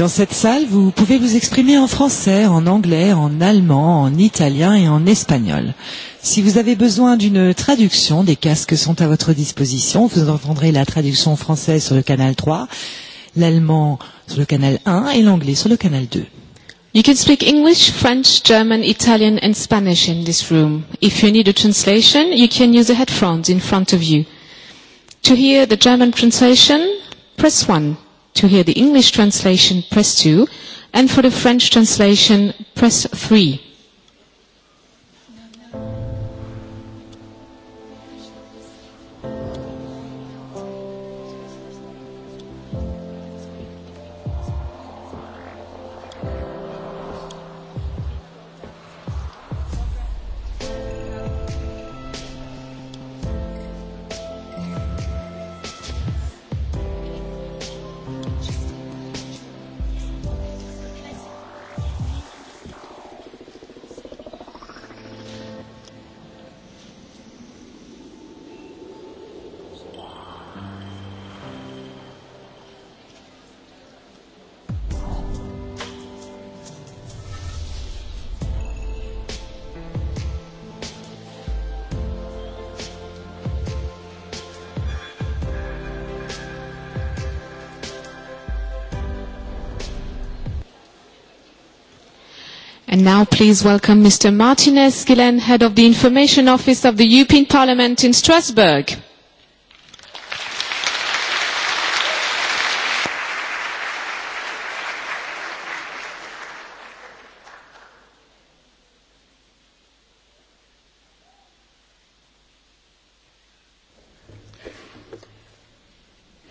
Dans cette salle, vous pouvez vous exprimer en français, en anglais, en allemand, en italien et en espagnol. Si vous avez besoin d'une traduction, des casques sont à votre disposition. Vous entendrez la traduction française sur le canal 3, l'allemand sur le canal 1 et l'anglais sur le canal 2. You can speak English, French, German, Italian and Spanish in this room. If you need a translation, you can use the headphones in front of you. To hear the German translation, press 1. To hear the English translation, press 2, and for the French translation, press 3. Now please welcome Mr. Martinez Gillen, Head of the Information Office of the European Parliament in Strasbourg.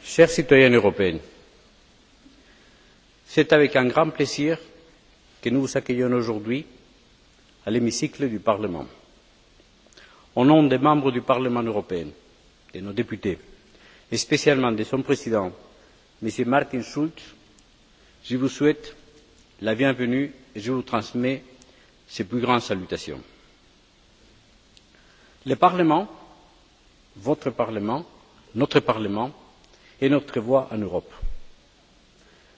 Chers citoyens européens, c'est avec un grand plaisir que nous vous accueillons aujourd'hui à l'hémicycle du Parlement. Au nom des membres du Parlement européen, de nos députés, et spécialement de son président, M. Martin Schulz, je vous souhaite la bienvenue et je vous transmets ses plus grandes salutations. Le Parlement, votre Parlement, notre Parlement, est notre voix en Europe.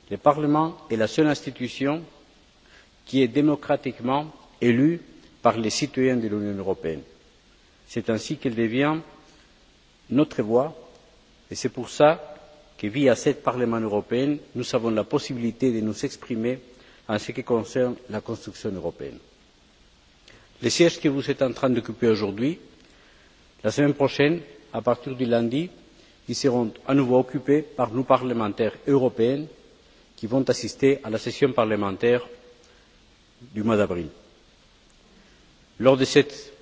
Le Parlement est la seule institution qui est démocratiquement élue par les citoyens de l'Union européenne. C'est ainsi qu'elle devient notre voix et c'est pour ça que, via ce Parlement européen, nous avons la possibilité de nous exprimer en ce qui concerne la construction européenne. Le siège que vous êtes en train d'occuper aujourd'hui, la semaine prochaine, à partir du lundi, ils seront à nouveau occupés par nos parlementaires européens qui vont assister à la session parlementaire du mois d'avril. lors de cette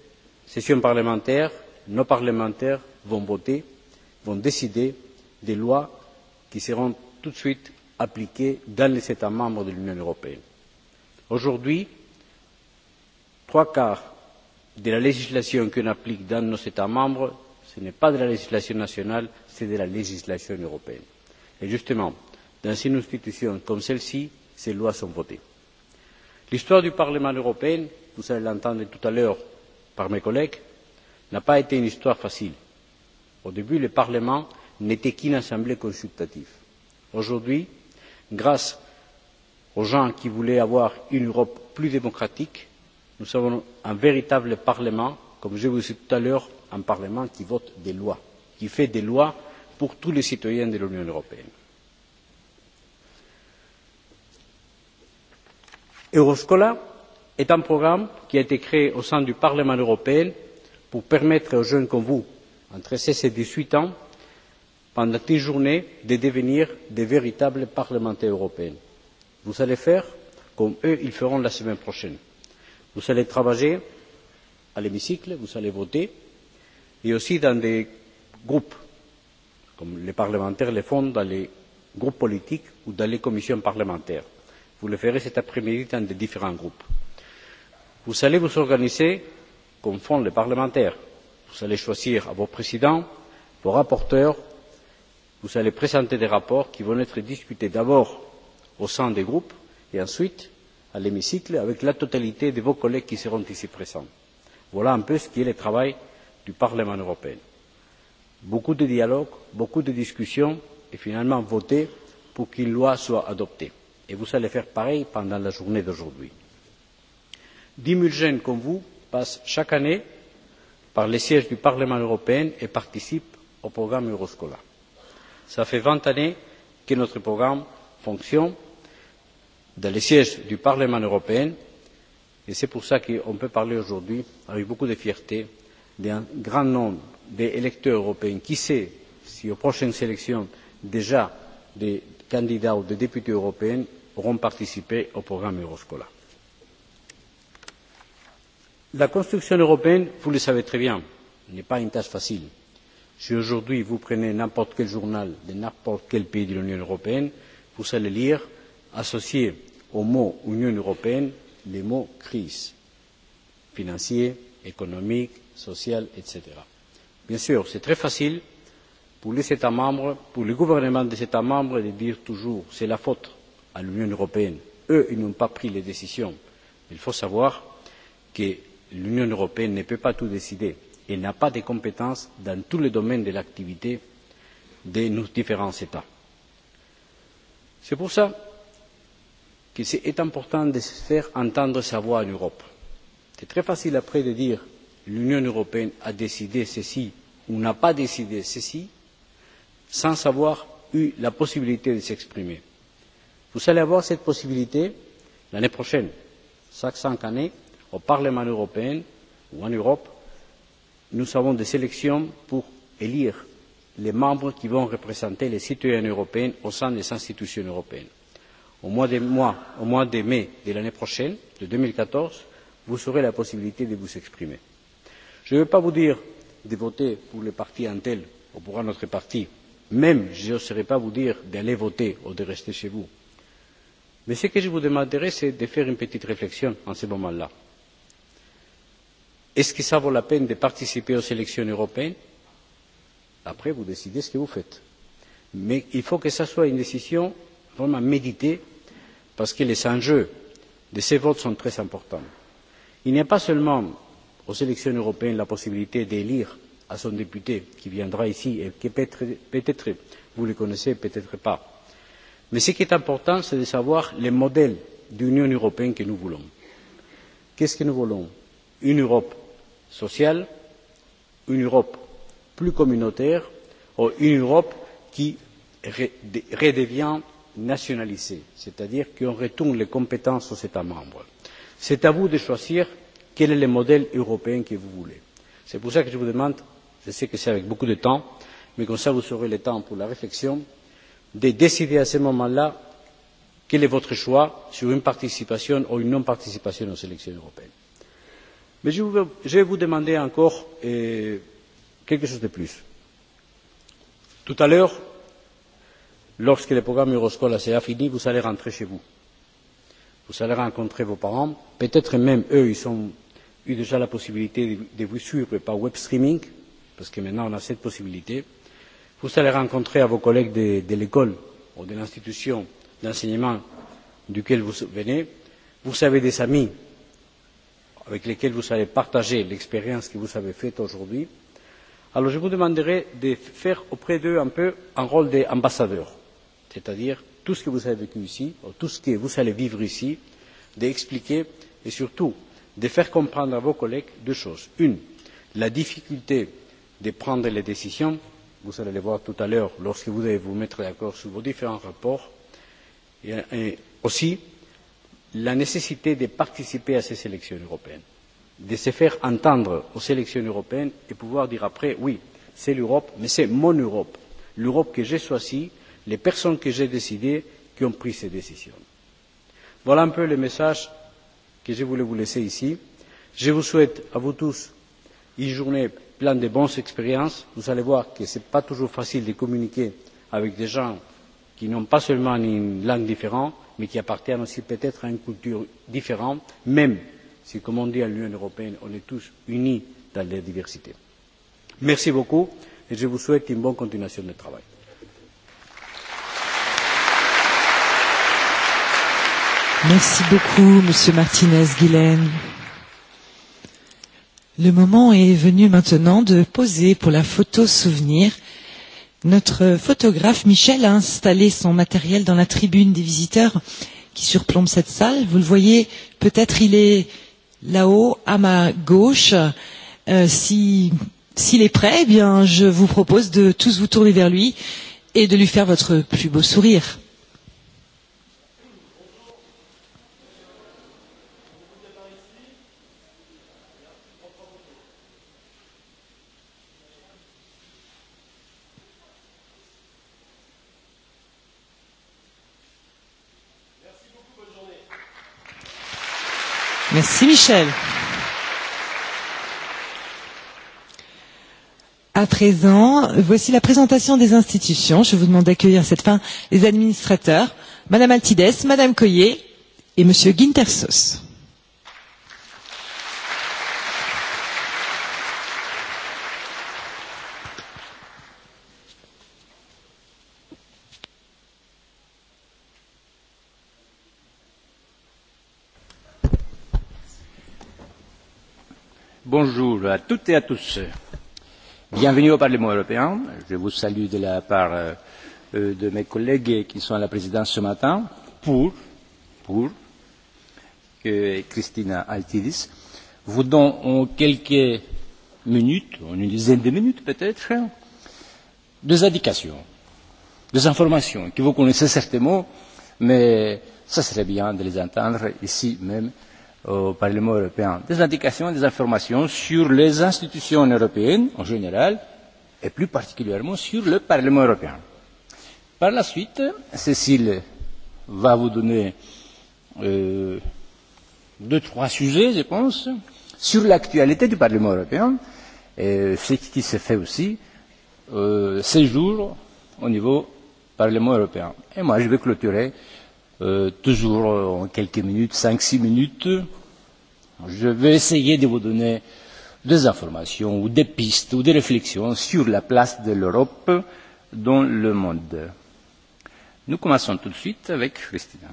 session parlementaire nos parlementaires vont voter vont décider des lois qui seront tout de suite appliquées dans les états membres de l'union européenne. aujourd'hui trois quarts de la législation qu'on applique dans nos états membres ce n'est pas de la législation nationale c'est de la législation européenne. et justement dans une institution comme celle ci ces lois sont votées l'histoire du parlement européen vous allez l'entendre tout à l'heure par mes collègues n'a pas été une histoire facile. au début le parlement n'était qu'une assemblée consultative. aujourd'hui grâce aux gens qui voulaient avoir une europe plus démocratique nous avons un véritable parlement comme je vous l'ai dit tout à l'heure un parlement qui vote des lois qui fait des lois pour tous les citoyens de l'union européenne. euroscola est un programme qui a été créé au sein du parlement européen pour permettre aux jeunes comme vous entre seize et dix huit ans pendant une journée de devenir de véritables parlementaires européens. vous allez faire comme eux ils feront la semaine prochaine vous allez travailler à l'hémicycle vous allez voter et aussi dans des groupes comme les parlementaires le font dans les groupes politiques ou dans les commissions parlementaires. Vous le verrez cet après-midi dans les différents groupes. Vous allez vous organiser comme font les parlementaires. Vous allez choisir vos présidents, vos rapporteurs. Vous allez présenter des rapports qui vont être discutés d'abord au sein des groupes et ensuite à l'hémicycle avec la totalité de vos collègues qui seront ici présents. Voilà un peu ce qu'est le travail du Parlement européen. Beaucoup de dialogue, beaucoup de discussions et finalement voter pour qu'une loi soit adoptée. Et vous allez faire pareil pendant la journée d'aujourd'hui. 10 000 jeunes comme vous passent chaque année par les sièges du Parlement européen et participent au programme Euroscola. Ça fait 20 années que notre programme fonctionne dans les sièges du Parlement européen et c'est pour ça qu'on peut parler aujourd'hui avec beaucoup de fierté d'un grand nombre d'électeurs européens qui sait si aux prochaines élections déjà des candidats ou des députés européens auront participé au programme Euroscola. La construction européenne, vous le savez très bien, n'est pas une tâche facile. Si aujourd'hui vous prenez n'importe quel journal de n'importe quel pays de l'Union européenne, vous allez lire associés au mot Union européenne les mots crise financier, économique, social, etc. Bien sûr, c'est très facile pour les États membres, pour les gouvernements des États membres de dire toujours c'est la faute à l'Union européenne. Eux, ils n'ont pas pris les décisions. Il faut savoir que l'Union européenne ne peut pas tout décider et n'a pas de compétences dans tous les domaines de l'activité de nos différents États. C'est pour ça que c'est important de faire entendre sa voix en Europe. C'est très facile après de dire l'Union européenne a décidé ceci ou n'a pas décidé ceci sans avoir eu la possibilité de s'exprimer vous allez avoir cette possibilité l'année prochaine chaque cinq années au parlement européen ou en europe nous avons des élections pour élire les membres qui vont représenter les citoyens européens au sein des institutions européennes. au mois de mai de l'année prochaine de deux mille quatorze vous aurez la possibilité de vous exprimer. je ne vais pas vous dire de voter pour le parti tel ou pour un autre parti même je n'oserais pas vous dire d'aller voter ou de rester chez vous. Mais ce que je vous demanderai, c'est de faire une petite réflexion en ce moment-là. Est-ce que ça vaut la peine de participer aux élections européennes Après, vous décidez ce que vous faites. Mais il faut que ça soit une décision vraiment méditée, parce que les enjeux de ces votes sont très importants. Il n'y a pas seulement aux élections européennes la possibilité d'élire à son député qui viendra ici et que peut-être, peut-être vous le connaissez, peut-être pas Mais ce qui est important, c'est de savoir le modèle d'union européenne que nous voulons. Qu'est-ce que nous voulons Une Europe sociale, une Europe plus communautaire ou une Europe qui redevient nationalisée, c'est-à-dire qu'on retourne les compétences aux États membres. C'est à vous de choisir quel est le modèle européen que vous voulez. C'est pour ça que je vous demande, je sais que c'est avec beaucoup de temps, mais comme ça vous aurez le temps pour la réflexion, de décider à ce moment là quel est votre choix sur une participation ou une non participation aux élections européennes. mais je vais vous demander encore euh, quelque chose de plus. tout à l'heure lorsque le programme euroscola sera fini vous allez rentrer chez vous. vous allez rencontrer vos parents peut être même eux ils ont eu déjà la possibilité de vous suivre par web streaming parce que maintenant on a cette possibilité vous allez rencontrer vos collègues de, de l'école ou de l'institution d'enseignement duquel vous venez vous avez des amis avec lesquels vous allez partager l'expérience que vous avez faite aujourd'hui alors je vous demanderai de faire auprès d'eux un peu un rôle d'ambassadeur c'est à dire tout ce que vous avez vécu ici tout ce que vous allez vivre ici d'expliquer et surtout de faire comprendre à vos collègues deux choses une la difficulté de prendre les décisions vous allez le voir tout à l'heure lorsque vous allez vous mettre d'accord sur vos différents rapports et aussi la nécessité de participer à ces élections européennes de se faire entendre aux élections européennes et pouvoir dire après oui c'est l'europe mais c'est mon europe l'europe que j'ai choisie les personnes que j'ai décidées qui ont pris ces décisions. voilà un peu le message que je voulais vous laisser ici. je vous souhaite à vous tous une journée plein de bonnes expériences. Vous allez voir que ce n'est pas toujours facile de communiquer avec des gens qui n'ont pas seulement une langue différente, mais qui appartiennent aussi peut-être à une culture différente, même si, comme on dit à l'Union européenne, on est tous unis dans la diversité. Merci beaucoup et je vous souhaite une bonne continuation de travail. Merci beaucoup, Monsieur Martinez-Guilaine. Le moment est venu maintenant de poser pour la photo souvenir. Notre photographe Michel a installé son matériel dans la tribune des visiteurs qui surplombe cette salle. Vous le voyez, peut-être il est là-haut à ma gauche. Euh, si s'il est prêt, eh bien, je vous propose de tous vous tourner vers lui et de lui faire votre plus beau sourire. Merci Michel. À présent, voici la présentation des institutions. Je vous demande d'accueillir à cette fin les administrateurs, Madame Altides, Madame Collier et Monsieur Guintersos. Bonjour à toutes et à tous. Bienvenue au Parlement européen. Je vous salue de la part euh, de mes collègues qui sont à la présidence ce matin pour, pour que euh, Christina Altidis vous donne en quelques minutes, en une dizaine de minutes peut-être, des indications, des informations que vous connaissez certainement, mais ça serait bien de les entendre ici même au Parlement européen des indications, des informations sur les institutions européennes en général et plus particulièrement sur le Parlement européen. Par la suite, Cécile va vous donner euh, deux, trois sujets, je pense, sur l'actualité du Parlement européen et ce qui se fait aussi euh, ces jours au niveau Parlement européen. Et moi, je vais clôturer euh, euh, toujours euh, en quelques minutes, 5-6 minutes, je vais essayer de vous donner des informations ou des pistes ou des réflexions sur la place de l'Europe dans le monde. Nous commençons tout de suite avec Christina.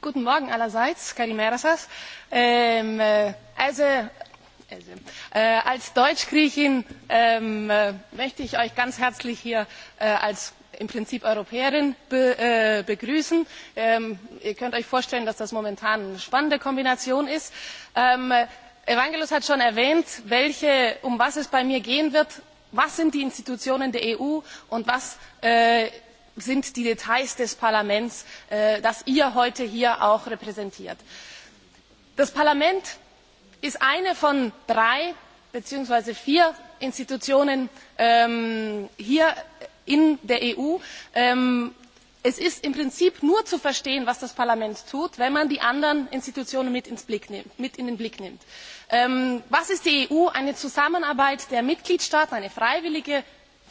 Guten Morgen allerseits, Kalimerasas. Ähm, äh, also, also äh, als Deutschgriechin ähm, äh, möchte ich euch ganz herzlich hier äh, als im Prinzip Europäerin be, äh, begrüßen. Ähm, ihr könnt euch vorstellen, dass das momentan eine spannende Kombination ist. Ähm, Evangelos hat schon erwähnt, welche, um was es bei mir gehen wird. Was sind die Institutionen der EU und was äh, sind die Details des Parlaments, äh, das ihr heute hier auch repräsentiert? Das Parlament ist eine von drei beziehungsweise vier Institutionen ähm, hier in der eu. Ähm, es ist im prinzip nur zu verstehen was das parlament tut wenn man die anderen institutionen mit, nimmt, mit in den blick nimmt. Ähm, was ist die eu? eine zusammenarbeit der mitgliedstaaten eine freiwillige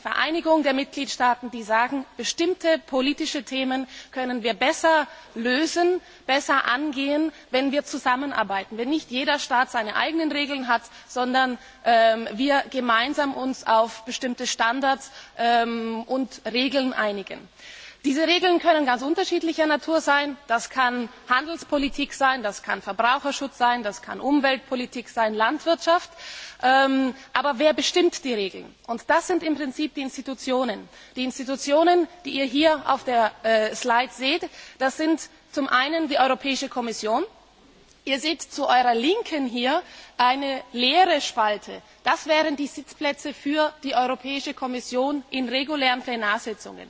vereinigung der mitgliedstaaten die sagen bestimmte politische themen können wir besser lösen besser angehen wenn wir zusammenarbeiten wenn nicht jeder staat seine eigenen regeln hat sondern ähm, wir uns gemeinsam auf bestimmte standards ähm, und regeln einigen diese regeln können ganz unterschiedlicher natur sein das kann handelspolitik sein das kann verbraucherschutz sein das kann umweltpolitik sein landwirtschaft ähm, aber wer bestimmt die regeln? das sind im prinzip die institutionen. die institutionen die ihr hier auf der äh, slide seht das sind zum einen die europäische kommission ihr seht zu eurer linken hier eine leere spalte das wären die sitzplätze für die europäische kommission in regulären plenarsitzungen.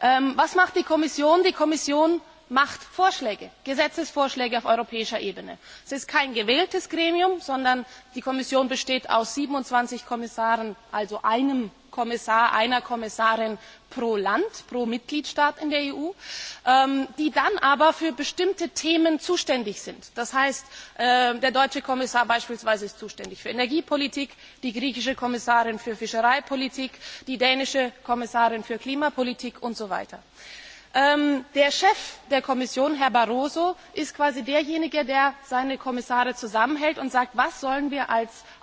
Ähm, was macht die kommission? die kommission macht vorschläge gesetzesvorschläge auf europäischer ebene. es ist kein gewähltes gremium sondern die kommission besteht aus siebenundzwanzig kommissaren also einem kommissar einer kommissarin pro land pro mitgliedstaat in der eu ähm, die dann aber für bestimmte themen zuständig sind. das heißt ähm, der deutsche kommissar beispielsweise ist zuständig für energiepolitik die griechische kommissarin für fischereipolitik die dänische kommissarin für klimapolitik usw. Ähm, der chef der kommission herr barroso ist quasi derjenige der seine kommissare zusammenhält und sagt was sollen wir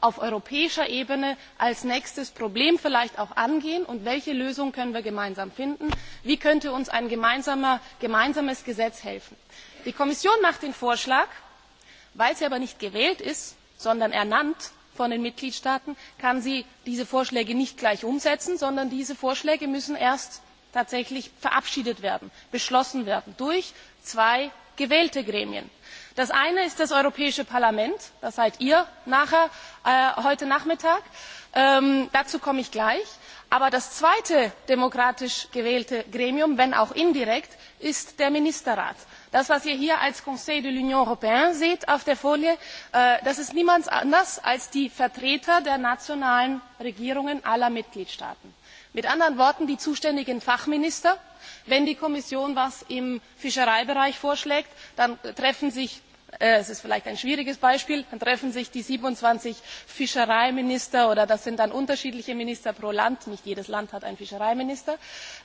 auf europäischer ebene als nächstes problem vielleicht auch angehen und welche lösung können wir gemeinsam finden wie könnte uns ein gemeinsames gesetz helfen? die kommission macht den vorschlag weil sie aber nicht gewählt ist sondern ernannt von den mitgliedstaaten kann sie diese vorschläge nicht gleich umsetzen sondern diese vorschläge müssen erst tatsächlich verabschiedet werden beschlossen werden durch zwei gewählte gremien. das eine ist das europäische parlament das seid ihr äh, heute nachmittag ähm, dazu komme ich gleich. aber das zweite demokratisch gewählte gremium wenn auch indirekt ist der ministerrat. das was ihr hier als conseil de l'union européenne seht auf der folie äh, das ist niemand anders als die vertreter der nationalen regierungen aller mitgliedstaaten mit anderen worten die zuständigen fachminister wenn die kommission etwas im fischereibereich vorschlägt dann treffen sich äh, es ist vielleicht ein schwieriges beispiel die siebenundzwanzig fischereiminister oder das sind dann unterschiedliche minister pro land nicht jedes land hat einen fischereiminister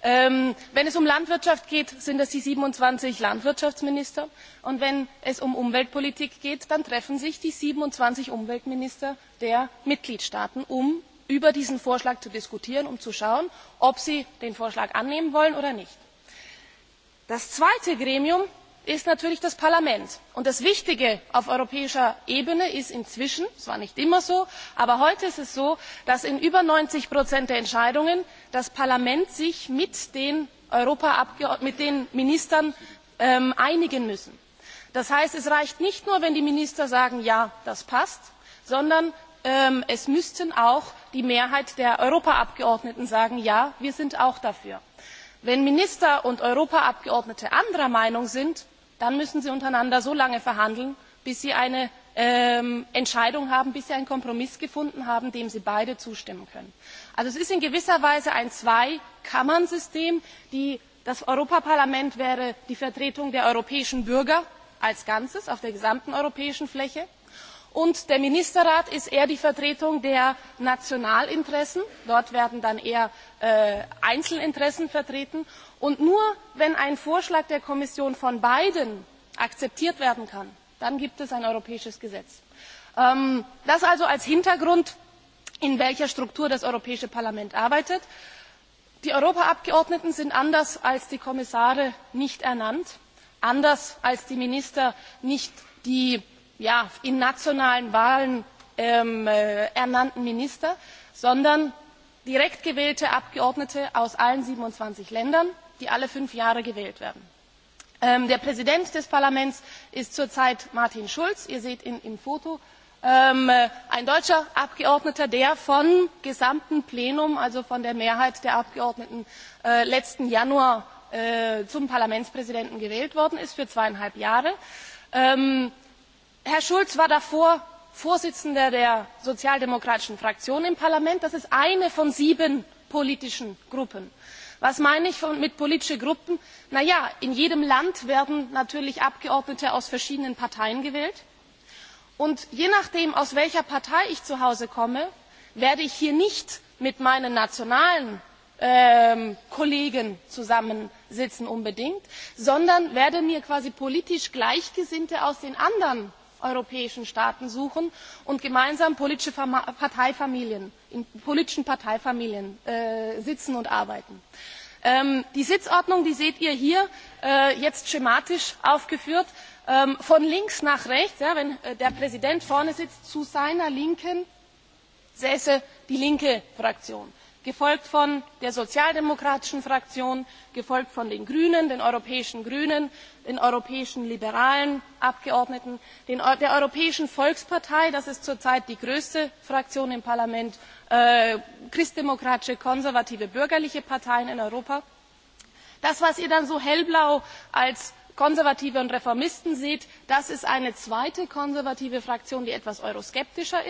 ähm, wenn es um landwirtschaft geht sind es die siebenundzwanzig landwirtschaftsminister und wenn es um umweltpolitik geht dann treffen sich die siebenundzwanzig umweltminister der mitgliedstaaten um über diesen vorschlag zu diskutieren um zu schauen ob sie den vorschlag annehmen wollen oder nicht. das zweite gremium ist natürlich das parlament. das wichtige auf europäischer ebene ist inzwischen es war nicht immer so aber heute ist es so dass in über neunzig der entscheidungen das parlament sich mit den ministern ähm, einigen muss. das heißt es reicht nicht nur wenn die minister sagen ja das passt sondern ähm, es müssten auch die mehrheit der europaabgeordneten sagen ja wir sind auch dafür. wenn minister und europaabgeordnete anderer meinung sind dann müssen sie untereinander so lange verhandeln bis sie eine ähm, entscheidung haben bis sie einen kompromiss gefunden haben dem sie beide zustimmen können. also es ist in gewisser weise ein zwei kammern system. Die, das europaparlament wäre die vertretung der europäischen bürger als ganzes auf der gesamten europäischen fläche und der ministerrat ist eher die vertretung der nationalinteressen dort werden dann eher äh, einzelinteressen vertreten und nur wenn ein vorschlag der kommission von beiden akzeptiert werden kann dann gibt es ein europäisches gesetz. Ähm, das also als hintergrund in welcher struktur das europäische parlament arbeitet. die europaabgeordneten sind anders als die kommissare nicht ernannt anders als die minister nicht ja, in nationalen Wahlen ähm, äh, ernannten Minister, sondern direkt gewählte Abgeordnete aus allen 27 Ländern, die alle fünf Jahre gewählt werden. Ähm, der Präsident des Parlaments ist zurzeit Martin Schulz. Ihr seht ihn im Foto. Ähm, äh, ein deutscher Abgeordneter, der vom gesamten Plenum, also von der Mehrheit der Abgeordneten, äh, letzten Januar äh, zum Parlamentspräsidenten gewählt worden ist für zweieinhalb Jahre. Ähm, herr schulz war davor vorsitzender der sozialdemokratischen fraktion im parlament das ist eine von sieben politischen gruppen. was meine ich mit politischen gruppen? na ja in jedem land werden natürlich abgeordnete aus verschiedenen parteien gewählt und je nachdem aus welcher partei ich zu hause komme werde ich hier nicht mit meinen nationalen ähm, kollegen zusammensitzen unbedingt sondern werde mir quasi politisch gleichgesinnte aus den anderen europäischen Staaten suchen und gemeinsam politische Parteifamilien, in politischen Parteifamilien äh, sitzen und arbeiten. Ähm, die Sitzordnung, die seht ihr hier äh, jetzt schematisch aufgeführt, ähm, von links nach rechts, ja, wenn äh, der Präsident vorne sitzt, zu seiner Linken säße die linke Fraktion gefolgt von der sozialdemokratischen fraktion gefolgt von den grünen den europäischen grünen den europäischen liberalen abgeordneten der europäischen volkspartei das ist zurzeit die größte fraktion im parlament äh, christdemokratische konservative bürgerliche parteien in europa. das was ihr dann so hellblau als konservative und reformisten seht das ist eine zweite konservative fraktion die etwas euroskeptischer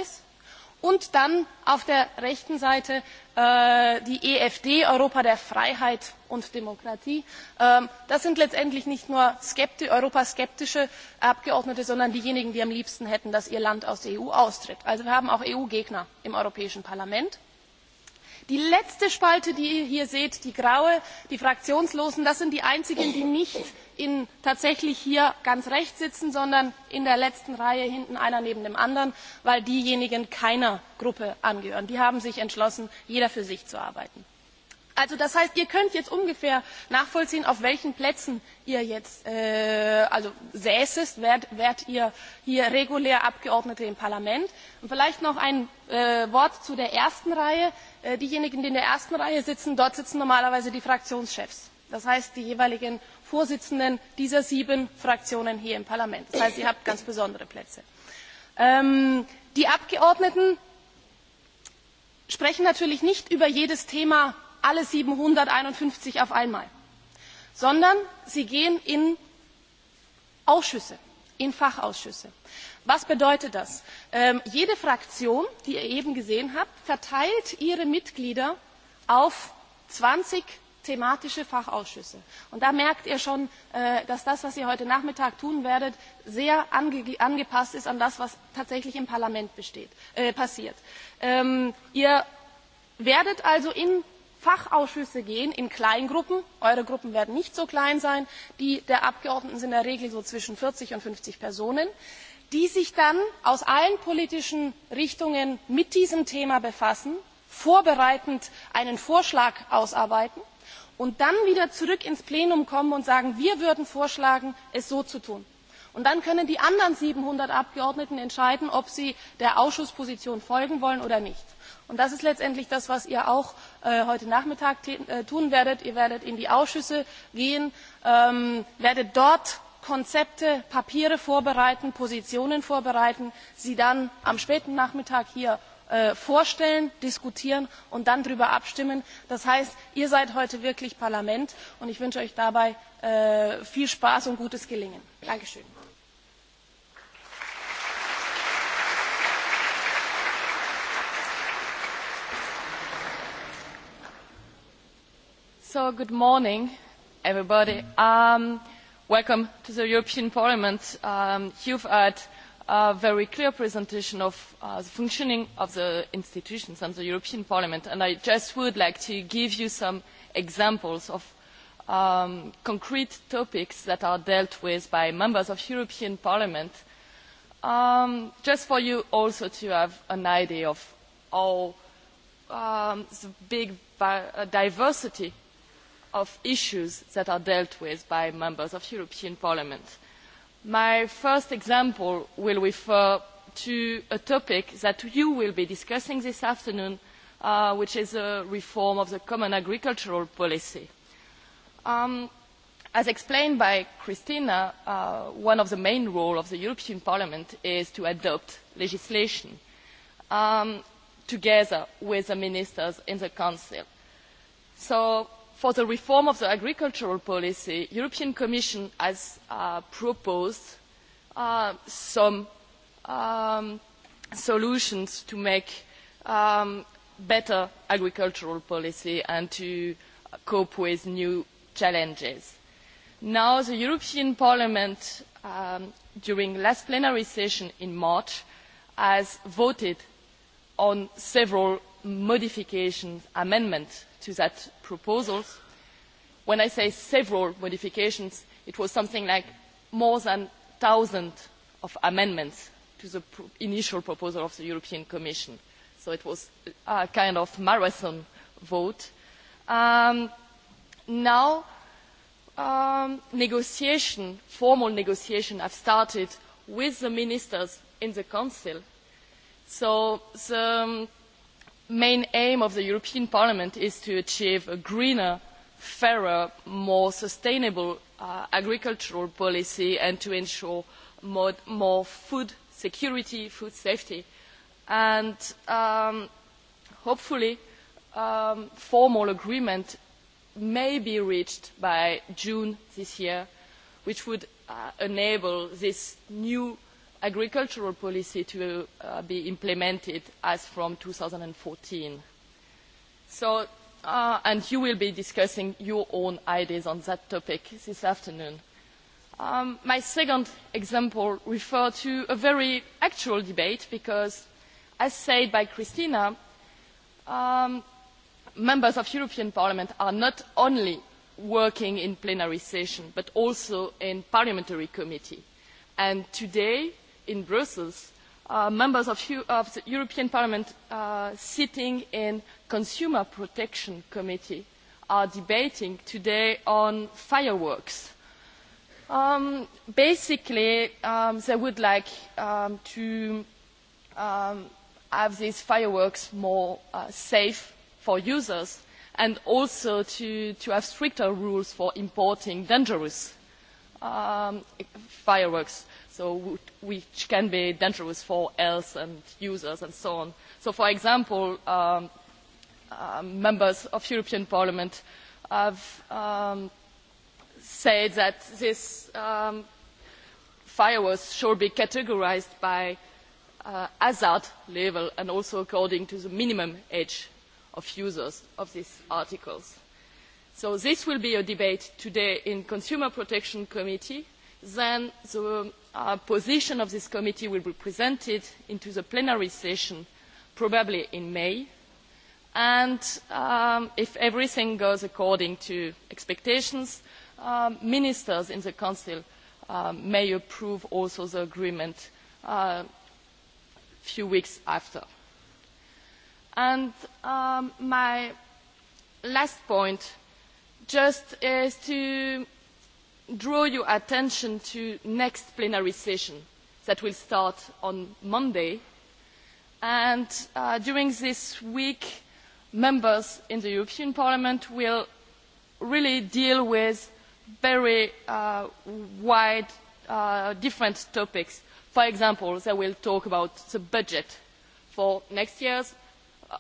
und dann auf der rechten seite äh, die efd europa der freiheit und demokratie. Ähm, das sind letztendlich nicht nur Skepti europaskeptische abgeordnete sondern diejenigen die am liebsten hätten dass ihr land aus der eu austritt. also wir haben auch eu gegner im europäischen parlament die letzte spalte die ihr hier seht die graue die fraktionslosen das sind die einzigen die nicht tatsächlich hier ganz rechts sitzen sondern in der letzten reihe hinten einer neben dem anderen weil diejenigen keiner gruppe angehören. die haben sich entschlossen jeder für sich zu arbeiten. Also das heißt, ihr könnt jetzt ungefähr nachvollziehen, auf welchen Plätzen ihr jetzt äh, also säßest, wärt, wärt ihr hier regulär Abgeordnete im Parlament. Und vielleicht noch ein äh, Wort zu der ersten Reihe. Äh, diejenigen, die in der ersten Reihe sitzen, dort sitzen normalerweise die Fraktionschefs. Das heißt, die jeweiligen Vorsitzenden dieser sieben Fraktionen hier im Parlament. Das heißt, ihr habt ganz besondere Plätze. Ähm, die Abgeordneten sprechen natürlich nicht über jedes Thema alle 751 auf einmal, sondern sie gehen in Ausschüsse, in Fachausschüsse. Was bedeutet das? Ähm, jede Fraktion, die ihr eben gesehen habt, verteilt ihre Mitglieder auf 20 thematische Fachausschüsse. Und da merkt ihr schon, äh, dass das, was ihr heute Nachmittag tun werdet, sehr ange angepasst ist an das, was tatsächlich im Parlament besteht, äh, passiert. Ähm, ihr werdet also in fachausschüsse gehen in kleingruppen eure gruppen werden nicht so klein sein die der abgeordneten sind in der regel so zwischen vierzig und fünfzig personen die sich dann aus allen politischen richtungen mit diesem thema befassen vorbereitend einen vorschlag ausarbeiten und dann wieder zurück ins plenum kommen und sagen wir würden vorschlagen es so zu tun. und dann können die anderen siebenhundert abgeordneten entscheiden ob sie der ausschussposition folgen wollen oder nicht. Und das ist letztendlich das, was ihr auch äh, heute Nachmittag äh, tun werdet. Ihr werdet in die Ausschüsse gehen, ähm, werdet dort Konzepte, Papiere vorbereiten, Positionen vorbereiten, sie dann am späten Nachmittag hier äh, vorstellen, diskutieren und dann darüber abstimmen. Das heißt, ihr seid heute wirklich Parlament und ich wünsche euch dabei äh, viel Spaß und gutes Gelingen. Dankeschön. So, good morning, everybody. Um, welcome to the European Parliament. Um, you've had a very clear presentation of uh, the functioning of the institutions and the European Parliament, and I just would like to give you some examples of um, concrete topics that are dealt with by members of European Parliament, um, just for you also to have an idea of how um, the big uh, diversity of issues that are dealt with by members of the European Parliament. My first example will refer to a topic that you will be discussing this afternoon, uh, which is a reform of the common agricultural policy. Um, as explained by Christina, uh, one of the main roles of the European Parliament is to adopt legislation um, together with the ministers in the Council. So for the reform of the agricultural policy the european commission has uh, proposed uh, some um, solutions to make um, better agricultural policy and to cope with new challenges. now the european parliament um, during the last plenary session in march has voted on several modifications amendments to that proposal. When I say several modifications, it was something like more than 1,000 of amendments to the pro initial proposal of the European Commission. So it was a kind of marathon vote. Um, now, um, negotiation, formal negotiation have started with the ministers in the Council. So the um, main aim of the european parliament is to achieve a greener fairer more sustainable uh, agricultural policy and to ensure more, more food security food safety and um, hopefully um, formal agreement may be reached by june this year which would uh, enable this new agricultural policy to uh, be implemented as from 2014. So, uh, and you will be discussing your own ideas on that topic this afternoon. Um, my second example refers to a very actual debate because, as said by Christina, um, members of European Parliament are not only working in plenary session but also in parliamentary committee. And today in Brussels, uh, members of, of the European Parliament uh, sitting in Consumer Protection Committee are debating today on fireworks. Um, basically, um, they would like um, to um, have these fireworks more uh, safe for users and also to, to have stricter rules for importing dangerous um, fireworks so which can be dangerous for health and users and so on. So, for example, um, uh, members of European Parliament have um, said that these um, fireworks should be categorized by uh, hazard level and also according to the minimum age of users of these articles. So this will be a debate today in Consumer Protection Committee then the uh, position of this committee will be presented into the plenary session probably in May. And um, if everything goes according to expectations, um, ministers in the Council um, may approve also the agreement a uh, few weeks after. And um, my last point just is to draw your attention to next plenary session that will start on Monday. And uh, during this week, members in the European Parliament will really deal with very uh, wide, uh, different topics. For example, they will talk about the budget for next year's,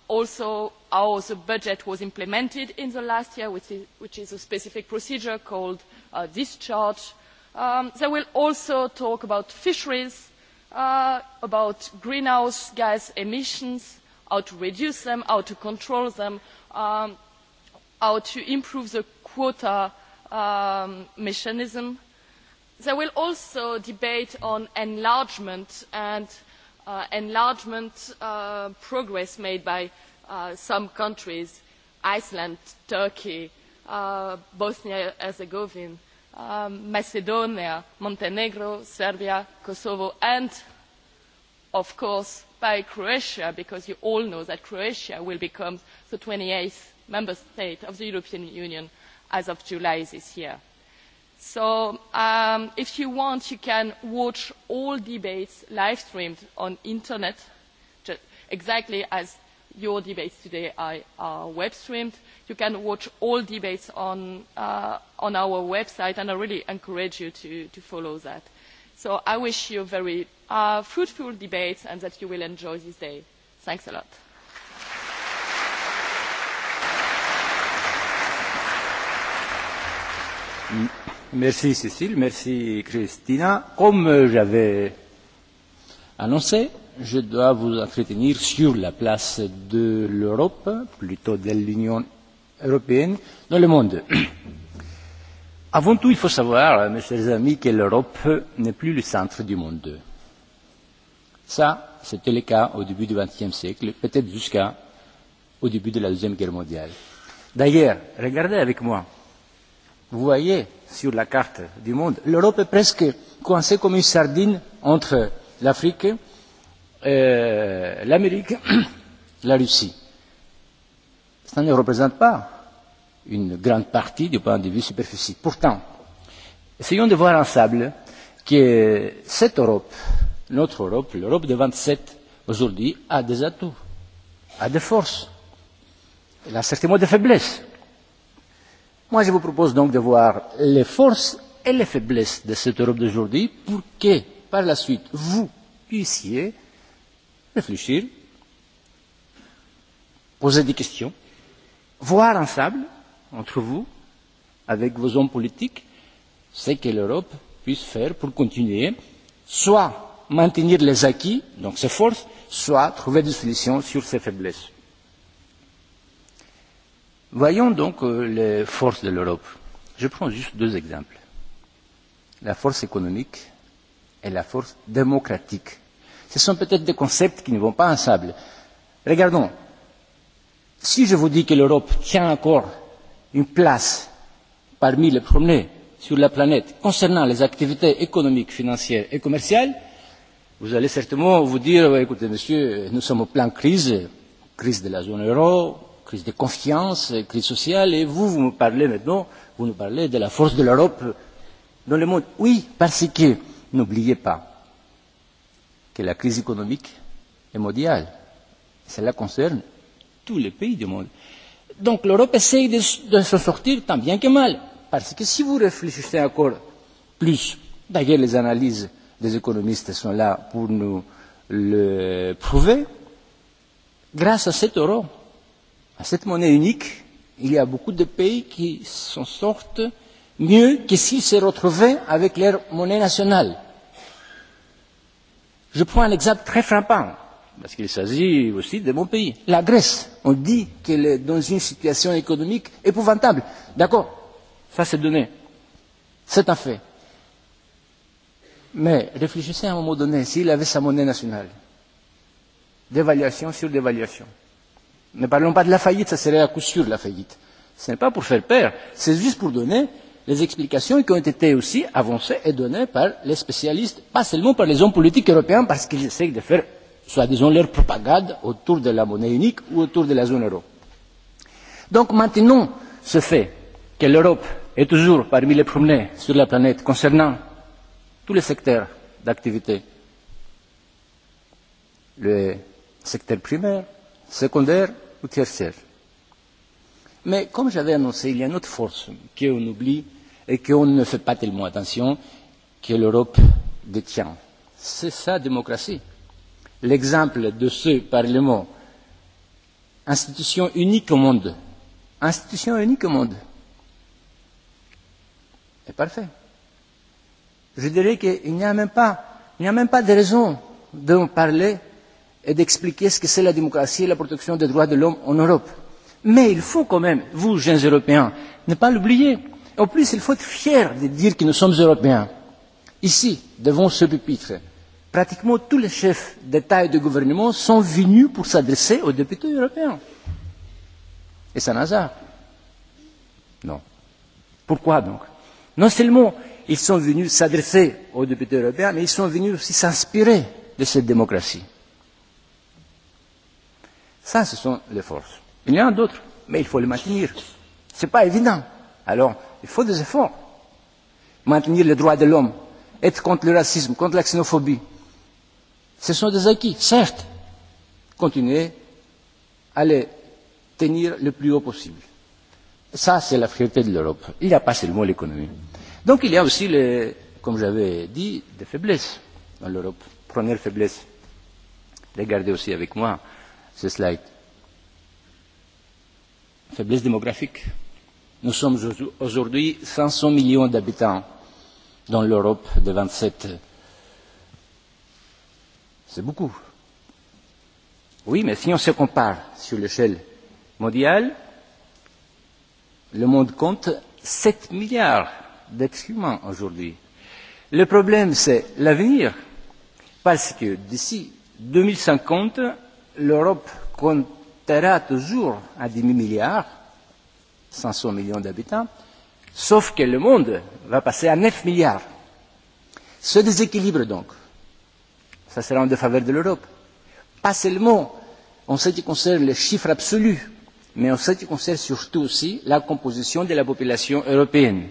also how the budget was implemented in the last year, which is, which is a specific procedure called uh, uh, discharge. Um, they will also talk about fisheries, uh, about greenhouse gas emissions, how to reduce them, how to control them, um, how to improve the quota um, mechanism. They will also debate on enlargement and uh, enlargement uh, progress made by uh, some countries, Iceland, Turkey, uh, uh, Bosnia and Herzegovina, uh, Macedonia, Montenegro, Serbia, Kosovo, and of course by Croatia, because you all know that Croatia will become the 28th member state of the European Union as of July this year. So um, if you want, you can watch all debates live streamed on internet, just exactly as your debates today are, are uh, web streamed. You can watch all debates on, uh, on our website, and I really encourage you to, to follow that. So I wish you very uh, fruitful debates and that you will enjoy this day. Thanks a lot. Merci Cécile, merci Christina. Comme euh, j'avais annoncé, je dois vous entretenir sur la place de l'Europe, plutôt de l'Union européenne, dans le monde. Avant tout, il faut savoir, mes chers amis, que l'Europe n'est plus le centre du monde. Ça, c'était le cas au début du XXe siècle, peut-être jusqu'au début de la Deuxième Guerre mondiale. D'ailleurs, regardez avec moi. Vous voyez sur la carte du monde, l'Europe est presque coincée comme une sardine entre l'Afrique euh, l'Amérique, la Russie. Ça ne représente pas une grande partie du point de vue superficie. Pourtant, essayons de voir ensemble que cette Europe, notre Europe, l'Europe de 27 aujourd'hui, a des atouts, a des forces. Elle a certainement des faiblesses. Moi, je vous propose donc de voir les forces et les faiblesses de cette Europe d'aujourd'hui pour que, par la suite, vous puissiez euh, réfléchir, poser des questions, voir ensemble, entre vous, avec vos hommes politiques, ce que l'Europe puisse faire pour continuer, soit maintenir les acquis, donc ses forces, soit trouver des solutions sur ses faiblesses. Voyons donc euh, les forces de l'Europe. Je prends juste deux exemples. La force économique et la force démocratique Ce sont peut-être des concepts qui ne vont pas ensemble. Regardons. Si je vous dis que l'Europe tient encore une place parmi les premiers sur la planète concernant les activités économiques, financières et commerciales, vous allez certainement vous dire, écoutez monsieur, nous sommes en pleine crise, crise de la zone euro, crise de confiance, crise sociale, et vous, vous me parlez maintenant, vous nous parlez de la force de l'Europe dans le monde. Oui, parce que, n'oubliez pas, que la crise économique est mondiale. Cela concerne tous les pays du monde. Donc l'Europe essaye de, de s'en sortir tant bien que mal. Parce que si vous réfléchissez encore plus, d'ailleurs les analyses des économistes sont là pour nous le prouver, grâce à cet euro, à cette monnaie unique, il y a beaucoup de pays qui s'en sortent mieux que s'ils se retrouvaient avec leur monnaie nationale Je prends un exemple très frappant, parce qu'il s'agit aussi de mon pays. La Grèce, on dit qu'elle est dans une situation économique épouvantable. D'accord, ça c'est donné. C'est un fait. Mais réfléchissez à un moment donné, s'il avait sa monnaie nationale, dévaluation sur dévaluation. Ne parlons pas de la faillite, ça serait à coup sûr la faillite. Ce n'est pas pour faire peur, c'est juste pour donner les explications qui ont été aussi avancées et données par les spécialistes, pas seulement par les hommes politiques européens, parce qu'ils essayent de faire, soi-disant, leur propagande autour de la monnaie unique ou autour de la zone euro. Donc maintenant, ce fait que l'Europe est toujours parmi les premiers sur la planète concernant tous les secteurs d'activité, le secteur primaire, secondaire ou tertiaire. Mais comme j'avais annoncé, il y a une autre force qu'on oublie et qu'on ne fait pas tellement attention que l'Europe détient. C'est ça, démocratie. L'exemple de ce Parlement, institution unique au monde, institution unique au monde, est parfait. Je dirais qu'il n'y a même pas, il n'y a même pas de raison d'en parler et d'expliquer ce que c'est la démocratie et la protection des droits de l'homme en Europe. Mais il faut quand même, vous, jeunes Européens, ne pas l'oublier En plus, il faut être fier de dire que nous sommes Européens. Ici, devant ce pupitre, pratiquement tous les chefs d'État et de gouvernement sont venus pour s'adresser aux députés européens. Et c'est un hasard Non. Pourquoi donc Non seulement ils sont venus s'adresser aux députés européens, mais ils sont venus aussi s'inspirer de cette démocratie. Ça, ce sont les forces. Il y en a d'autres, mais il faut les maintenir. Ce n'est pas évident. Alors, Il faut des efforts. Maintenir les droits de l'homme, être contre le racisme, contre la xénophobie, ce sont des acquis, certes. Continuer à les tenir le plus haut possible. Ça, c'est la fierté de l'Europe. Il n'y a pas seulement l'économie. Donc il y a aussi, les, comme j'avais dit, des faiblesses dans l'Europe. Première faiblesse. Regardez aussi avec moi ce slide. Faiblesse démographique. Nous sommes aujourd'hui 500 millions d'habitants dans l'Europe de 27. C'est beaucoup. Oui, mais si on se compare sur l'échelle mondiale, le monde compte 7 milliards d'êtres humains aujourd'hui. Le problème, c'est l'avenir, parce que d'ici 2050, l'Europe comptera toujours un demi-milliard 500 millions d'habitants, sauf que le monde va passer à 9 milliards. Ce déséquilibre, donc, ça sera en défaveur de l'Europe. Pas seulement en ce qui concerne les chiffres absolus, mais en ce qui concerne surtout aussi la composition de la population européenne.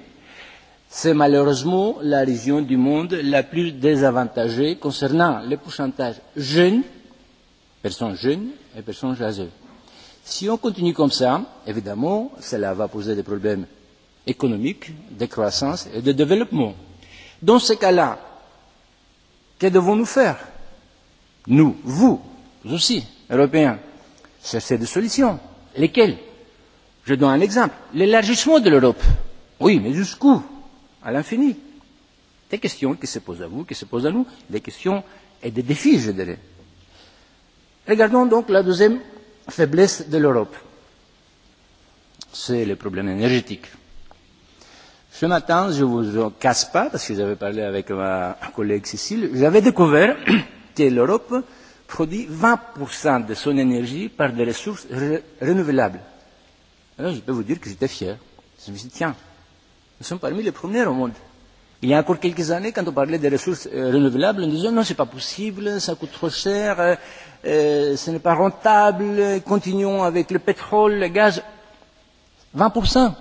C'est malheureusement la région du monde la plus désavantagée concernant le pourcentage jeunes, personnes jeunes et personnes âgées Si on continue comme ça, évidemment, cela va poser des problèmes économiques, de croissance et de développement. Dans ce cas-là, que devons-nous faire Nous, vous, vous aussi, Européens, chercher des solutions. Lesquelles Je donne un exemple. L'élargissement de l'Europe. Oui, mais jusqu'où À l'infini. Des questions qui se posent à vous, qui se posent à nous, des questions et des défis, je dirais. Regardons donc la deuxième faiblesse de l'Europe. C'est le problème énergétique. Ce matin, je ne vous casse pas, parce que j'avais parlé avec ma collègue Cécile, j'avais découvert que l'Europe produit 20% de son énergie par des ressources ré renouvelables. Alors, je peux vous dire que j'étais fier. Je me suis dit, tiens, nous sommes parmi les premiers au monde. Il y a encore quelques années, quand on parlait des ressources euh, renouvelables, on disait non, c'est pas possible, ça coûte trop cher, euh, euh, ce n'est pas rentable, continuons avec le pétrole, le gaz. 20%.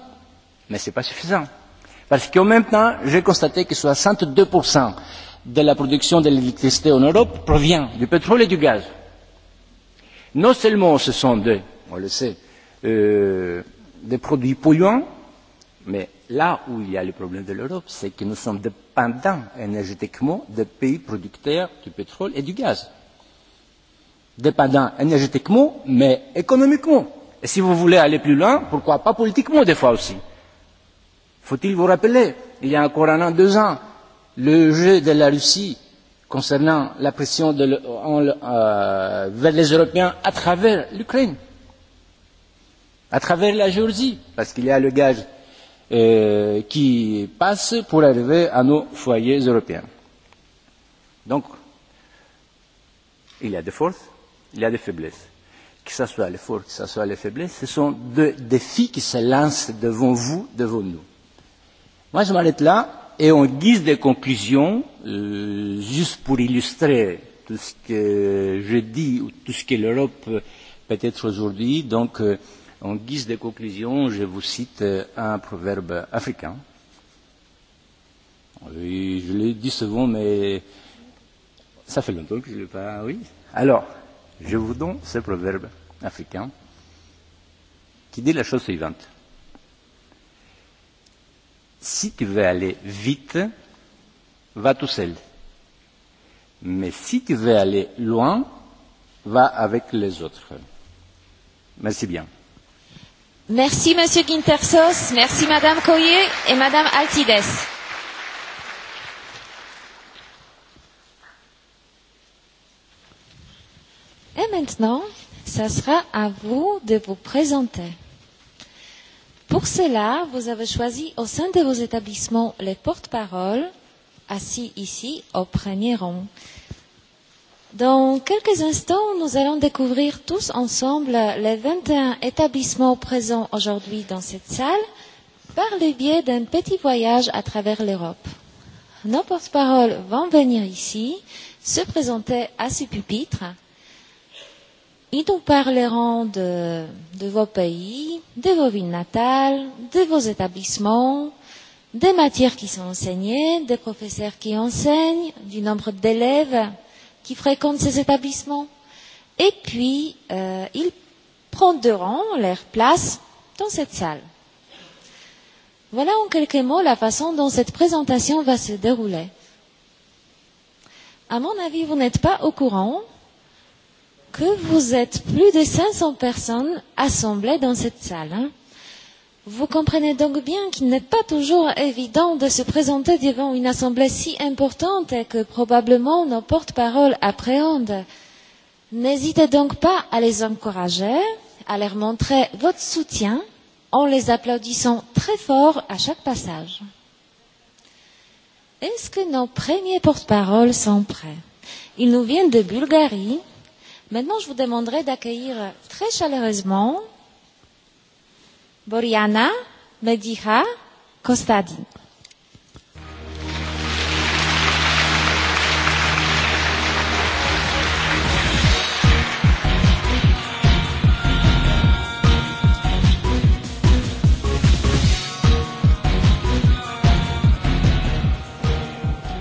Mais ce n'est pas suffisant. Parce qu'en même temps, j'ai constaté que 62% de la production de l'électricité en Europe provient du pétrole et du gaz. Non seulement ce sont des, on le sait, euh, des produits polluants, mais là où il y a le problème de l'Europe, c'est que nous sommes dépendants énergétiquement des pays producteurs du pétrole et du gaz dépendant énergétiquement, mais économiquement. Et si vous voulez aller plus loin, pourquoi pas politiquement des fois aussi Faut-il vous rappeler, il y a encore un an, deux ans, le jeu de la Russie concernant la pression de, en, euh, vers les Européens à travers l'Ukraine, à travers la Géorgie, parce qu'il y a le gaz euh, qui passe pour arriver à nos foyers européens. Donc, il y a des forces, il y a des faiblesses. Que ce soit les forces, que ce soit les faiblesses, ce sont deux défis qui se lancent devant vous, devant nous. Moi, je m'arrête là et en guise de conclusion, euh, juste pour illustrer tout ce que je dis ou tout ce que l'Europe peut être aujourd'hui, donc euh, en guise de conclusion, je vous cite euh, un proverbe africain. Oui, je l'ai dit souvent, mais ça fait longtemps que je ne l'ai pas. Oui. Alors, Je vous donne ce proverbe africain qui dit la chose suivante. Si tu veux aller vite, va tout seul. Mais si tu veux aller loin, va avec les autres. Merci bien. Merci Monsieur Guintersos, merci Madame Coyer et Madame Altides. Et maintenant, ce sera à vous de vous présenter. Pour cela, vous avez choisi au sein de vos établissements les porte-paroles assis ici au premier rang. Dans quelques instants, nous allons découvrir tous ensemble les 21 établissements présents aujourd'hui dans cette salle par le biais d'un petit voyage à travers l'Europe. Nos porte-paroles vont venir ici, se présenter à ce pupitre Ils nous parleront de, de vos pays, de vos villes natales, de vos établissements, des matières qui sont enseignées, des professeurs qui enseignent, du nombre d'élèves qui fréquentent ces établissements. Et puis, euh, ils prendront leur place dans cette salle. Voilà en quelques mots la façon dont cette présentation va se dérouler. À mon avis, vous n'êtes pas au courant, que vous êtes plus de 500 personnes assemblées dans cette salle. Vous comprenez donc bien qu'il n'est pas toujours évident de se présenter devant une assemblée si importante et que probablement nos porte-paroles appréhendent. N'hésitez donc pas à les encourager, à leur montrer votre soutien en les applaudissant très fort à chaque passage. Est-ce que nos premiers porte-paroles sont prêts Ils nous viennent de Bulgarie, Maintenant, je vous demanderai d'accueillir très chaleureusement Boriana Mediha Kostadin.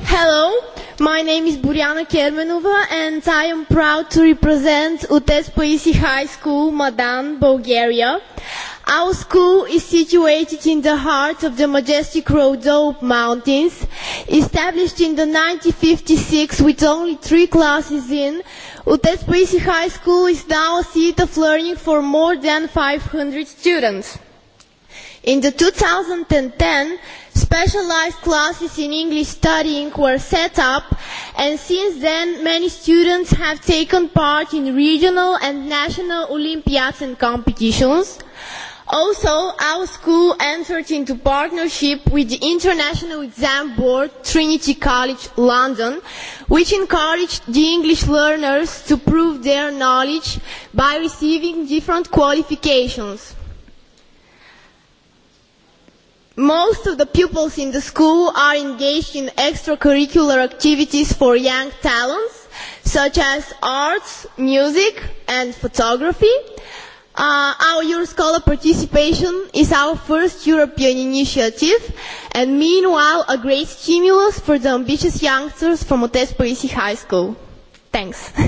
Hello, My name is Buriana Kermenova and I am proud to represent Utes Paisi High School, Madan, Bulgaria. Our school is situated in the heart of the majestic Rhodope Mountains. Established in the 1956 with only three classes in, Utes Paisi High School is now a seat of learning for more than 500 students. In the 2010, Specialized classes in English studying were set up, and since then, many students have taken part in regional and national Olympiads and competitions. Also, our school entered into partnership with the International Exam Board, Trinity College London, which encouraged the English learners to prove their knowledge by receiving different qualifications. Most of the pupils in the school are engaged in extracurricular activities for young talents, such as arts, music, and photography. Uh, our Euroscholar participation is our first European initiative, and meanwhile, a great stimulus for the ambitious youngsters from Otes Paisi High School. Thanks.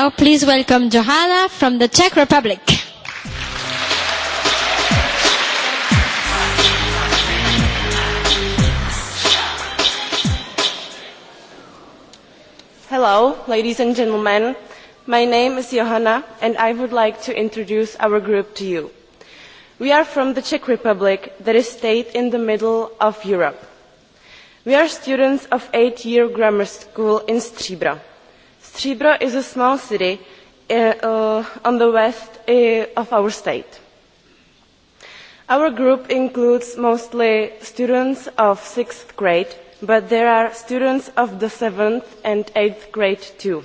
now please welcome Johanna from the Czech Republic. Hello, ladies and gentlemen. My name is Johanna, and I would like to introduce our group to you. We are from the Czech Republic, that is state in the middle of Europe. We are students of eight-year grammar school in Stříbro Stříbro is a small city uh, uh, on the west uh, of our state. Our group includes mostly students of sixth grade, but there are students of the seventh and eighth grade too.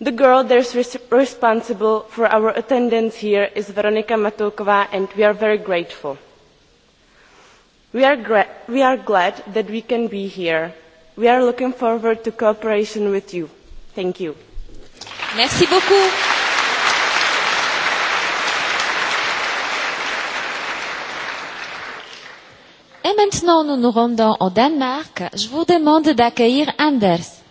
The girl that is res responsible for our attendance here is Veronika Matulková, and we are very grateful. We are, gra- we are glad that we can be here We are looking forward to cooperation with you. Thank you. Merci beaucoup. Et maintenant, nous nous rendons au Danemark. Je vous demande d'accueillir Anders.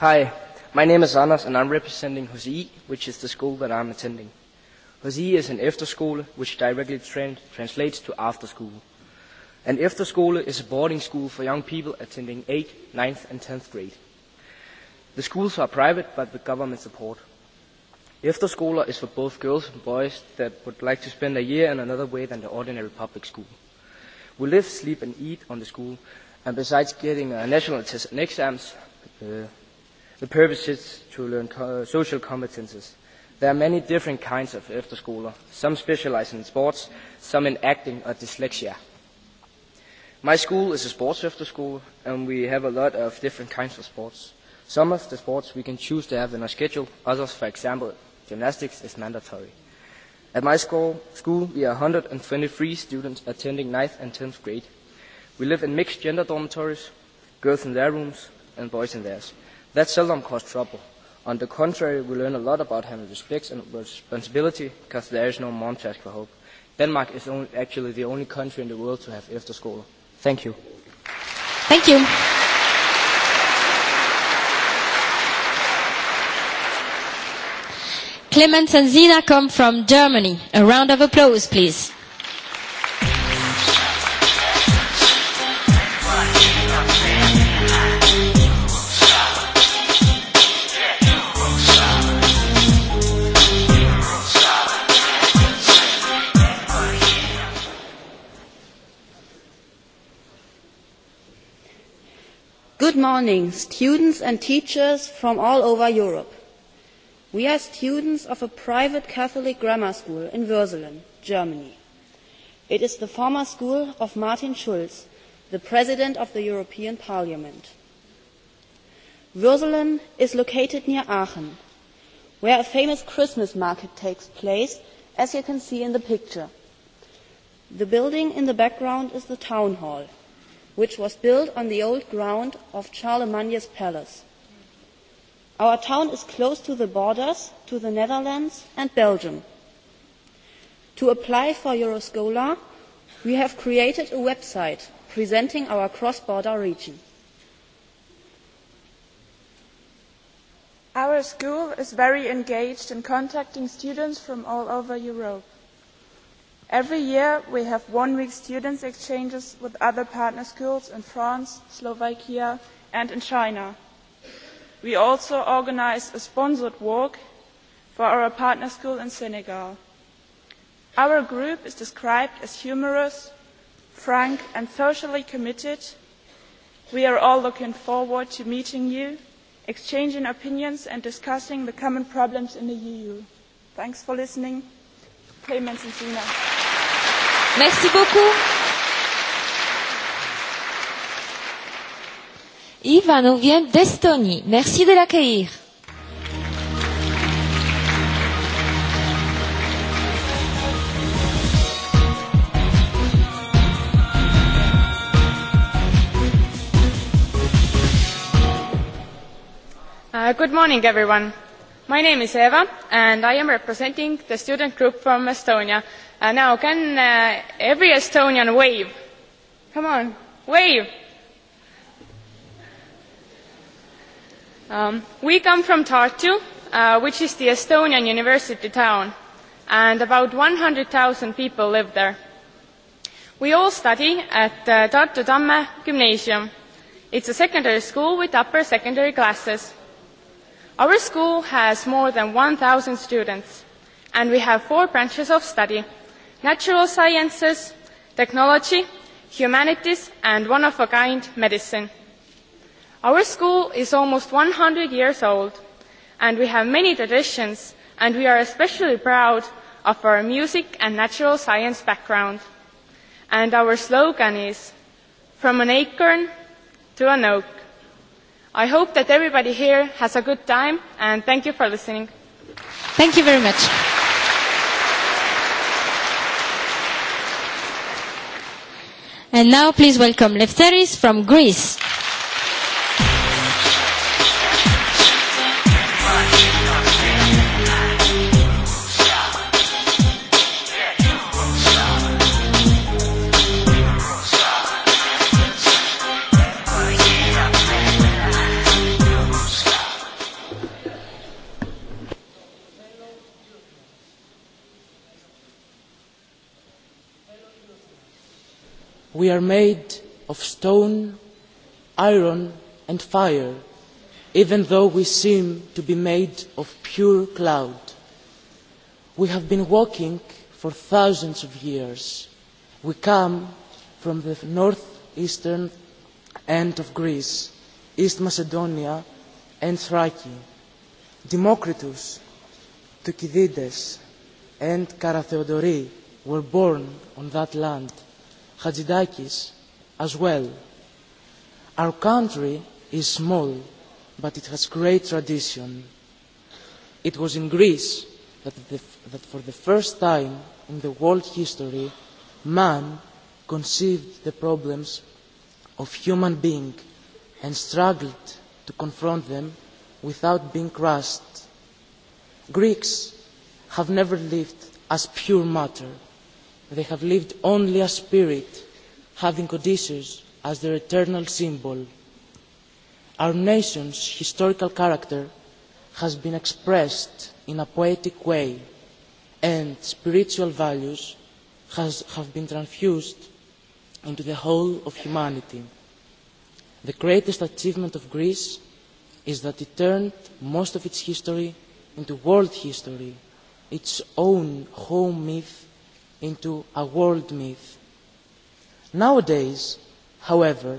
Hi, my name is Anders and I'm representing Jose, which is the school that I'm attending he is an efterskole, which directly trans translates to after school. An efterskole is a boarding school for young people attending 8th, 9th and 10th grade. The schools are private, but with government support. Efterskoler is for both girls and boys that would like to spend a year in another way than the ordinary public school. We live, sleep and eat on the school, and besides getting uh, national tests and exams, uh, the purpose is to learn co- social competences – There are many different kinds of afterschooler. Some specialize in sports, some in acting or dyslexia. My school is a sports after school, and we have a lot of different kinds of sports. Some of the sports we can choose to have in our schedule, others, for example, gymnastics is mandatory. At my school, school we are 123 students attending 9th and 10th grade. We live in mixed gender dormitories, girls in their rooms and boys in theirs. That seldom causes trouble, On the contrary, we learn a lot about having respect and responsibility because there is no Momtask for hope. Denmark is only, actually the only country in the world to have after school. Thank you. Thank you. Clemens and Zina come from Germany. A round of applause, please. good morning, students and teachers from all over Europe. We are students of a private Catholic grammar school in Würselen, Germany. It is the former school of Martin Schulz, the President of the European Parliament. Würselen is located near Aachen, where a famous Christmas market takes place, as you can see in the picture. The building in the background is the town hall which was built on the old ground of Charlemagne's palace. Our town is close to the borders to the Netherlands and Belgium. To apply for Euroscola, we have created a website presenting our cross-border region. Our school is very engaged in contacting students from all over Europe every year we have one week students' exchanges with other partner schools in france slovakia and in china. we also organise a sponsored walk for our partner school in senegal. our group is described as humorous frank and socially committed. we are all looking forward to meeting you exchanging opinions and discussing the common problems in the eu. thanks for listening. clemens and Merci beaucoup. Iva nous vient d'Estonie. Merci de l'accueillir. Uh, good morning, everyone My name is Eva and I am representing the student group from Estonia. Uh, now, can uh, every Estonian wave? Come on, wave! Um, we come from Tartu, uh, which is the Estonian university town, and about 100,000 people live there. We all study at uh, Tartu Tamme Gymnasium. It's a secondary school with upper secondary classes Our school has more than 1,000 students, and we have four branches of study, natural sciences, technology, humanities, and one-of-a-kind medicine. Our school is almost 100 years old, and we have many traditions, and we are especially proud of our music and natural science background. And our slogan is, from an acorn to an oak. I hope that everybody here has a good time and thank you for listening. Thank you very much. And now please welcome Lefteris from Greece. we are made of stone, iron and fire, even though we seem to be made of pure cloud. We have been walking for thousands of years. We come from the northeastern end of Greece, East Macedonia and Thrace. Democritus, Thucydides and Kara Theodori were born on that land. Hadzidakis as well. Our country is small, but it has great tradition. It was in Greece that, the, that for the first time in the world history, man conceived the problems of human being and struggled to confront them without being crushed. Greeks have never lived as pure matter they have lived only as spirit, having Odysseus as their eternal symbol. Our nation's historical character has been expressed in a poetic way, and spiritual values has, have been transfused into the whole of humanity. The greatest achievement of Greece is that it turned most of its history into world history, its own home myth into a world myth. Nowadays, however,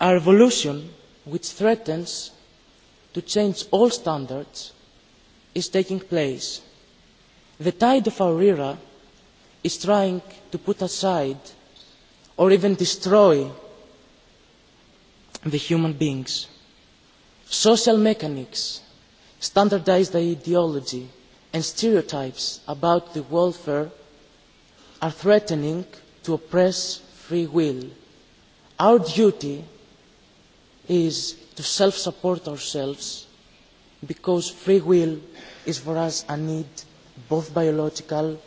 a revolution which threatens to change all standards is taking place. The tide of our era is trying to put aside or even destroy the human beings. Social mechanics, standardized ideology, and stereotypes about the welfare are threatening to oppress free will. Our duty is to self-support ourselves because free will is for us a need both biological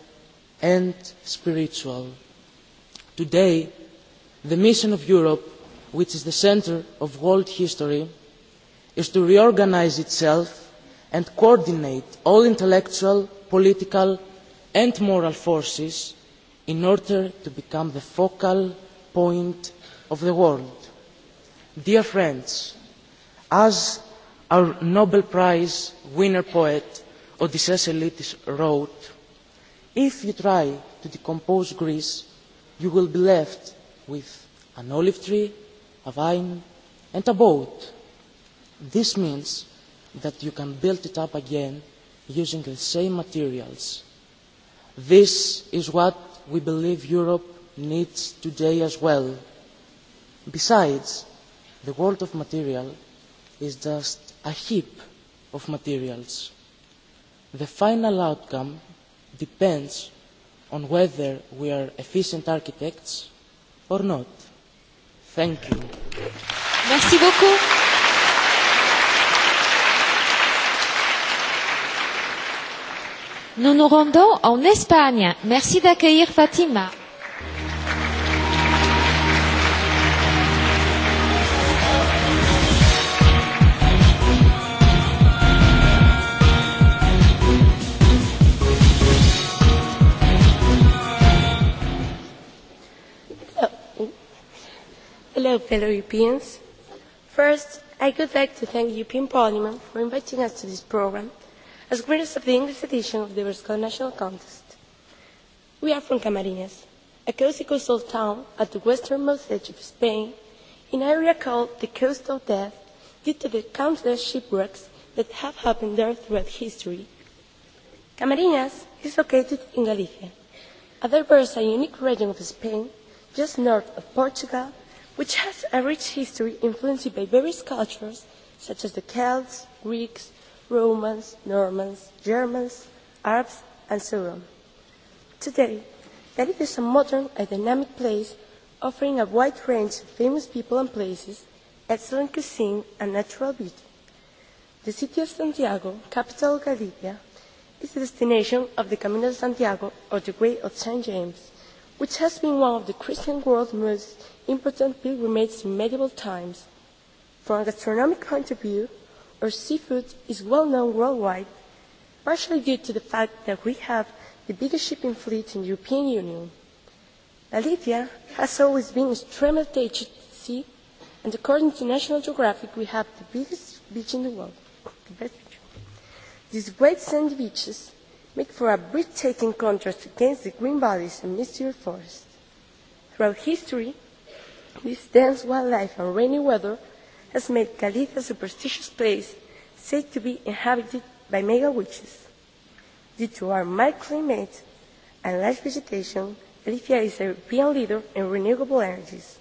and spiritual. Today, the mission of Europe, which is the centre of world history, is to reorganise itself and coordinate all intellectual political and moral forces in order to become the focal point of the world. dear friends as our nobel prize winner poet odysseus elitis wrote if you try to decompose greece you will be left with an olive tree a vine and a boat. this means that you can build it up again using the same materials. This is what we believe Europe needs today as well. Besides, the world of material is just a heap of materials. The final outcome depends on whether we are efficient architects or not. Thank you. Merci beaucoup. Nous nous rendons en Espagne. Merci d'accueillir Fatima. Uh, hello, fellow Europeans. First, I would like to thank the European Parliament for inviting us to this programme as winners of the English edition of the Berlusconi National Contest. We are from Camarines, a cozy coastal town at the westernmost edge of Spain, in an area called the Coast of Death due to the countless shipwrecks that have happened there throughout history. Camarines is located in Galicia, a diverse and unique region of Spain, just north of Portugal, which has a rich history influenced by various cultures such as the Celts, Greeks, Romans, Normans, Germans, Arabs, and so on. Today, Tahrir is a modern and dynamic place offering a wide range of famous people and places, excellent cuisine, and natural beauty. The city of Santiago, capital of Galicia, is the destination of the Camino de Santiago, or the Way of St. James, which has been one of the Christian world's most important pilgrimages in medieval times. From a gastronomic point of view, or seafood is well known worldwide, partially due to the fact that we have the biggest shipping fleet in the European Union. Latvia has always been extremely touched sea, and according to National Geographic, we have the biggest beach in the world. The best beach. These white sandy beaches make for a breathtaking contrast against the green valleys and mysterious forests. Throughout history, this dense wildlife and rainy weather has made Cadiz a superstitious place said to be inhabited by mega witches. Due to our mild climate and large vegetation, Galicia is a European leader in renewable energies.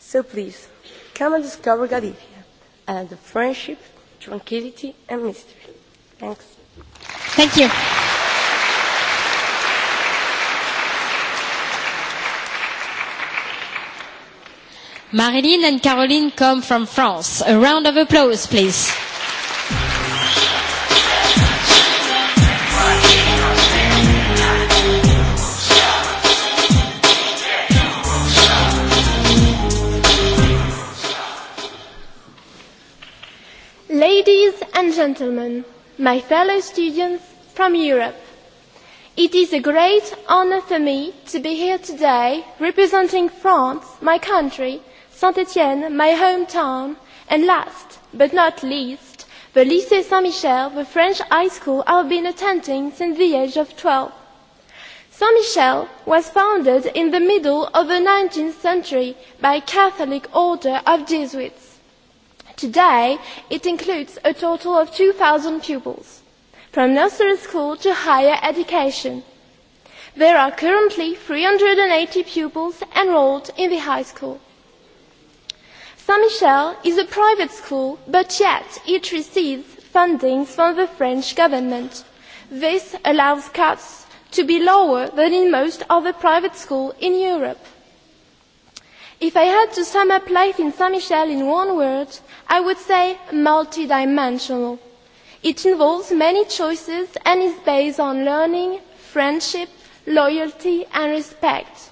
So please, come and discover Galicia and the friendship, tranquility, and mystery. Thanks. Thank you. Marilyn and Caroline come from France. A round of applause, please. Ladies and gentlemen, my fellow students from Europe, It is a great honor for me to be here today representing France, my country, Saint-Étienne, my hometown, and last but not least, the Lycée Saint-Michel, the French high school I've been attending since the age of 12. Saint-Michel was founded in the middle of the 19th century by a Catholic order of Jesuits. Today, it includes a total of 2,000 pupils, from nursery school to higher education. There are currently 380 pupils enrolled in the high school. Saint Michel is a private school, but yet it receives funding from the French government. This allows cuts to be lower than in most other private schools in Europe. If I had to sum up life in Saint Michel in one word, I would say multidimensional. It involves many choices and is based on learning, friendship, loyalty and respect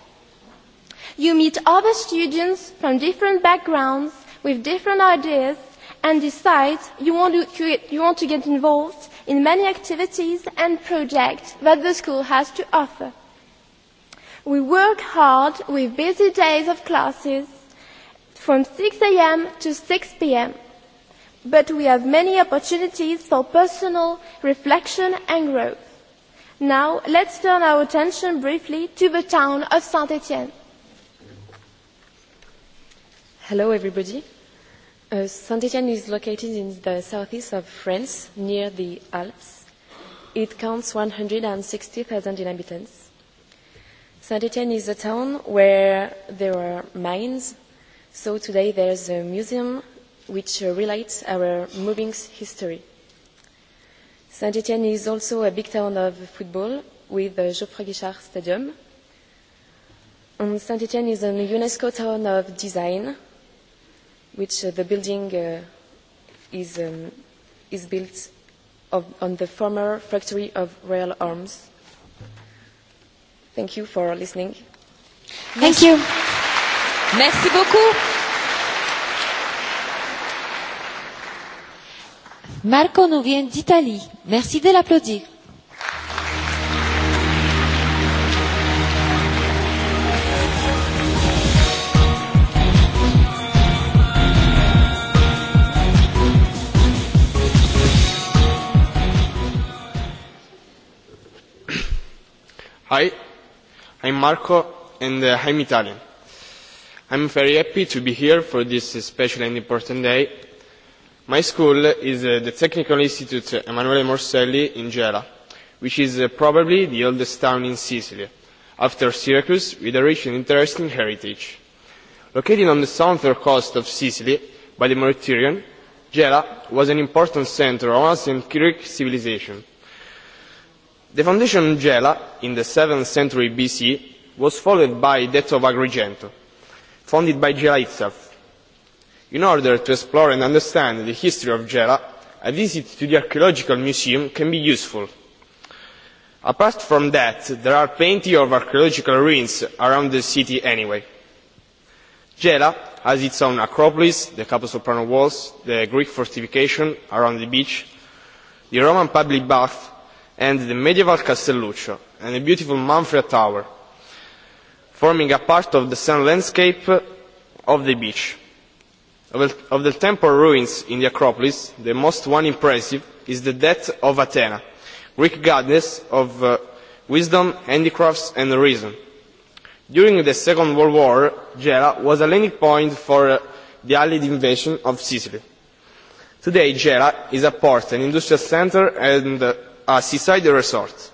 You meet other students from different backgrounds with different ideas and decide you want to, create, you want to get involved in many activities and projects that the school has to offer. We work hard with busy days of classes from 6 a.m. to 6 p.m. But we have many opportunities for personal reflection and growth. Now, let's turn our attention briefly to the town of Saint-Étienne. Hello, everybody. Uh, Saint-Étienne is located in the southeast of France, near the Alps. It counts 160,000 inhabitants. Saint-Étienne is a town where there are mines, so today there's a museum which uh, relates our moving history. Saint-Étienne is also a big town of football with the uh, Geoffroy Guichard Stadium. And Saint-Étienne is a UNESCO town of design which uh, the building uh, is, um, is built of, on the former factory of Royal Arms. Thank you for listening. Thank Merci. you. Merci beaucoup. Marco nous vient d'Italie. Merci de l'applaudir. Hi, I'm Marco and uh, I'm Italian. I'm very happy to be here for this uh, special and important day. My school is uh, the Technical Institute Emanuele Morselli in Gela, which is uh, probably the oldest town in Sicily, after Syracuse, with a rich and interesting heritage. Located on the southern coast of Sicily, by the Mediterranean, Gela was an important center of ancient Greek civilization – the foundation of gela in the seventh century bc was followed by that of agrigento founded by gela itself. in order to explore and understand the history of gela a visit to the archaeological museum can be useful. apart from that there are plenty of archaeological ruins around the city anyway. gela has its own acropolis the caposoprano walls the greek fortification around the beach the roman public bath and the medieval Castelluccio and the beautiful Manfred Tower, forming a part of the same landscape of the beach. Of the temple ruins in the Acropolis, the most one impressive is the death of Athena, Greek goddess of uh, wisdom, handicrafts and reason. During the Second World War, Gela was a landing point for uh, the Allied invasion of Sicily. Today, Gela is a port, an industrial centre and uh, a seaside resort.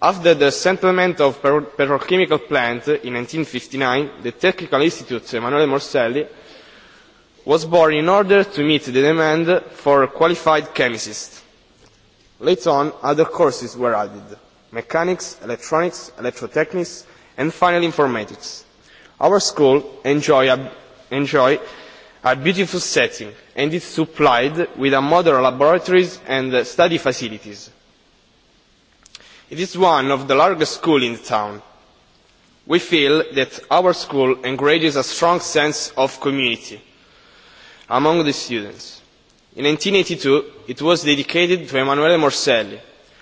After the settlement of petrochemical plant in 1959, the Technical Institute Emanuele Morselli was born in order to meet the demand for qualified chemists. Later on, other courses were added, mechanics, electronics, electrotechnics, and finally informatics. Our school enjoy a, enjoy a beautiful setting and is supplied with modern laboratories and study facilities. It is one of the largest schools in the town. We feel that our school encourages a strong sense of community among the students. In 1982, it was dedicated to Emanuele Morselli,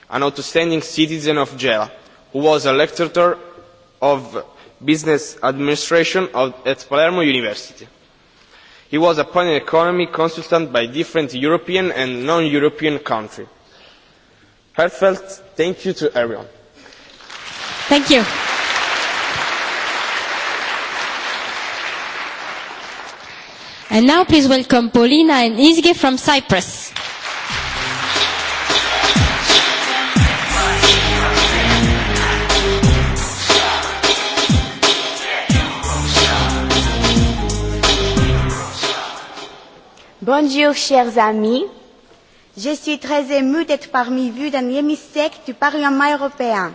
an outstanding citizen of Gela, who was a lecturer of business administration at Palermo University he was a pan economy consultant by different european and non european countries. heartfelt thank you to everyone. thank you. and now please welcome paulina and izge from cyprus. Bonjour, chers amis. Je suis très émue d'être parmi vous dans l'hémicycle du Parlement européen.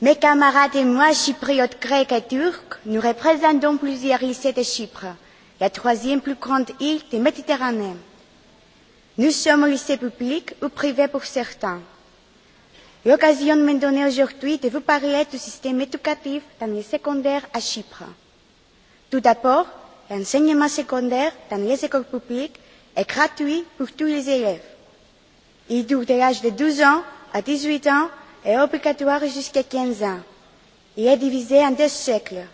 Mes camarades et moi, chypriotes grecs et turcs, nous représentons plusieurs lycées de Chypre, la troisième plus grande île de Méditerranée. Nous sommes au lycée public ou privé pour certains. L'occasion m'est donnée aujourd'hui de vous parler du système éducatif dans les secondaires à Chypre. Tout d'abord, l'enseignement secondaire dans les écoles publiques est gratuit pour tous les élèves. Il dure de l'âge de 12 ans à 18 ans et obligatoire jusqu'à 15 ans. Il est divisé en deux siècles.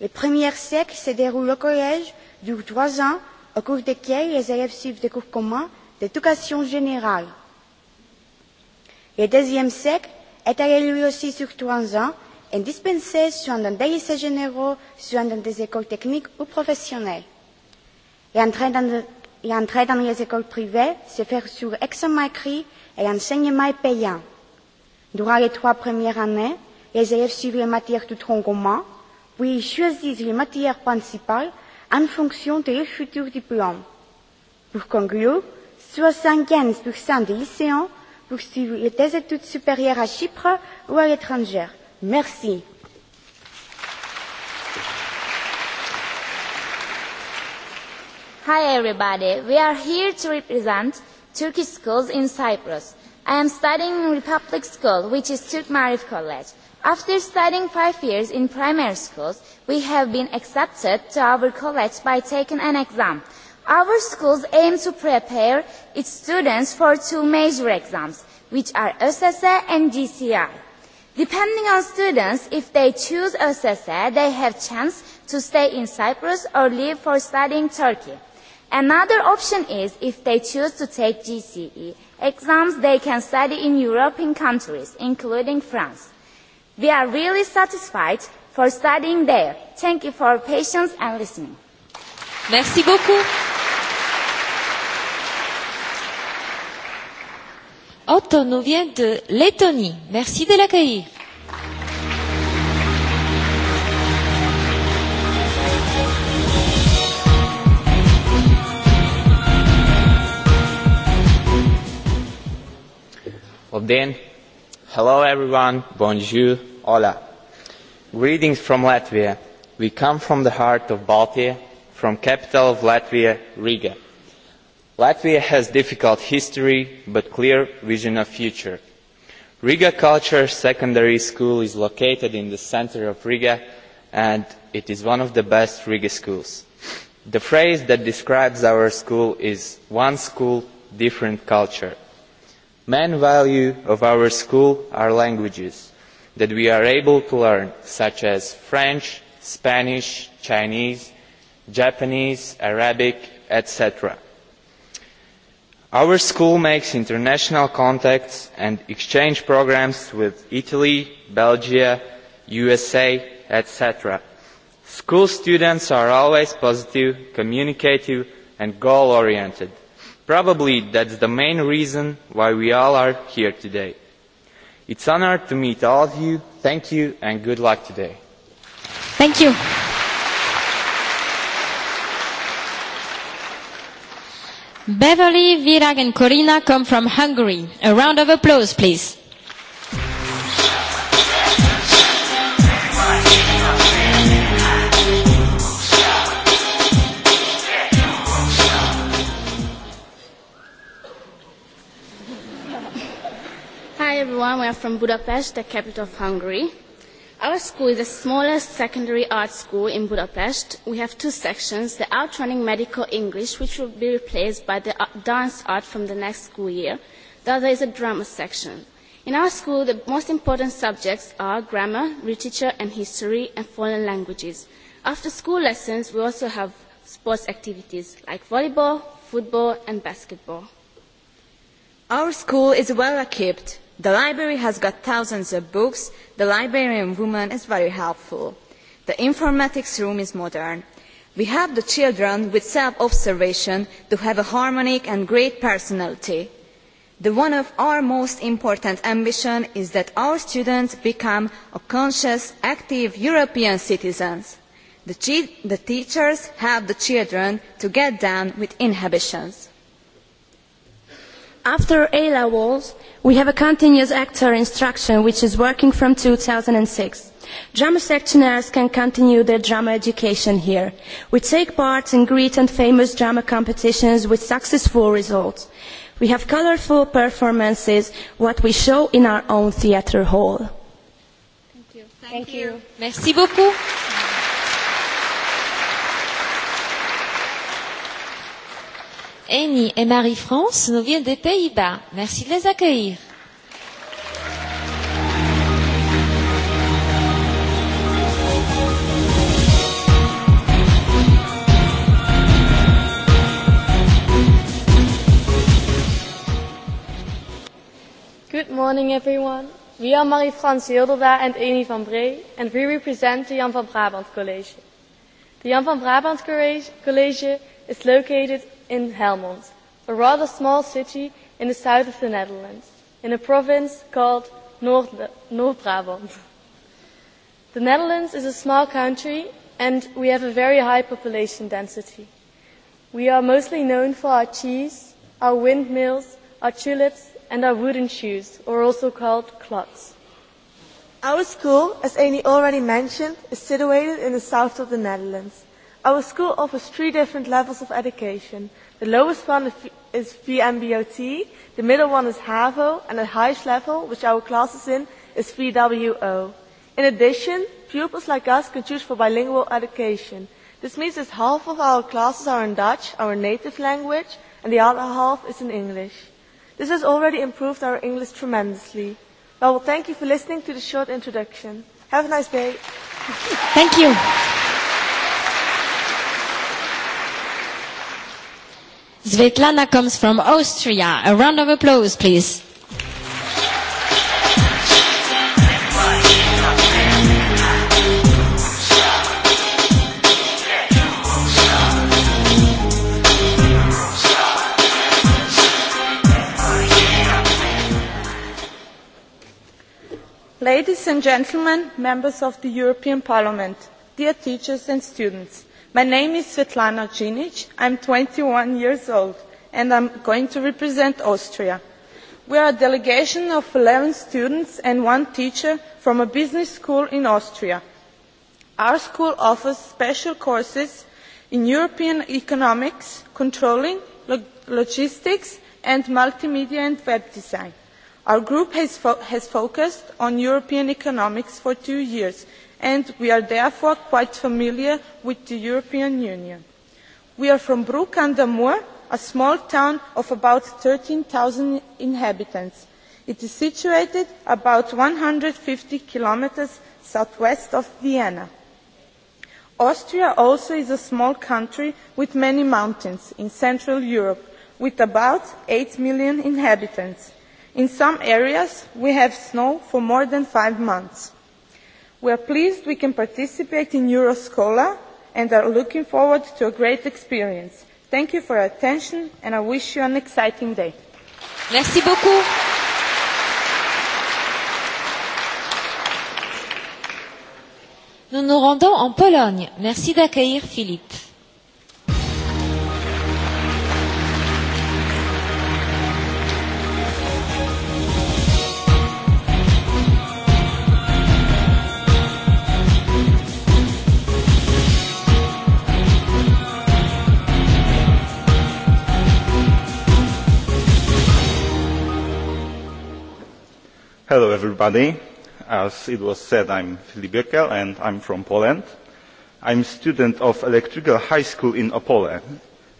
Le premier siècle se déroule au collège, dure trois ans, au cours desquels les élèves suivent des cours communs d'éducation générale. Le deuxième siècle est allé lui aussi sur trois ans en dispensés soit dans des lycées généraux, soit dans des écoles techniques ou professionnelles. Et entrer dans, de, et entrer dans les écoles privées, se faire sur examen écrit et enseignement payant. Durant les trois premières années, les élèves suivent les matières du tronc commun, puis ils choisissent les matières principales en fonction de leur futur diplôme. Pour conclure, 75% des lycéens poursuivent des études supérieures à Chypre ou à l'étranger merci. Hi everybody, we are here to represent Turkish schools in Cyprus. I am studying in Republic School, which is Turk Marif College. After studying five years in primary schools, we have been accepted to our college by taking an exam. Our schools aim to prepare its students for two major exams, which are SSA and GCI. Depending on students, if they choose OSSE, they have chance to stay in Cyprus or leave for studying Turkey. Another option is if they choose to take GCE exams, they can study in European countries, including France. We are really satisfied for studying there. Thank you for your patience and listening. Merci beaucoup. Otto nous vient de Lettonie. Merci de l'accueillir. Labdien! Hello everyone, bonjour, hola. Greetings from Latvia. We come from the heart of Baltia, from capital of Latvia, Riga latvia has a difficult history but a clear vision of the future. riga culture secondary school is located in the centre of riga and it is one of the best riga schools. the phrase that describes our school is one school different culture'. the main value of our school are languages that we are able to learn such as french spanish chinese japanese arabic etc our school makes international contacts and exchange programmes with italy belgium the usa etc. school students are always positive communicative and goal oriented. probably that is the main reason why we all are here today. it is an honour to meet all of you. thank you and good luck today. thank you. Beverly, Virag, and Corina come from Hungary. A round of applause, please. Hi everyone, we are from Budapest, the capital of Hungary. Our school is the smallest secondary art school in Budapest. We have two sections, the outrunning medical English, which will be replaced by the uh, dance art from the next school year. The other is a drama section. In our school, the most important subjects are grammar, literature and history, and foreign languages. After school lessons, we also have sports activities like volleyball, football and basketball. Our school is well equipped The library has got thousands of books. The librarian woman is very helpful. The informatics room is modern. We have the children with self-observation to have a harmonic and great personality. The one of our most important ambition is that our students become a conscious, active European citizens. The, che- the teachers help the children to get down with inhibitions. After A levels, We have a continuous actor instruction which is working from 2006. Drama sectionaires can continue their drama education here. We take part in great and famous drama competitions with successful results. We have colorful performances, what we show in our own theatre hall. Thank you. Thank you. Merci beaucoup. Amy et Marie-France nous viennent des Pays-Bas. Merci de les accueillir. Good morning everyone. We are Marie-France Hilderda and Amy van Bree and we represent the Jan van Brabant College. The Jan van Brabant College is located in Helmond, a rather small city in the south of the Netherlands, in a province called Noord, Noord Brabant. The Netherlands is a small country and we have a very high population density. We are mostly known for our cheese, our windmills, our tulips, and our wooden shoes, or also called clogs. Our school, as Amy already mentioned, is situated in the south of the Netherlands. Our school offers three different levels of education. The lowest one is VMBOT, the middle one is HAVO, and the highest level, which our class is in, is VWO. In addition, pupils like us can choose for bilingual education. This means that half of our classes are in Dutch, our native language, and the other half is in English. This has already improved our English tremendously. Well, thank you for listening to this short introduction. Have a nice day. Thank you. Svetlana comes from Austria. A round of applause, please. Ladies and gentlemen, members of the European Parliament, dear teachers and students, my name is svetlana gini i am twenty one years old and i am going to represent austria. we are a delegation of eleven students and one teacher from a business school in austria. our school offers special courses in european economics controlling logistics and multimedia and web design. our group has, fo has focused on european economics for two years and we are therefore quite familiar with the european union. we are from bruck an der mur a small town of about thirteen zero inhabitants. it is situated about one hundred and fifty kilometres south west of vienna. austria also is a small country with many mountains in central europe with about eight million inhabitants. in some areas we have snow for more than five months we are pleased we can participate in euroscholar and are looking forward to a great experience. thank you for your attention and i wish you an exciting day. Merci beaucoup. Nous nous rendons en Pologne. Merci d'accueillir Philippe. Hello, everybody. As it was said, I'm Filip Bierkel and I'm from Poland. I'm a student of Electrical High School in Opole.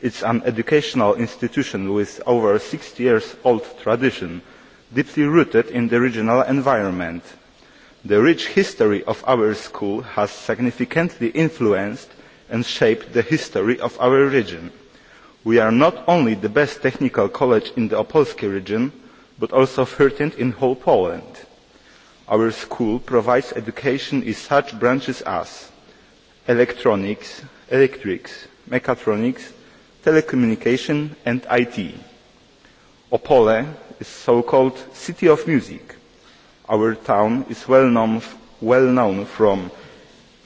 It's an educational institution with over 60 years old tradition, deeply rooted in the regional environment. The rich history of our school has significantly influenced and shaped the history of our region. We are not only the best technical college in the Opolsky region, but also threatened in whole Poland. Our school provides education in such branches as electronics, electrics, mechatronics, telecommunication and IT. Opole is so-called city of music. Our town is well known, well known from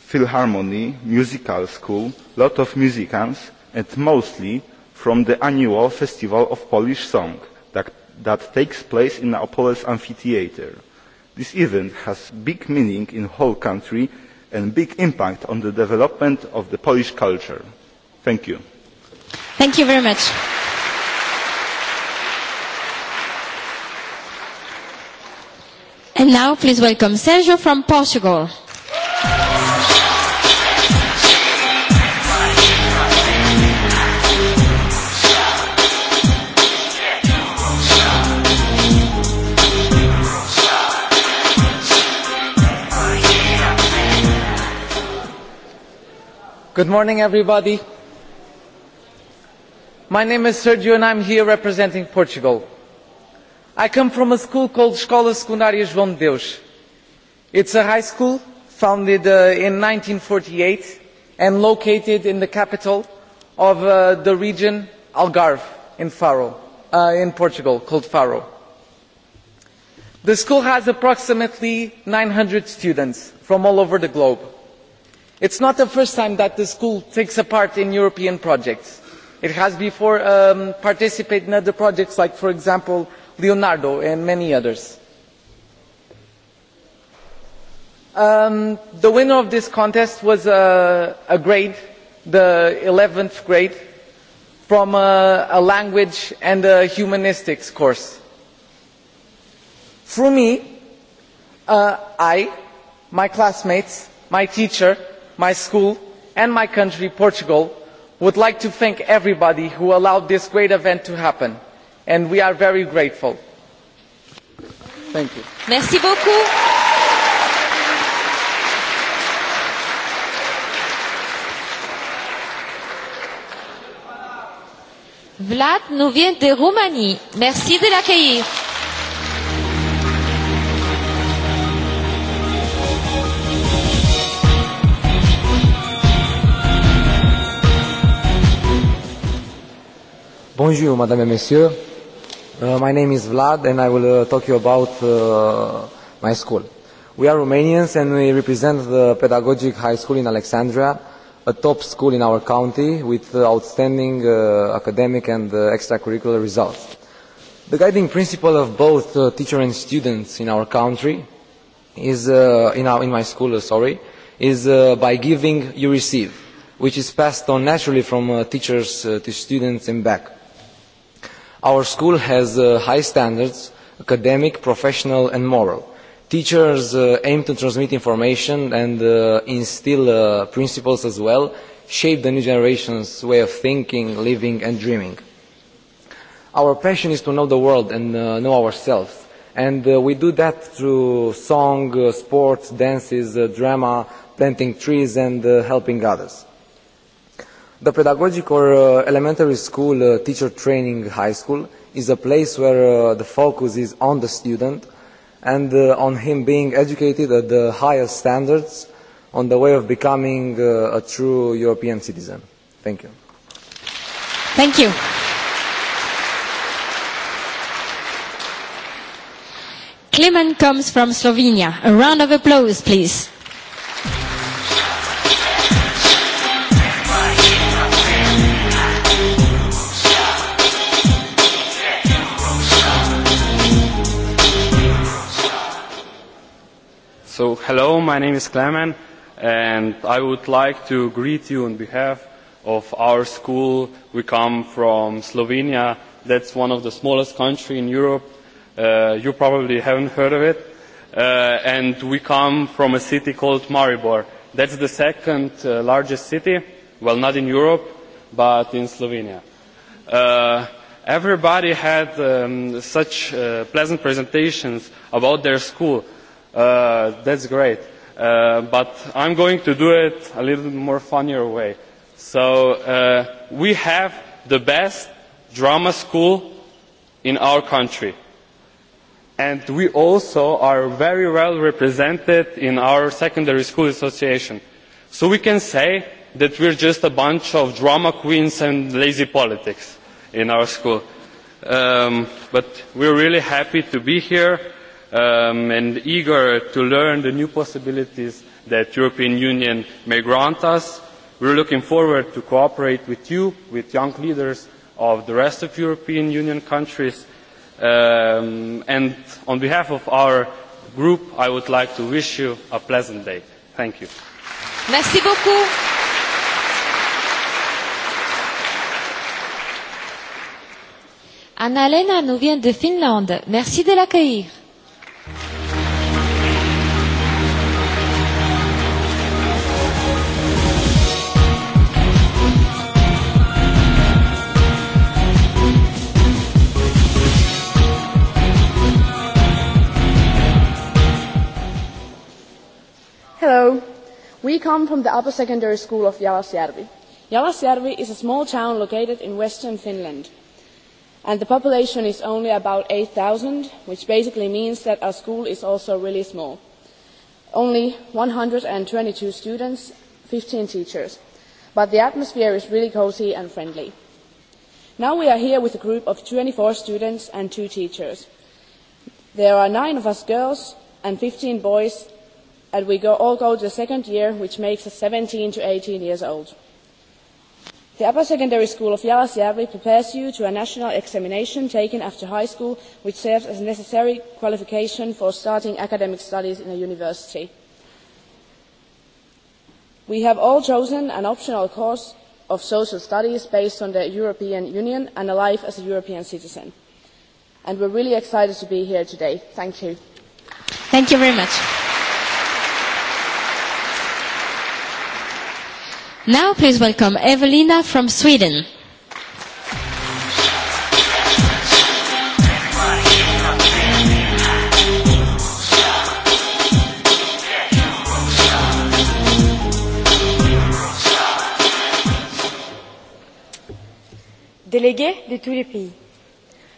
Philharmony, musical school, lot of musicians, and mostly from the annual Festival of Polish Song – that takes place in Apollo's amphitheatre. This event has big meaning in the whole country and big impact on the development of the Polish culture. Thank you. Thank you very much. And now please welcome Sergio from Portugal. Good morning, everybody. My name is Sergio and I'm here representing Portugal. I come from a school called Escola Secundária João de Deus. It's a high school founded uh, in 1948 and located in the capital of uh, the region Algarve in Faro, uh, in Portugal, called Faro. The school has approximately 900 students from all over the globe it is not the first time that the school takes part in european projects. it has before um, participated in other projects like for example leonardo and many others. Um, the winner of this contest was uh, a grade the eleventh grade from uh, a language and a humanistics course. for me uh, i my classmates my teacher my school and my country portugal would like to thank everybody who allowed this great event to happen and we are very grateful. thank you. Merci beaucoup. Vlad nous vient de Roumanie. Merci de l'accueillir. Bonjour, madame and monsieur. Uh, my name is Vlad, and I will uh, talk to you about uh, my school. We are Romanians, and we represent the Pedagogic High School in Alexandria, a top school in our county with uh, outstanding uh, academic and uh, extracurricular results. The guiding principle of both uh, teacher and students in our country is, uh, in, our, in my school, uh, sorry, is uh, by giving you receive, which is passed on naturally from uh, teachers uh, to students and back Our school has uh, high standards, academic, professional and moral. Teachers uh, aim to transmit information and uh, instill uh, principles as well, shape the new generation's way of thinking, living and dreaming. Our passion is to know the world and uh, know ourselves. And uh, we do that through song, uh, sports, dances, uh, drama, planting trees and uh, helping others the pedagogic or uh, elementary school uh, teacher training high school is a place where uh, the focus is on the student and uh, on him being educated at the highest standards on the way of becoming uh, a true European citizen. Thank you. Thank you. Kliman comes from Slovenia. A round of applause, please. So, hello, my name is Clement, and I would like to greet you on behalf of our school. We come from Slovenia. That's one of the smallest countries in Europe. Uh, you probably haven't heard of it. Uh, and we come from a city called Maribor. That's the second uh, largest city, well, not in Europe, but in Slovenia. Uh, everybody had um, such uh, pleasant presentations about their school uh, that's great. Uh, but I'm going to do it a little more funnier way. So uh, we have the best drama school in our country. And we also are very well represented in our secondary school association. So we can say that we're just a bunch of drama queens and lazy politics in our school. Um, but we're really happy to be here um, and eager to learn the new possibilities that the European Union may grant us. We're looking forward to cooperate with you, with young leaders of the rest of European Union countries. Um, and on behalf of our group, I would like to wish you a pleasant day. Thank you. Merci beaucoup. Anna-Lena nous vient de Finlande. Merci de l'accueillir. Hello. We come from the upper secondary school of Jalasjärvi. Jalasjärvi is a small town located in western Finland. And the population is only about 8,000, which basically means that our school is also really small. Only 122 students, 15 teachers. But the atmosphere is really cozy and friendly. Now we are here with a group of 24 students and two teachers. There are nine of us girls and 15 boys and we go, all go to the second year, which makes us 17 to 18 years old. The upper secondary school of Yalasjärvi prepares you to a national examination taken after high school, which serves as a necessary qualification for starting academic studies in a university. We have all chosen an optional course of social studies based on the European Union and a life as a European citizen. And we're really excited to be here today. Thank you. Thank you very much. Now please welcome Evelina from Sweden. délégués de tous les pays.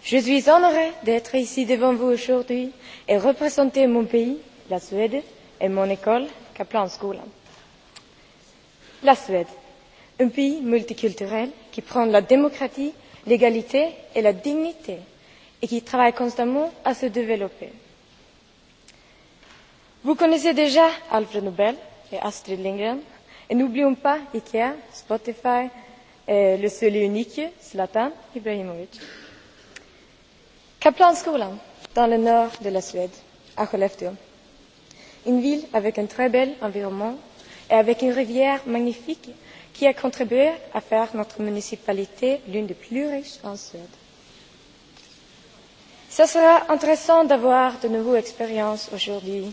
Je suis honorée d'être ici devant vous aujourd'hui et représenter mon pays, la Suède, et mon école, Kaplanskolan la Suède, un pays multiculturel qui prône la démocratie, l'égalité et la dignité et qui travaille constamment à se développer. Vous connaissez déjà Alfred Nobel et Astrid Lindgren et n'oublions pas Ikea, Spotify et le seul et unique Zlatan Ibrahimovic. Kaplanskolan dans le nord de la Suède, à Skellefteå. Une ville avec un très bel environnement et avec une rivière magnifique qui a contribué à faire notre municipalité l'une des plus riches en Suède. Ce sera intéressant d'avoir de nouvelles expériences aujourd'hui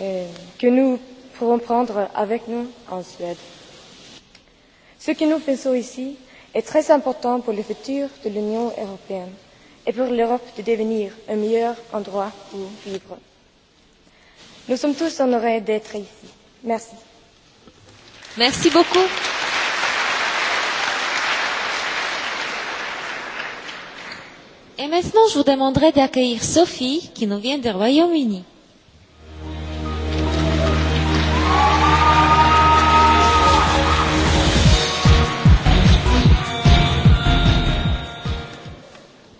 euh, que nous pourrons prendre avec nous en Suède. Ce que nous faisons ici est très important pour le futur de l'Union européenne et pour l'Europe de devenir un meilleur endroit où vivre. Nous sommes tous honorés d'être ici. Merci. Merci beaucoup. Et maintenant, je vous demanderai d'accueillir Sophie, qui nous vient du Royaume-Uni.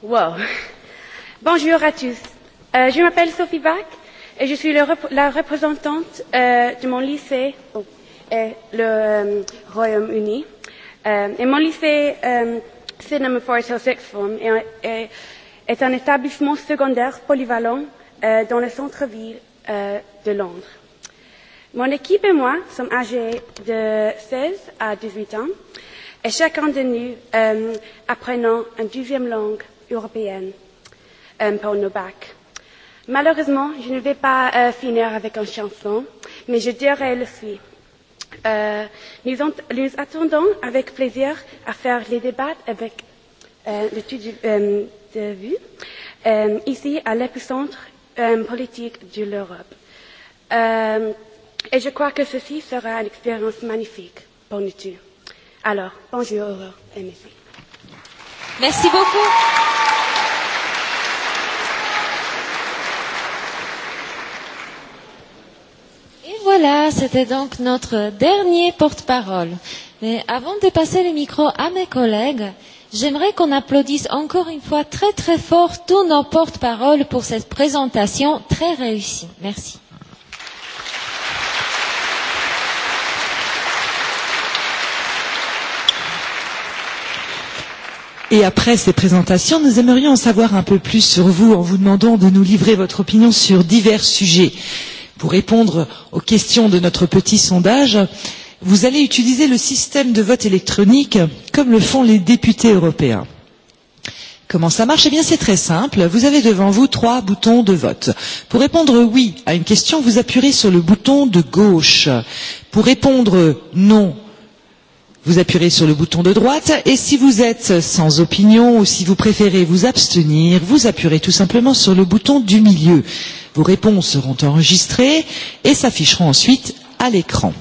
Wow. Bonjour à tous. Euh, je m'appelle Sophie Bach et je suis le, la représentante euh, de mon lycée. Oh et le euh, Royaume-Uni. Euh, et mon lycée, euh, Cinnamon Forest Hill Sixth Form, est, est, est un établissement secondaire polyvalent euh, dans le centre-ville euh, de Londres. Mon équipe et moi sommes âgés de 16 à 18 ans et chacun de nous euh, apprenant une deuxième langue européenne euh, pour nos bacs. Malheureusement, je ne vais pas euh, finir avec une chanson, mais je dirai le suivant euh, nous, ont, nous attendons avec plaisir à faire les débats avec euh, le du, euh, de vue euh, ici à l'épicentre euh, politique de l'Europe. Euh, et je crois que ceci sera une expérience magnifique pour nous tous. Alors, bonjour et merci. Merci beaucoup. voilà, c'était donc notre dernier porte-parole. Mais avant de passer le micro à mes collègues, j'aimerais qu'on applaudisse encore une fois très très fort tous nos porte-paroles pour cette présentation très réussie. Merci. Et après ces présentations, nous aimerions en savoir un peu plus sur vous en vous demandant de nous livrer votre opinion sur divers sujets. Euh, pour répondre aux questions de notre petit sondage, vous allez utiliser le système de vote électronique comme le font les députés européens. Comment ça marche Eh bien, c'est très simple. Vous avez devant vous trois boutons de vote. Pour répondre oui à une question, vous appuyez sur le bouton de gauche. Pour répondre non, vous appuyez sur le bouton de droite. Et si vous êtes sans opinion ou si vous préférez vous abstenir, vous appuyez tout simplement sur le bouton du milieu. Vos réponses seront enregistrées et s'afficheront ensuite à l'écran.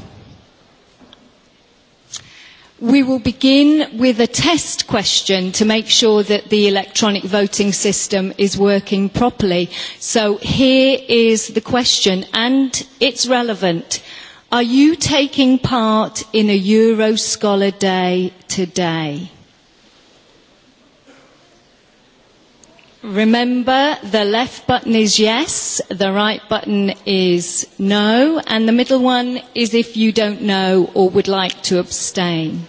We will begin with a test question to make sure that the electronic voting system is working properly. So here is the question, and it's relevant. Are you taking part in a Euroscholar Day today? Remember, the left button is yes, the right button is no, and the middle one is if you don't know or would like to abstain.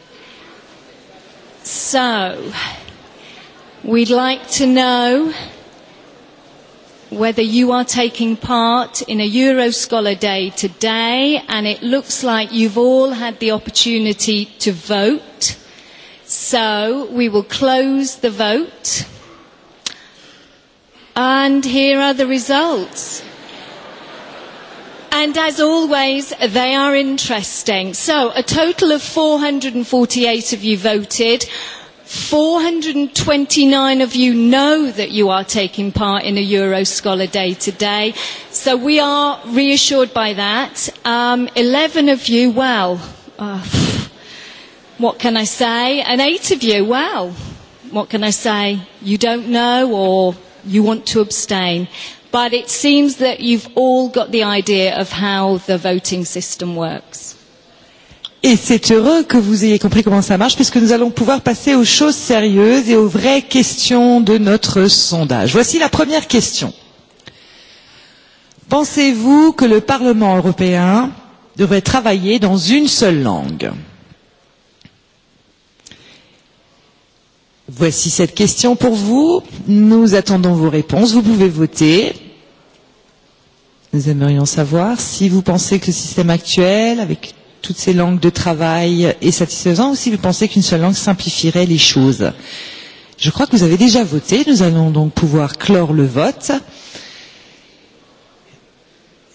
So, we'd like to know whether you are taking part in a Euroscholar Day today, and it looks like you've all had the opportunity to vote. So, we will close the vote. And here are the results. And as always, they are interesting. So a total of 448 of you voted. 429 of you know that you are taking part in a Euro Scholar Day today. So we are reassured by that. Um, 11 of you, well, uh, what can I say? And 8 of you, well, what can I say? You don't know or you want to abstain. But it seems that you've all got the idea of how the voting system works. Et c'est heureux que vous ayez compris comment ça marche, puisque nous allons pouvoir passer aux choses sérieuses et aux vraies questions de notre sondage. Voici la première question. Pensez-vous que le Parlement européen devrait travailler dans une seule langue Voici cette question pour vous. Nous attendons vos réponses. Vous pouvez voter. Nous aimerions savoir si vous pensez que le système actuel, avec toutes ces langues de travail, est satisfaisant ou si vous pensez qu'une seule langue simplifierait les choses. Je crois que vous avez déjà voté. Nous allons donc pouvoir clore le vote. Euh,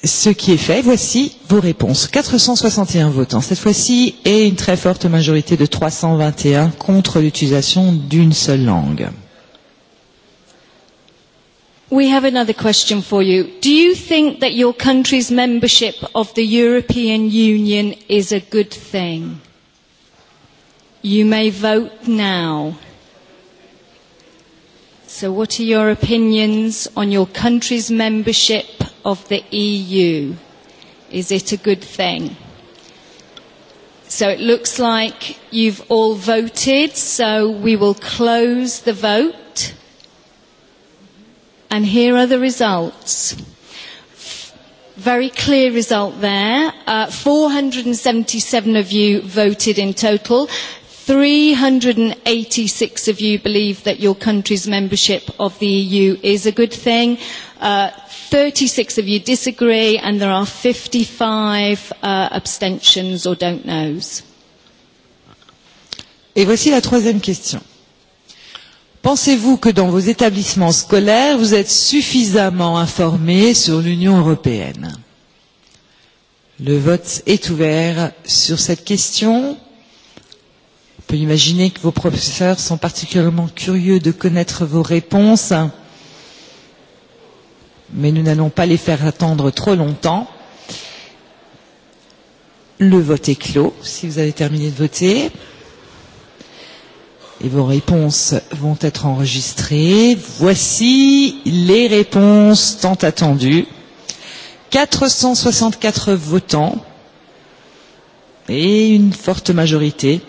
ce qui est fait. Voici vos réponses. 461 votants cette fois-ci et une très forte majorité de 321 contre l'utilisation d'une seule langue. We have another question for you. Do you think that your country's membership of the European Union is a good thing? You may vote now. So what are your opinions on your country's membership of the EU. Is it a good thing? So it looks like you've all voted, so we will close the vote. And here are the results. Very clear result there. Uh, 477 of you voted in total. 386 of you believe that your country's membership of the EU is a good thing. Uh, 36 of you disagree, and there are 55 uh, abstentions or don't knows. Et voici la troisième question. Pensez-vous que dans vos établissements scolaires, vous êtes suffisamment informés sur l'Union européenne Le vote est ouvert sur cette question. On peut imaginer que vos professeurs sont particulièrement curieux de connaître vos réponses mais nous n'allons pas les faire attendre trop longtemps. Le vote est clos, si vous avez terminé de voter. Et vos réponses vont être enregistrées. Voici les réponses tant attendues. 464 votants et une forte majorité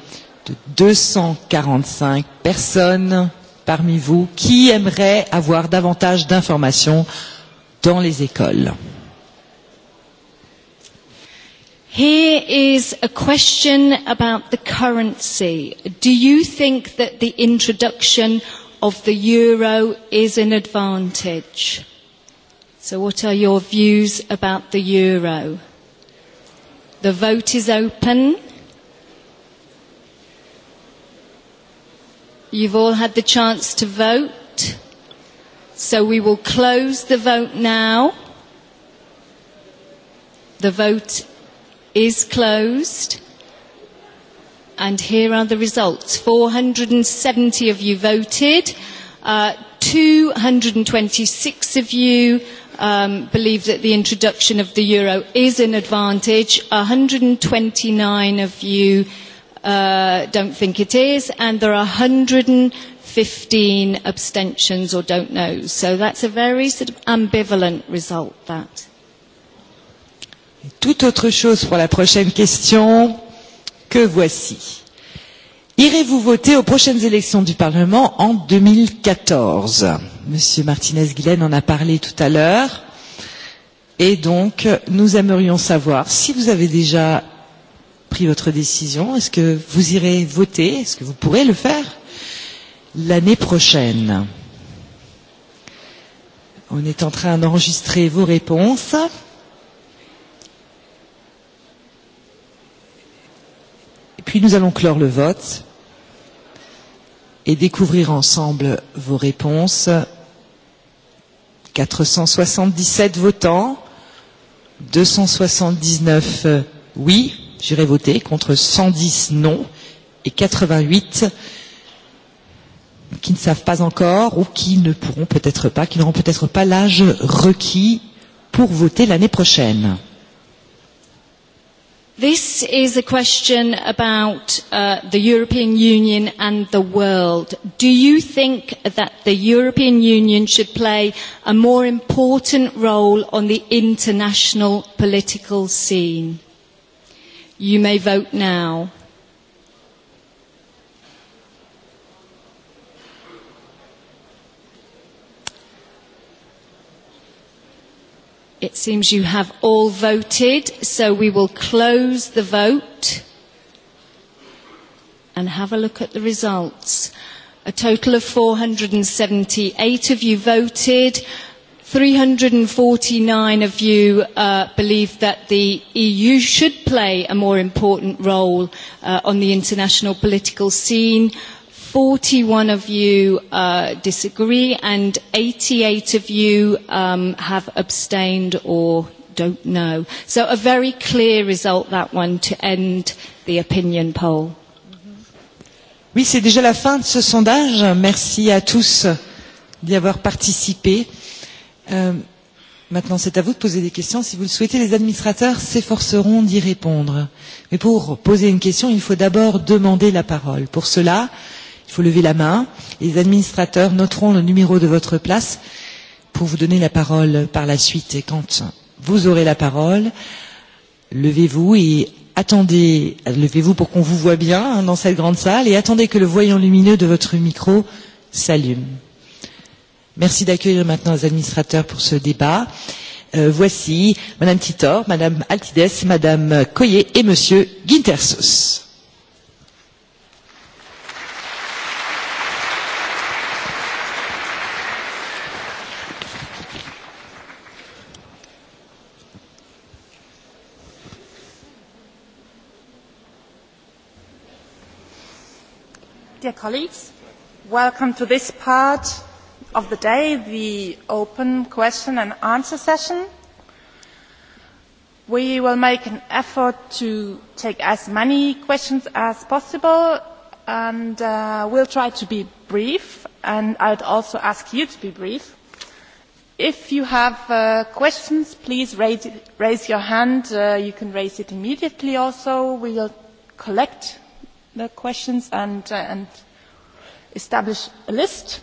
de 245 personnes parmi vous qui aimeraient avoir davantage d'informations dans les écoles. Here is a question about the currency. Do you think that the introduction of the euro is an advantage? So what are your views about the euro? The vote is open. You've all had the chance to vote. So we will close the vote now. The vote is closed. And here are the results. 470 of you voted. Uh, 226 of you um, believe that the introduction of the euro is an advantage. 129 of you uh, don't think it is. And there are 100. 15 abstentions or don't know. So that's a very sort of ambivalent result, that. Toute autre chose pour la prochaine question que voici. Irez-vous voter aux prochaines élections du Parlement en 2014 Monsieur Martinez-Guilaine en a parlé tout à l'heure. Et donc, nous aimerions savoir si vous avez déjà pris votre décision. Est-ce que vous irez voter Est-ce que vous pourrez le faire l'année prochaine. On est en train d'enregistrer vos réponses. Et puis nous allons clore le vote et découvrir ensemble vos réponses. 477 votants, 279 euh, oui, j'irai voter, contre 110 non et 88 qui ne savent pas encore ou qui ne pourront peut-être pas, qui n'auront peut-être pas l'âge requis pour voter l'année prochaine. This is a question about uh, the European Union and the world. Do you think that the European Union should play a more important role on the international political scene? You may vote now. It seems you have all voted, so we will close the vote and have a look at the results. A total of 478 of you voted. 349 of you uh, believe that the EU should play a more important role uh, on the international political scene. 41 of you uh, disagree and 88 of you um, have abstained or don't know. So a very clear result, that one, to end the opinion poll. Oui, c'est déjà la fin de ce sondage. Merci à tous d'y avoir participé. Euh, maintenant, c'est à vous de poser des questions. Si vous le souhaitez, les administrateurs s'efforceront d'y répondre. Mais pour poser une question, il faut d'abord demander la parole. Pour cela, euh, Il faut lever la main. Les administrateurs noteront le numéro de votre place pour vous donner la parole par la suite. Et quand vous aurez la parole, levez-vous et attendez, levez-vous pour qu'on vous voit bien hein, dans cette grande salle et attendez que le voyant lumineux de votre micro s'allume. Merci d'accueillir maintenant les administrateurs pour ce débat. Euh, voici Madame Titor, Madame Altides, Madame Coyer et Monsieur Guintersos. Dear colleagues, welcome to this part of the day, the open question and answer session. We will make an effort to take as many questions as possible and uh, we'll try to be brief and I'd also ask you to be brief. If you have uh, questions, please raise, raise your hand. Uh, you can raise it immediately also. We will collect the questions and, uh, and establish a list.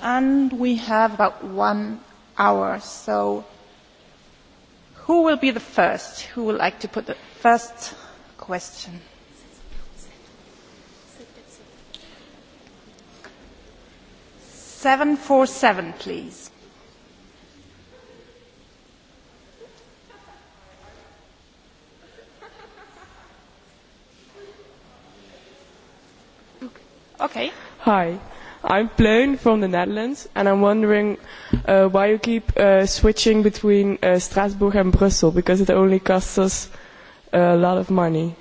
And we have about one hour. So who will be the first? Who would like to put the first question? Seven four seven, please. Okay. Hi. I'm Pleun from the Netherlands, and I'm wondering uh, why you keep uh, switching between uh, Strasbourg and Brussels, because it only costs us a lot of money.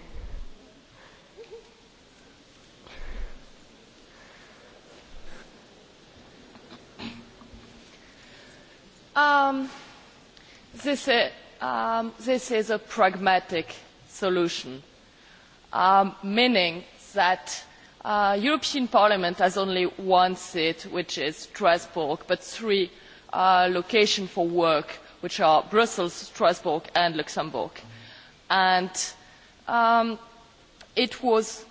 Um, this, uh, um, this is a pragmatic solution, um, meaning that Uh, European Parliament has only one seat, which is Strasbourg, but three uh, locations for work, which are Brussels, Strasbourg, and Luxembourg. And um, it was,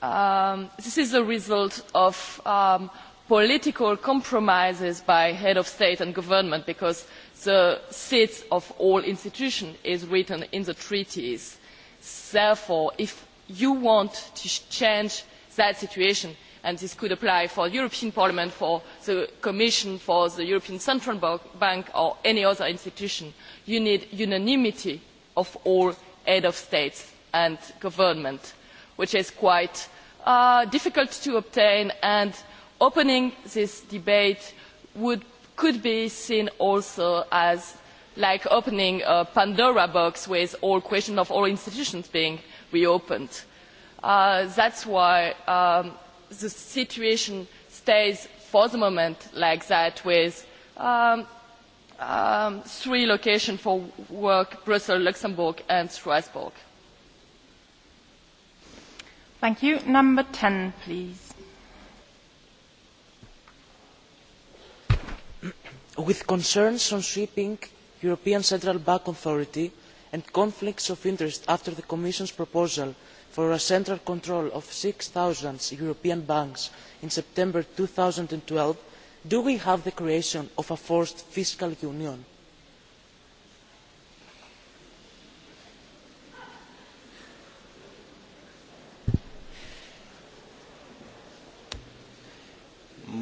um, this is a result of um, political compromises by head of state and government because the seats of all institutions is written in the treaties. Therefore, if you want to change that situation and this could apply for the European Parliament, for the Commission, for the European Central Bank or any other institution. You need unanimity of all head of states and government, which is quite uh, difficult to obtain and opening this debate would, could be seen also as like opening a Pandora box with all questions of all institutions being reopened Uh, that is why um, the situation stays for the moment like that with um, um, three locations for work, Brussels, Luxembourg and Strasbourg. Thank you. Number 10, please. With concerns on shipping, European Central Bank Authority and conflicts of interest after the Commission's proposal for central control of six zero european banks in september two thousand and twelve do we have the creation of a forced fiscal union?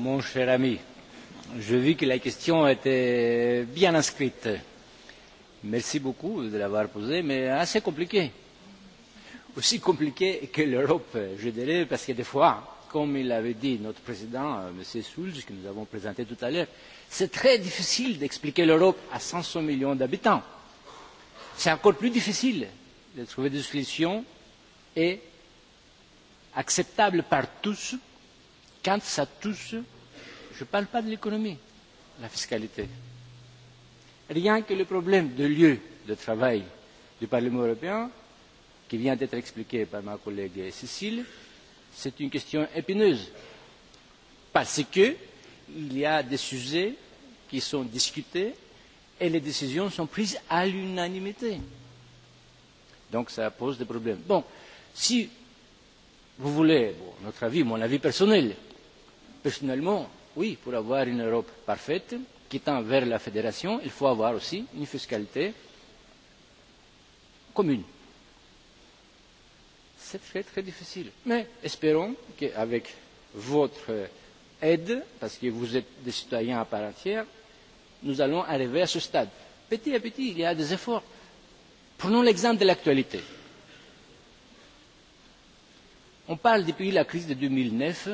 mon cher ami j'ai vu que la question était bien inscrite. merci beaucoup de l'avoir posée mais assez compliquée aussi compliquée que l'Europe, je dirais, parce que des fois, comme il l'avait dit notre président, euh, M. Schulz, que nous avons présenté tout à l'heure, c'est très difficile d'expliquer l'Europe à 500 millions d'habitants. C'est encore plus difficile de trouver des solutions et acceptables par tous quand ça touche, je ne parle pas de l'économie, la fiscalité. Rien que le problème de lieu de travail du Parlement européen qui vient d'être expliquée par ma collègue Cécile, c'est une question épineuse. Parce que il y a des sujets qui sont discutés et les décisions sont prises à l'unanimité. Donc ça pose des problèmes. Bon, si vous voulez bon, notre avis, mon avis personnel, personnellement, oui, pour avoir une Europe parfaite, qui tend vers la fédération, il faut avoir aussi une fiscalité commune c'est très très difficile. Mais espérons qu'avec votre euh, aide, parce que vous êtes des citoyens à part entière, nous allons arriver à ce stade. Petit à petit, il y a des efforts. Prenons l'exemple de l'actualité. On parle depuis la crise de 2009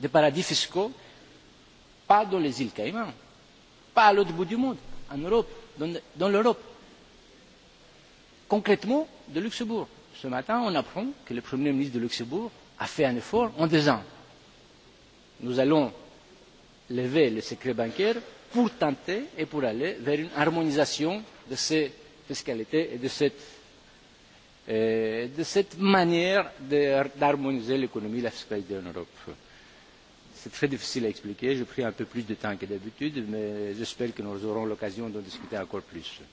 de paradis fiscaux, pas dans les îles Caïmans, pas à l'autre bout du monde, en Europe, dans, dans l'Europe. Concrètement, de Luxembourg ce matin, on apprend que le Premier ministre de Luxembourg a fait un effort en disant nous allons lever le secret bancaire pour tenter et pour aller vers une harmonisation de ces fiscalités et de cette, euh, de cette manière d'harmoniser l'économie et la fiscalité en Europe. C'est très difficile à expliquer, j'ai pris un peu plus de temps que d'habitude, mais j'espère que nous aurons l'occasion d'en discuter encore plus. Euh,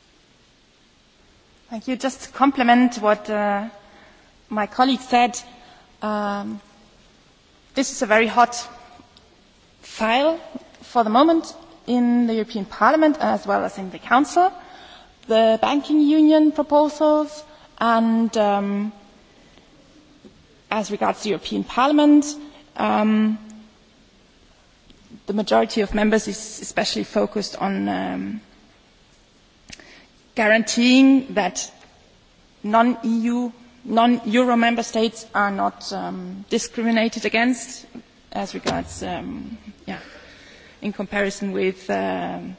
Thank you. Just to complement what uh, my colleague said, um, this is a very hot file for the moment in the European Parliament as well as in the Council. The banking union proposals and um, as regards the European Parliament, um, the majority of members is especially focused on um, guaranteeing that non-EU, non-Euro member states are not um, discriminated against as regards, um, yeah, in comparison with um,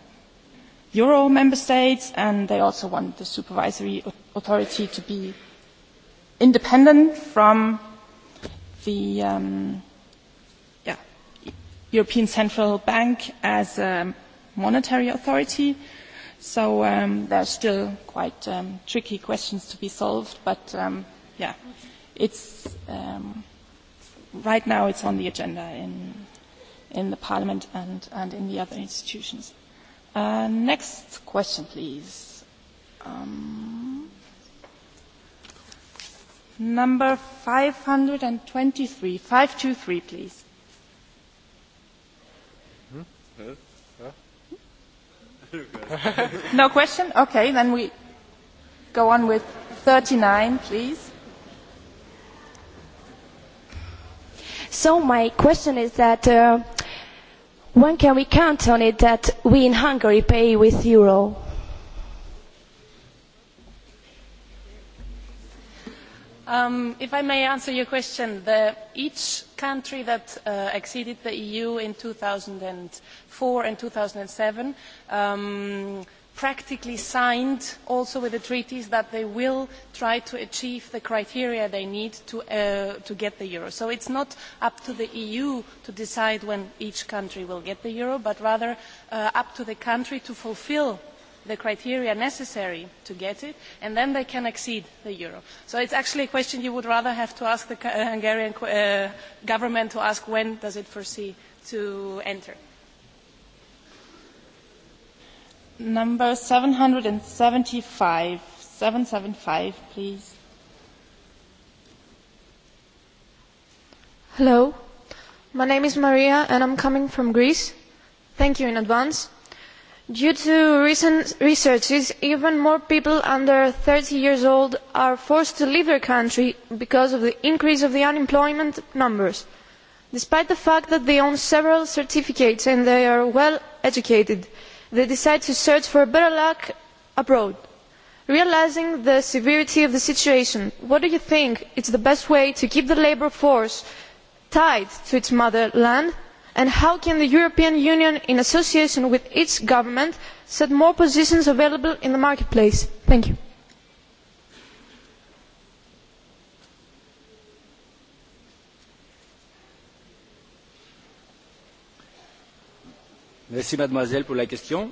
Euro member states, and they also want the supervisory authority to be independent from the um, yeah, European Central Bank as a monetary authority. Uh, So um, there are still quite um, tricky questions to be solved, but um, yeah, it's um, right now it's on the agenda in in the Parliament and, and in the other institutions. Uh, next question, please. Um, number 523, 523, please. Hmm? Huh? no question? Okay, then we go on with 39, please. So my question is that uh, when can we count on it that we in Hungary pay with euro? Um, if I may answer your question, the, each country that uh, exceeded the EU in 2000 and four and two thousand and seven um, practically signed also with the treaties that they will try to achieve the criteria they need to, uh, to get the euro. So it's not up to the EU to decide when each country will get the euro, but rather uh, up to the country to fulfill the criteria necessary to get it, and then they can exceed the euro. So it's actually a question you would rather have to ask the uh, Hungarian uh, government to ask when does it foresee to enter. Number 775. 775, please. Hello. My name is Maria and I'm coming from Greece. Thank you in advance. Due to recent researches, even more people under 30 years old are forced to leave their country because of the increase of the unemployment numbers. Despite the fact that they own several certificates and they are well educated, they decide to search for better luck abroad. realising the severity of the situation what do you think is the best way to keep the labour force tied to its motherland and how can the european union in association with its government set more positions available in the marketplace? thank you. Merci mademoiselle pour la question.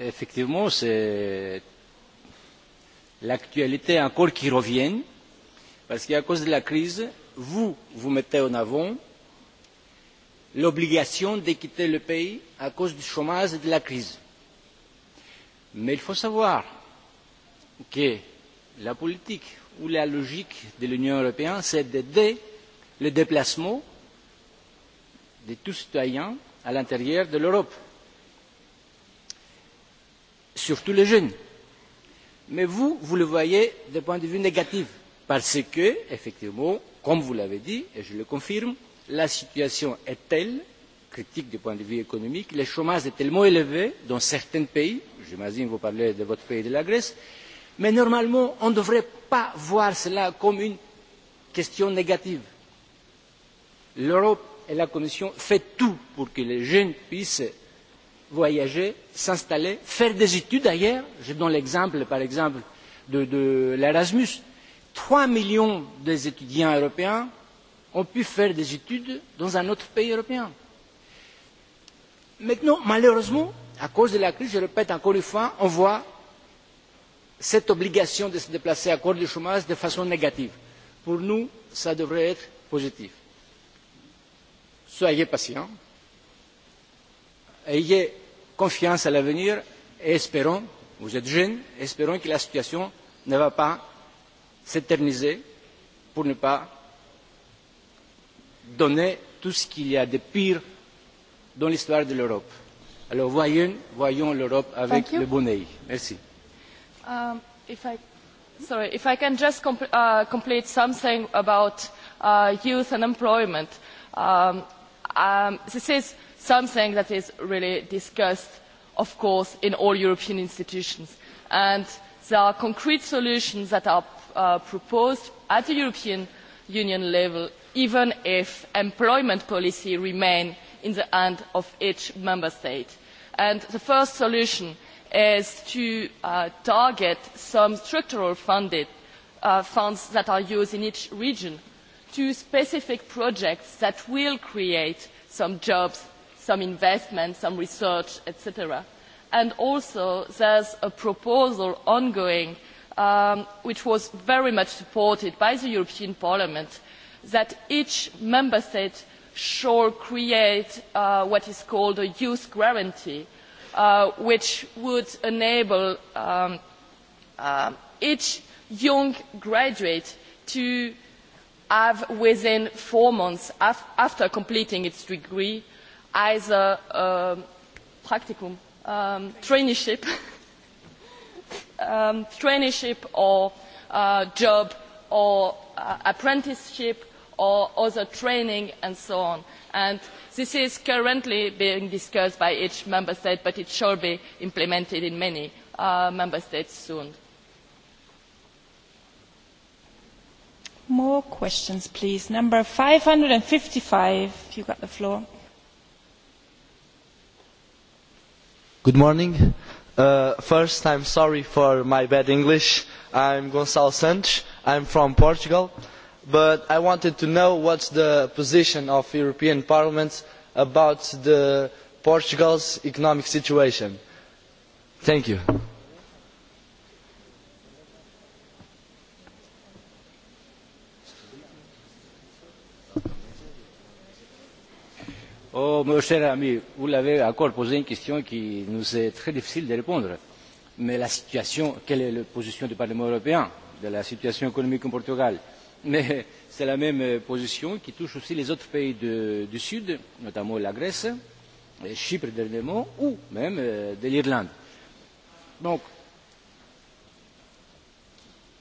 Effectivement, c'est l'actualité encore qui revient, parce qu'à cause de la crise, vous, vous mettez en avant l'obligation de quitter le pays à cause du chômage et de la crise. Mais il faut savoir que la politique ou la logique de l'Union européenne, c'est d'aider le déplacement de tout citoyen à l'intérieur de l'Europe surtout les jeunes. Mais vous, vous le voyez d'un point de vue négatif, parce que, effectivement, comme vous l'avez dit, et je le confirme, la situation est telle, critique du point de vue économique, le chômage est tellement élevé dans certains pays, j'imagine vous parlez de votre pays, de la Grèce, mais normalement, on ne devrait pas voir cela comme une question négative. L'Europe et la Commission font tout pour que les jeunes puissent voyager, s'installer, faire des études ailleurs. Je donne l'exemple, par exemple, de, de l'Erasmus. 3 millions d'étudiants européens ont pu faire des études dans un autre pays européen. Maintenant, malheureusement, à cause de la crise, je répète encore une fois, on voit cette obligation de se déplacer à cause du chômage de façon négative. Pour nous, ça devrait être positif. Soyez patients Ayez confiance à l'avenir et espérons, vous êtes jeunes, espérons que la situation ne va pas s'éterniser pour ne pas donner tout ce qu'il y a de pire dans l'histoire de l'Europe. Alors voyons, voyons l'Europe avec le bon œil. Merci. Um, if I, sorry, if I can just com uh, complete something about uh, youth and employment. Um, um, this is something that is really discussed of course in all european institutions and there are concrete solutions that are uh, proposed at the european union level even if employment policy remains in the hands of each member state. And the first solution is to uh, target some structural funded, uh, funds that are used in each region to specific projects that will create some jobs some investment, some research, etc. And also there's a proposal ongoing um, which was very much supported by the European Parliament that each member state should create uh, what is called a youth guarantee uh, which would enable um, uh, each young graduate to have within four months af after completing its degree as a uh, practicum, um, traineeship, um, traineeship or uh, job or uh, apprenticeship or other training and so on. And this is currently being discussed by each member state, but it shall be implemented in many uh, member states soon. More questions, please. Number 555, you got the floor. Good morning. Uh, first, I'm sorry for my bad English. I'm Gonçalo Santos. I'm from Portugal. But I wanted to know what's the position of European Parliament about the Portugal's economic situation. Thank you. Oh, mon cher ami, vous l'avez encore posé une question qui nous est très difficile de répondre. Mais la situation, quelle est la position du Parlement européen de la situation économique au Portugal Mais c'est la même position qui touche aussi les autres pays de, du Sud, notamment la Grèce, et Chypre dernièrement, ou même euh, de l'Irlande. Donc,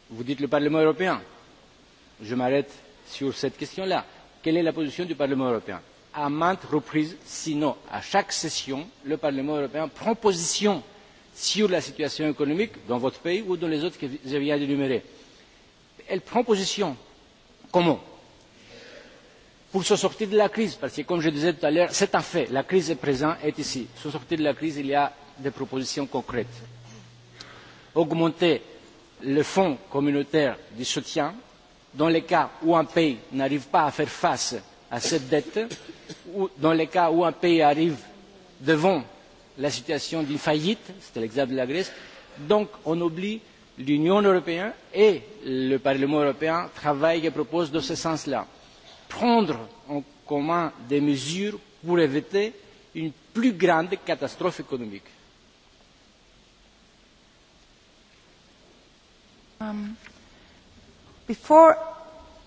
vous dites le Parlement européen. Je m'arrête sur cette question-là. Quelle est la position du Parlement européen à maintes reprises sinon à chaque session le parlement européen prend position sur la situation économique dans votre pays ou dans les autres que je viens d'énumérer. elle prend position. comment? pour se sortir de la crise parce que comme je disais tout à l'heure c'est un fait la crise est présente est ici. pour se sortir de la crise il y a des propositions concrètes augmenter le fonds communautaire de soutien dans les cas où un pays n'arrive pas à faire face à cette dette où, dans les cas où un pays arrive devant la situation d'une faillite, c'était l'exemple de la Grèce, donc on oublie l'Union européenne et le Parlement européen travaillent et proposent dans ce sens-là. Prendre en commun des mesures pour éviter une plus grande catastrophe économique. Um, before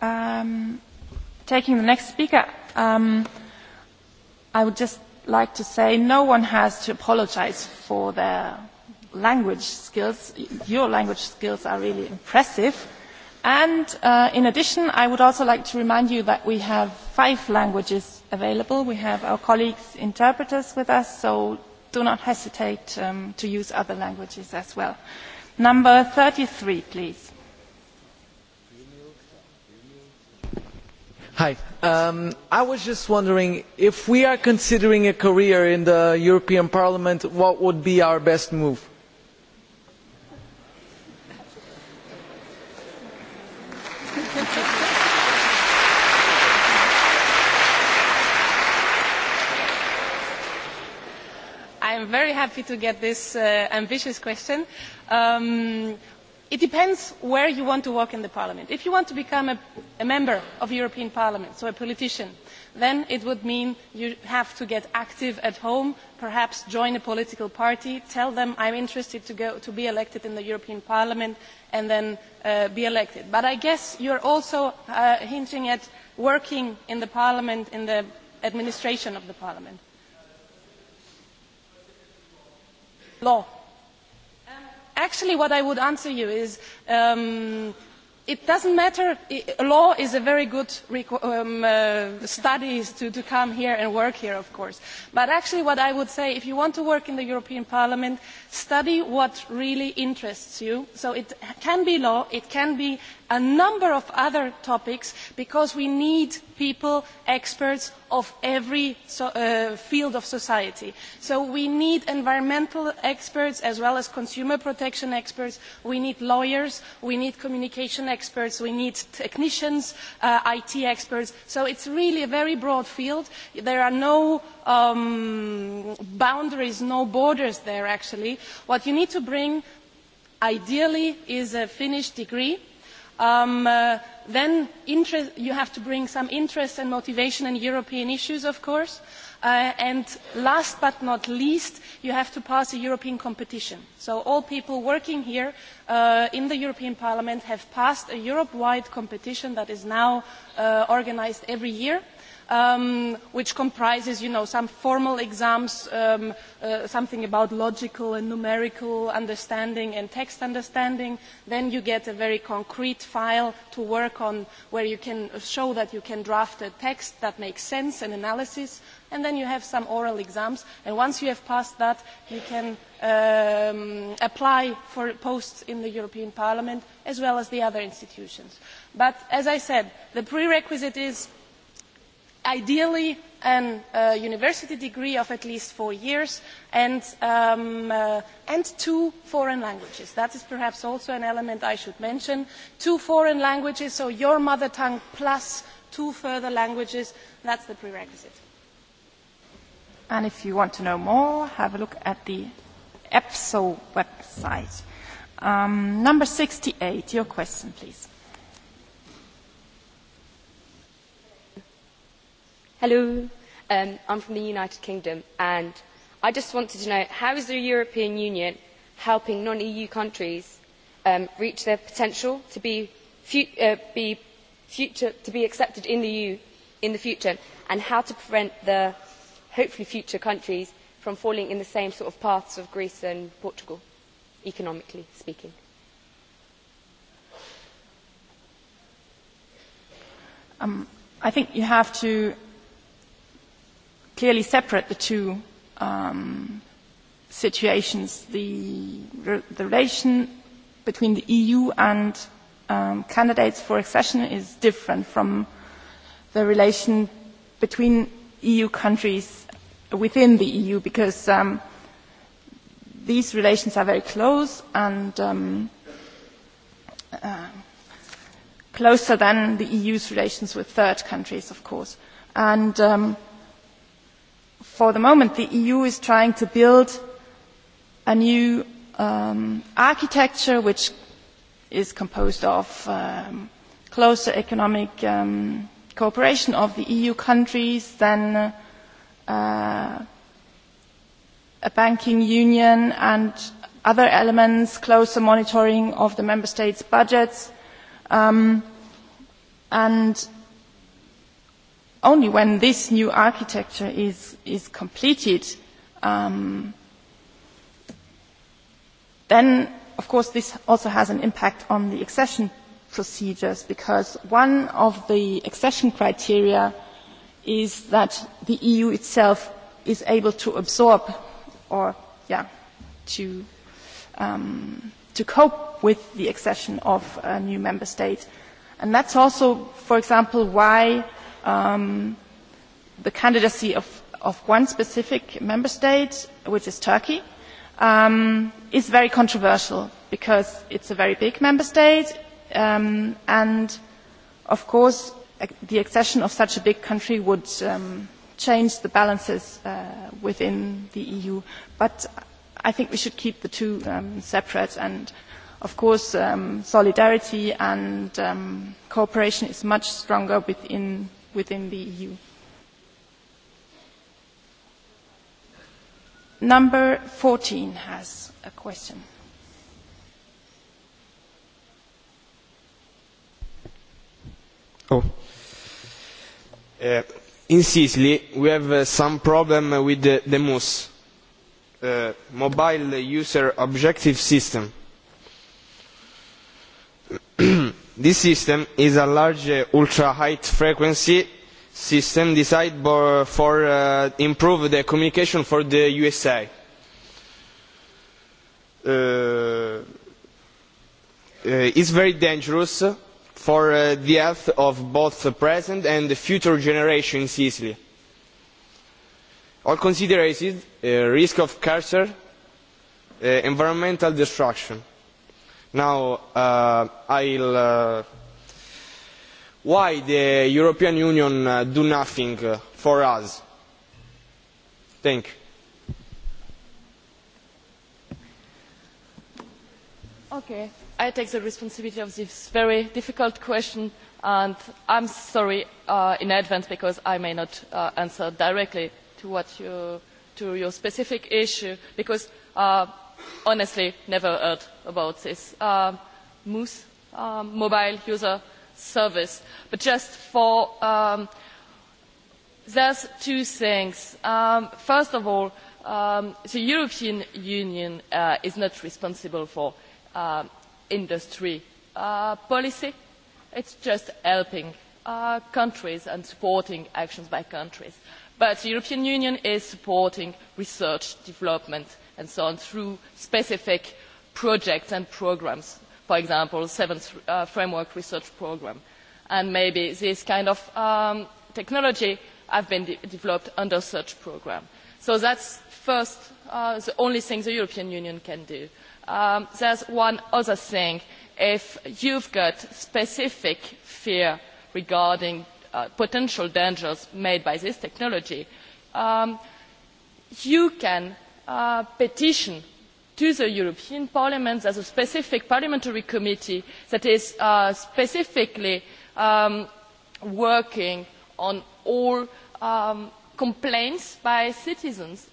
um, taking the next speaker, um, I would just like to say no one has to apologize for their language skills. Your language skills are really impressive. And uh, in addition, I would also like to remind you that we have five languages available. We have our colleagues interpreters with us, so do not hesitate um, to use other languages as well. Number 33, please. Hi. Um, I was just wondering if we are considering a career in the European Parliament, what would be our best move? I am very happy to get this uh, ambitious question. Um, it depends where you want to work in parliament. if you want to become a, a member of the european parliament so a politician then it would mean you have to get active at home perhaps join a political party tell them i'm interested to, go, to be elected in the european parliament and then uh, be elected. but i guess you're also uh, hinting at working in the parliament in the administration of the parliament. law actually what i would answer you is um, it does not matter law is a very good um, uh, study to, to come here and work here of course but actually what i would say is that if you want to work in the european parliament study what really interests you so it can be law it can be a number of other topics because we need people experts of every so, uh, field of society so we need environmental experts as well as consumer protection experts we need lawyers we need communication experts we need technicians uh, IT experts so it's really a very broad field there are no um, boundaries no borders there actually what you need to bring ideally is a finished degree. Um, uh, then interest, you have to bring some interest and motivation in European issues, of course. Uh, and last but not least, you have to pass a European competition. So all people working here uh, in the European Parliament have passed a Europe-wide competition that is now uh, organized every year. Uh, um, which comprises, you know, some formal exams, um, uh, something about logical and numerical understanding and text understanding. Then you get a very concrete file to work on where you can show that you can draft a text that makes sense and analysis. And then you have some oral exams. And once you have passed that, you can um, apply for posts in the European Parliament as well as the other institutions. But as I said, the prerequisite is ideally a uh, university degree of at least four years and, um, uh, and two foreign languages. That is perhaps also an element I should mention. Two foreign languages, so your mother tongue plus two further languages, that's the prerequisite. And if you want to know more, have a look at the EPSO website. Um, number 68, your question, please. Hello, um, I'm from the United Kingdom and I just wanted to know how is the European Union helping non-EU countries um, reach their potential to be, fu- uh, be future to be accepted in the EU in the future and how to prevent the hopefully future countries from falling in the same sort of paths of Greece and Portugal, economically speaking. Um, I think you have to clearly separate the two um, situations, the, re- the relation between the EU and um, candidates for accession is different from the relation between EU countries within the EU because um, these relations are very close and um, uh, closer than the EU's relations with third countries, of course. And um, for the moment the eu is trying to build a new um, architecture which is composed of um, closer economic um, cooperation of the eu countries then uh, a banking union and other elements closer monitoring of the member states' budgets um, and only when this new architecture is, is completed, um, then, of course, this also has an impact on the accession procedures because one of the accession criteria is that the EU itself is able to absorb or, yeah, to, um, to cope with the accession of a new member state. And that's also, for example, why um, the candidacy of, of one specific member state, which is Turkey, um, is very controversial because it's a very big member state um, and of course e, the accession of such a big country would um, change the balances uh, within the EU. But I think we should keep the two um, separate and of course um, solidarity and um, cooperation is much stronger within within the EU. Number 14 has a question. Oh. Uh, in Sicily, we have uh, some problem with the, the MUS, uh, Mobile User Objective System This system is a large uh, ultra-high frequency system designed for uh, improve the communication for the USA. Uh, uh, it's very dangerous for uh, the health of both the present and the future generation in Sicily. All considered uh, risk of cancer, uh, environmental destruction now uh, I'll, uh, why the European Union uh, do nothing uh, for us? Thank you. Okay, I take the responsibility of this very difficult question, and I'm sorry uh, in advance because I may not uh, answer directly to what you to your specific issue because. Uh, honestly never heard about this um, Moose um, mobile user service. But just for um, there's two things. Um, first of all, um, the European Union uh, is not responsible for uh, industry uh, policy. It's just helping uh, countries and supporting actions by countries. But the European Union is supporting research, development, and so on through specific projects and programs, for example, seventh uh, framework research program. And maybe this kind of um, technology have been de developed under such program. So that's first, uh, the only thing the European Union can do. Um, there's one other thing. If you've got specific fear regarding uh, potential dangers made by this technology, um, you can uh, petition to the European Parliament as a specific parliamentary committee that is uh, specifically um, working on all um, complaints by citizens,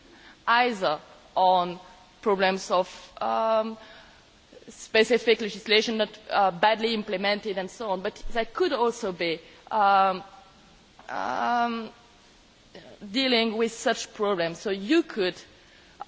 either on problems of um, specific legislation not uh, badly implemented and so on, but that could also be um, um, dealing with such problems. So you could uh,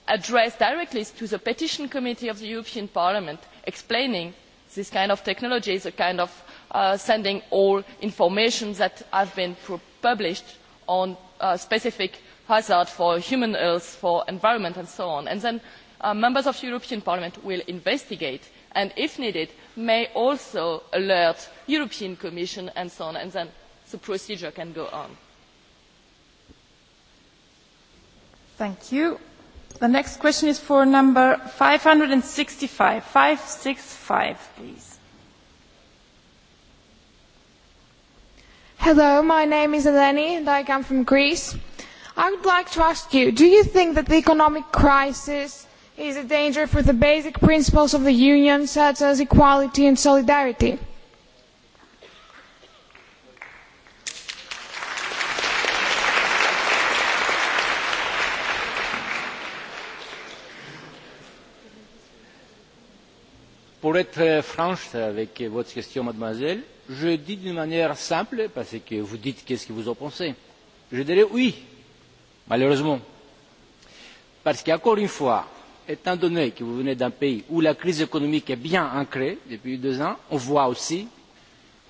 addressed directly to the petition committee of the european parliament explaining this kind of technology is a kind of uh, sending all information that has been published on uh, specific hazard for human health, for environment and so on. And then uh, members of the European Parliament will investigate and if needed may also alert European Commission and so on and then the procedure can go on. Thank you. The next question is for number 565. 565, please. Hello, my name is Eleni and I come from Greece. I would like to ask you, do you think that the economic crisis is a danger for the basic principles of the Union, such as equality and solidarity? Pour être franche avec votre question, mademoiselle, je dis d'une manière simple, parce que vous dites qu'est-ce que vous en pensez. Je dirais oui, malheureusement. Parce qu'encore une fois, étant donné que vous venez d'un pays où la crise économique est bien ancrée depuis deux ans, on voit aussi,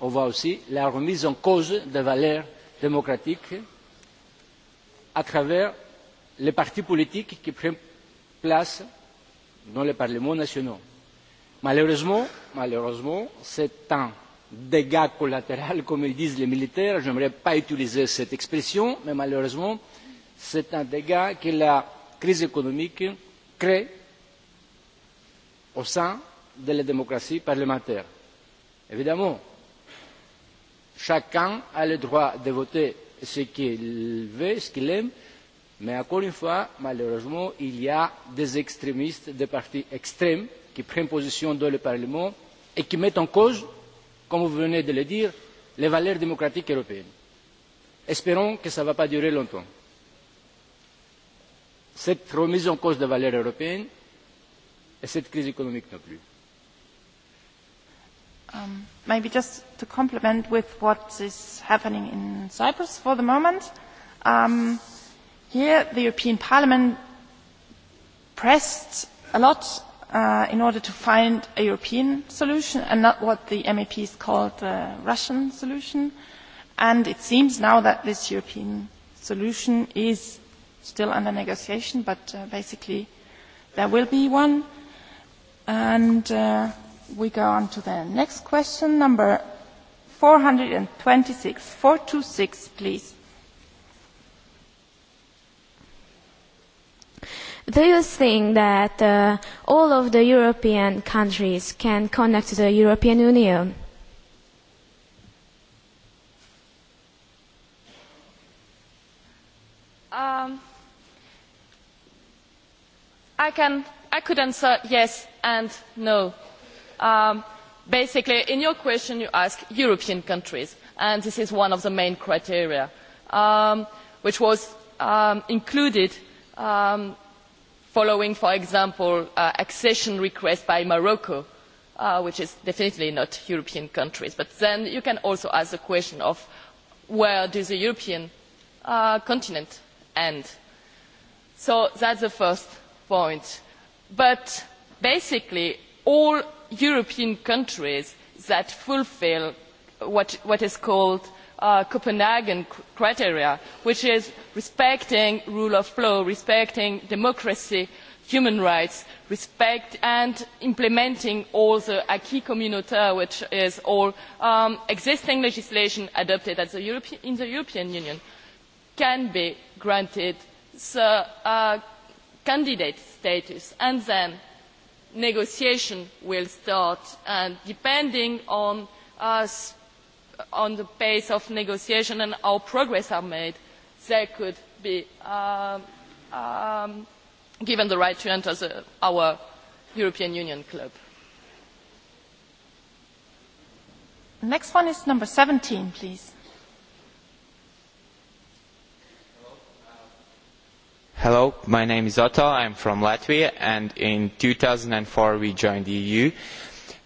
on voit aussi la remise en cause des valeurs démocratiques à travers les partis politiques qui prennent place dans les parlements nationaux Malheureusement, malheureusement, c'est un dégât collatéral, comme ils disent les militaires. Je n'aimerais pas utiliser cette expression, mais malheureusement, c'est un dégât que la crise économique crée au sein de la démocratie parlementaire. Évidemment, chacun a le droit de voter ce qu'il veut, ce qu'il aime, mais encore une fois, malheureusement, il y a des extrémistes, des partis extrêmes qui prennent position dans le Parlement et qui mettent en cause, comme vous venez de le dire, les valeurs démocratiques européennes. Espérons que ça ne va pas durer longtemps. Cette remise en cause des valeurs européennes et cette crise économique non plus. Um, maybe just to complement with what is happening in Cyprus for the moment. Um, here, the European Parliament pressed a lot uh, in order to find a European solution and not what the MEPs called the Russian solution. And it seems now that this European solution is still under negotiation, but uh, basically there will be one. And uh, we go on to the next question, number 426. 426, please. do you think that uh, all of the European countries can connect to the European Union? Um, I, can, I could answer yes and no. Um, basically, in your question, you ask European countries, and this is one of the main criteria, um, which was um, included um, following for example uh, accession requests by morocco uh, which is definitely not a european country but then you can also ask the question of where does the european uh, continent end? so that is the first point. but basically all european countries that fulfil what is called uh, Copenhagen criteria, which is respecting rule of law, respecting democracy, human rights, respect and implementing all the acquis communautaire, which is all um, existing legislation adopted at the Europe in the European Union, can be granted the uh, candidate status and then negotiation will start and depending on uh, on the base of negotiation and how progress are made, they could be um, um, given the right to enter the, our European Union club. Next one is number 17, please. Hello, my name is Otto. I'm from Latvia, and in 2004 we joined the EU.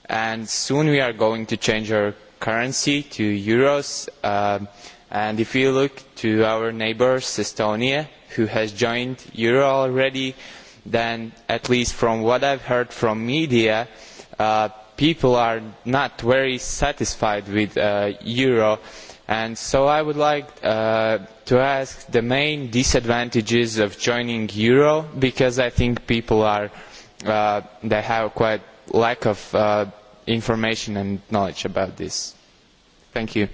And soon we are going to change our currency to euros. Um, and if you look to our neighbours, Estonia, who has joined euro already, then at least from what I've heard from media, uh, people are not very satisfied with uh, euro. And so I would like uh, to ask the main disadvantages of joining euro, because I think people are, uh, they have quite lack of uh, information and knowledge about this. Thank you.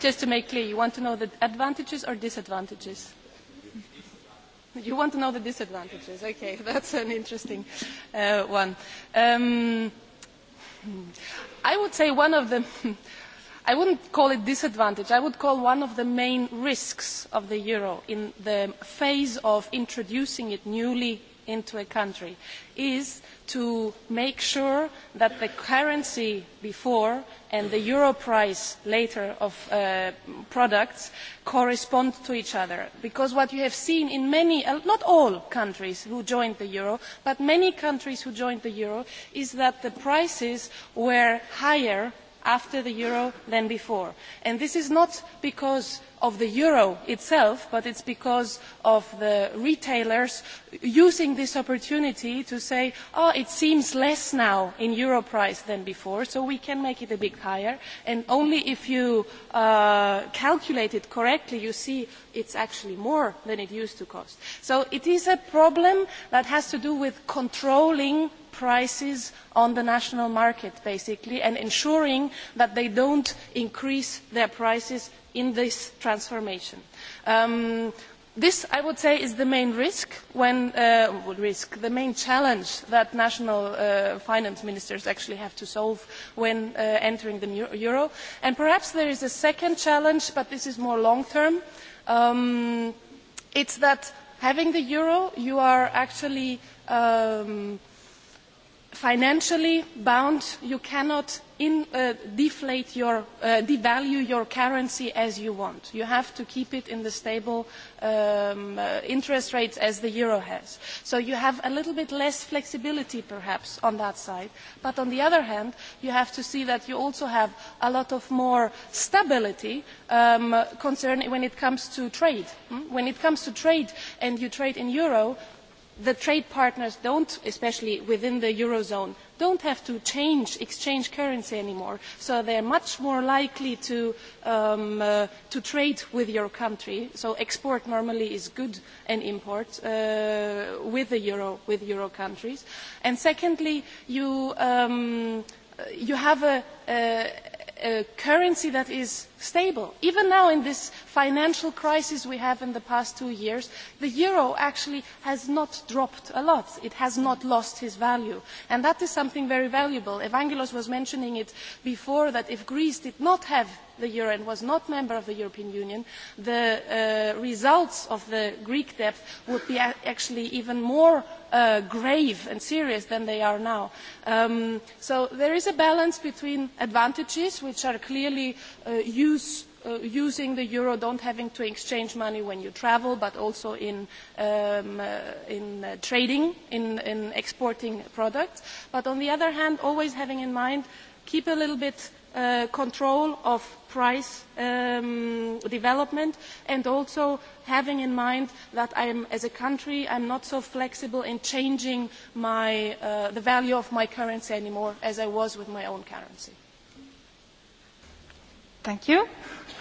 Just to make clear, you want to know the advantages or disadvantages? You want to know the disadvantages. Okay, that's an interesting uh, one. Um, I would say one of the, I wouldn't call it disadvantage, I would call one of the main risks of the euro in the phase of introducing it newly into a country is to make sure that the currency before and the euro price later of uh, products correspond to each other. Because what you have seen in many, uh, not all countries who joined the euro, but many countries who joined the euro, is that the prices were higher after the euro than before. And this is not because of the euro itself, but it's because of the retailers using this opportunity to say, oh, it seems less now in euro price than before, so we can make it a bit higher. And only if you uh, calculate it correctly, you see it's actually more than it used to cost. So it is a problem that has to do with controlling prices on the national market, basically, and ensuring that they don't increase their prices in this transformation. Um, this, I would say, is the main risk, when, uh, risk the main challenge that national uh, finance ministers actually have to solve when uh, entering the euro. And perhaps there is a second challenge, but this is more long-term. Um, it's that having the euro, you are actually um, – financially bound, you cannot in, uh, deflate your, uh, devalue your currency as you want. You have to keep it in the stable um, uh, interest rates as the euro has. So you have a little bit less flexibility perhaps on that side. But on the other hand, you have to see that you also have a lot of more stability um, concern when it comes to trade. Hmm? When it comes to trade and you trade in euro, the trade partners don't, especially within the Eurozone, don't have to change exchange currency anymore. So they're much more likely to, um, uh, to trade with your country. So export normally is good and import uh, with the Euro, with Euro countries. And secondly, you, um, uh, you have a, a, a currency that is stable. Even now in this financial crisis we have in the past two years, the euro actually has not dropped a lot. It has not lost its value. And that is something very valuable. Evangelos was mentioning it before, that if Greece did not have the euro and was not a member of the European Union, the uh, results of the Greek debt would be actually even more uh, grave and serious than they are now. Um, so there is a balance between advantages, which are clearly uh, used use uh, using the euro, don't having to exchange money when you travel, but also in, um, uh, in uh, trading, in, in exporting products. But on the other hand, always having in mind, keep a little bit uh, control of price um, development and also having in mind that I'm, as a country I'm not so flexible in changing my, uh, the value of my currency anymore as I was with my own currency. Thank you.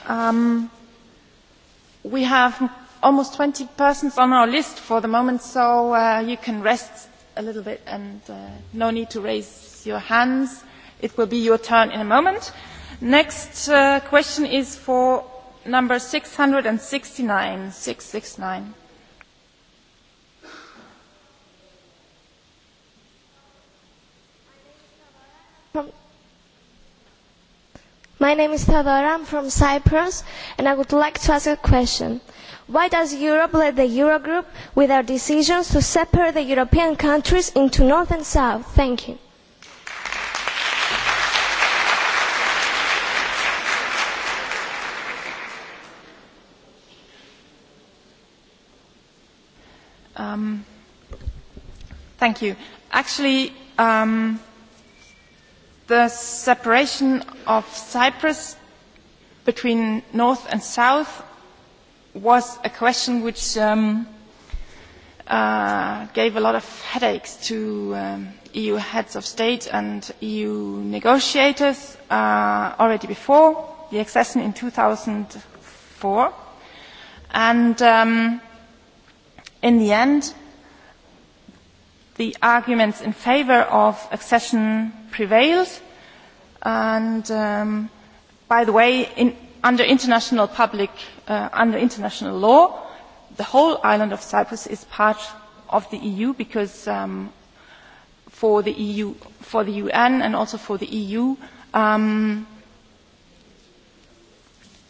Um, we have almost 20 persons on our list for the moment, so uh, you can rest a little bit and uh, no need to raise your hands. It will be your turn in a moment. Next uh, question is for number 669. 669. My name is Theodora, I'm from Cyprus, and I would like to ask a question. Why does Europe let the Eurogroup with our decisions to separate the European countries into North and South? Thank you. Um, thank you. Actually, um, the separation of Cyprus between north and south was a question which um, uh, gave a lot of headaches to um, EU heads of state and EU negotiators uh, already before the accession in 2004. And um, in the end, the arguments in favour of accession prevailed. And um, by the way, in, under international public, uh, under international law, the whole island of Cyprus is part of the EU because um, for the EU, for the UN, and also for the EU, um,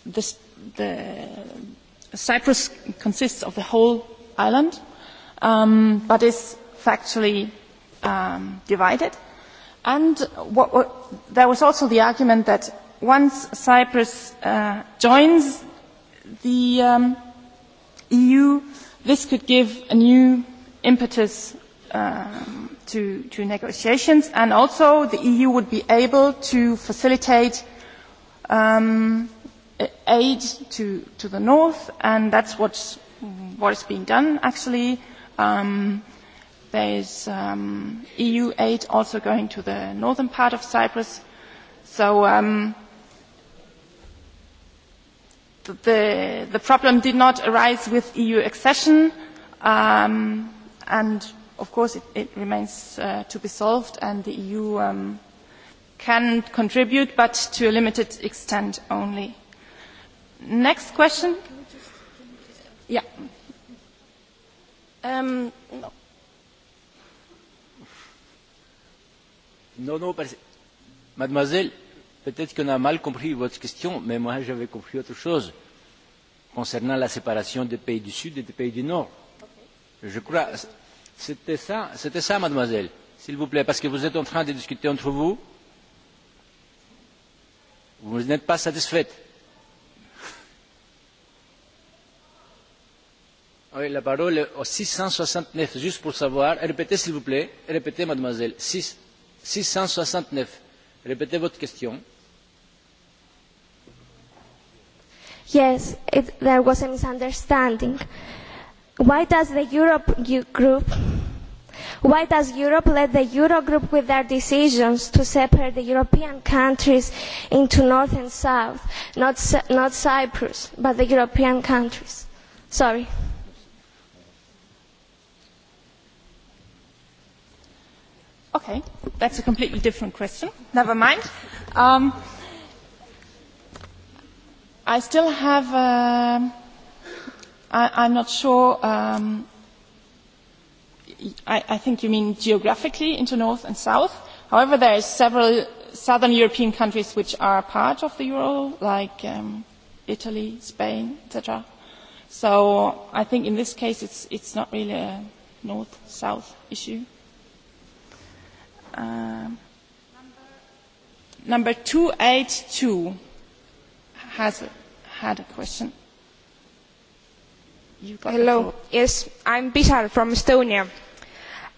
the, the Cyprus consists of the whole island, um, but is factually um, divided. And what, what, there was also the argument that once Cyprus uh, joins the um, EU, this could give a new impetus um, to, to negotiations, and also the EU would be able to facilitate um, aid to, to the north, and that's what's, what is being done actually. Um, There is um, EU aid also going to the northern part of Cyprus. So um, the, the problem did not arise with EU accession, um, and of course it, it remains uh, to be solved, and the EU um, can contribute, but to a limited extent only. Next question? Yeah. Um, no Non, non, parce... mademoiselle, peut-être qu'on a mal compris votre question, mais moi j'avais compris autre chose concernant la séparation des pays du Sud et des pays du Nord. Okay. Je crois, c'était ça, c'était ça, mademoiselle, s'il vous plaît, parce que vous êtes en train de discuter entre vous. Vous n'êtes pas satisfaite. Oui, la parole est au 669, juste pour savoir. Répétez, s'il vous plaît. Répétez, mademoiselle. 6 six cent soixante neuf répétez votre question. yes it, there was a misunderstanding. why does the europe group why does Europe let the Eurogroup with their decisions to separate the European countries into North and South, not, not Cyprus, but the European countries? Sorry. Uh, Okay, that's a completely different question. Never mind. Um, I still have. Uh, I, I'm not sure. Um, I, I think you mean geographically into north and south. However, there are several southern European countries which are part of the euro, like um, Italy, Spain, etc. So I think in this case, it's it's not really a north-south issue. Um, number 282 has had a question. Hello. Yes, I'm Pisar from Estonia.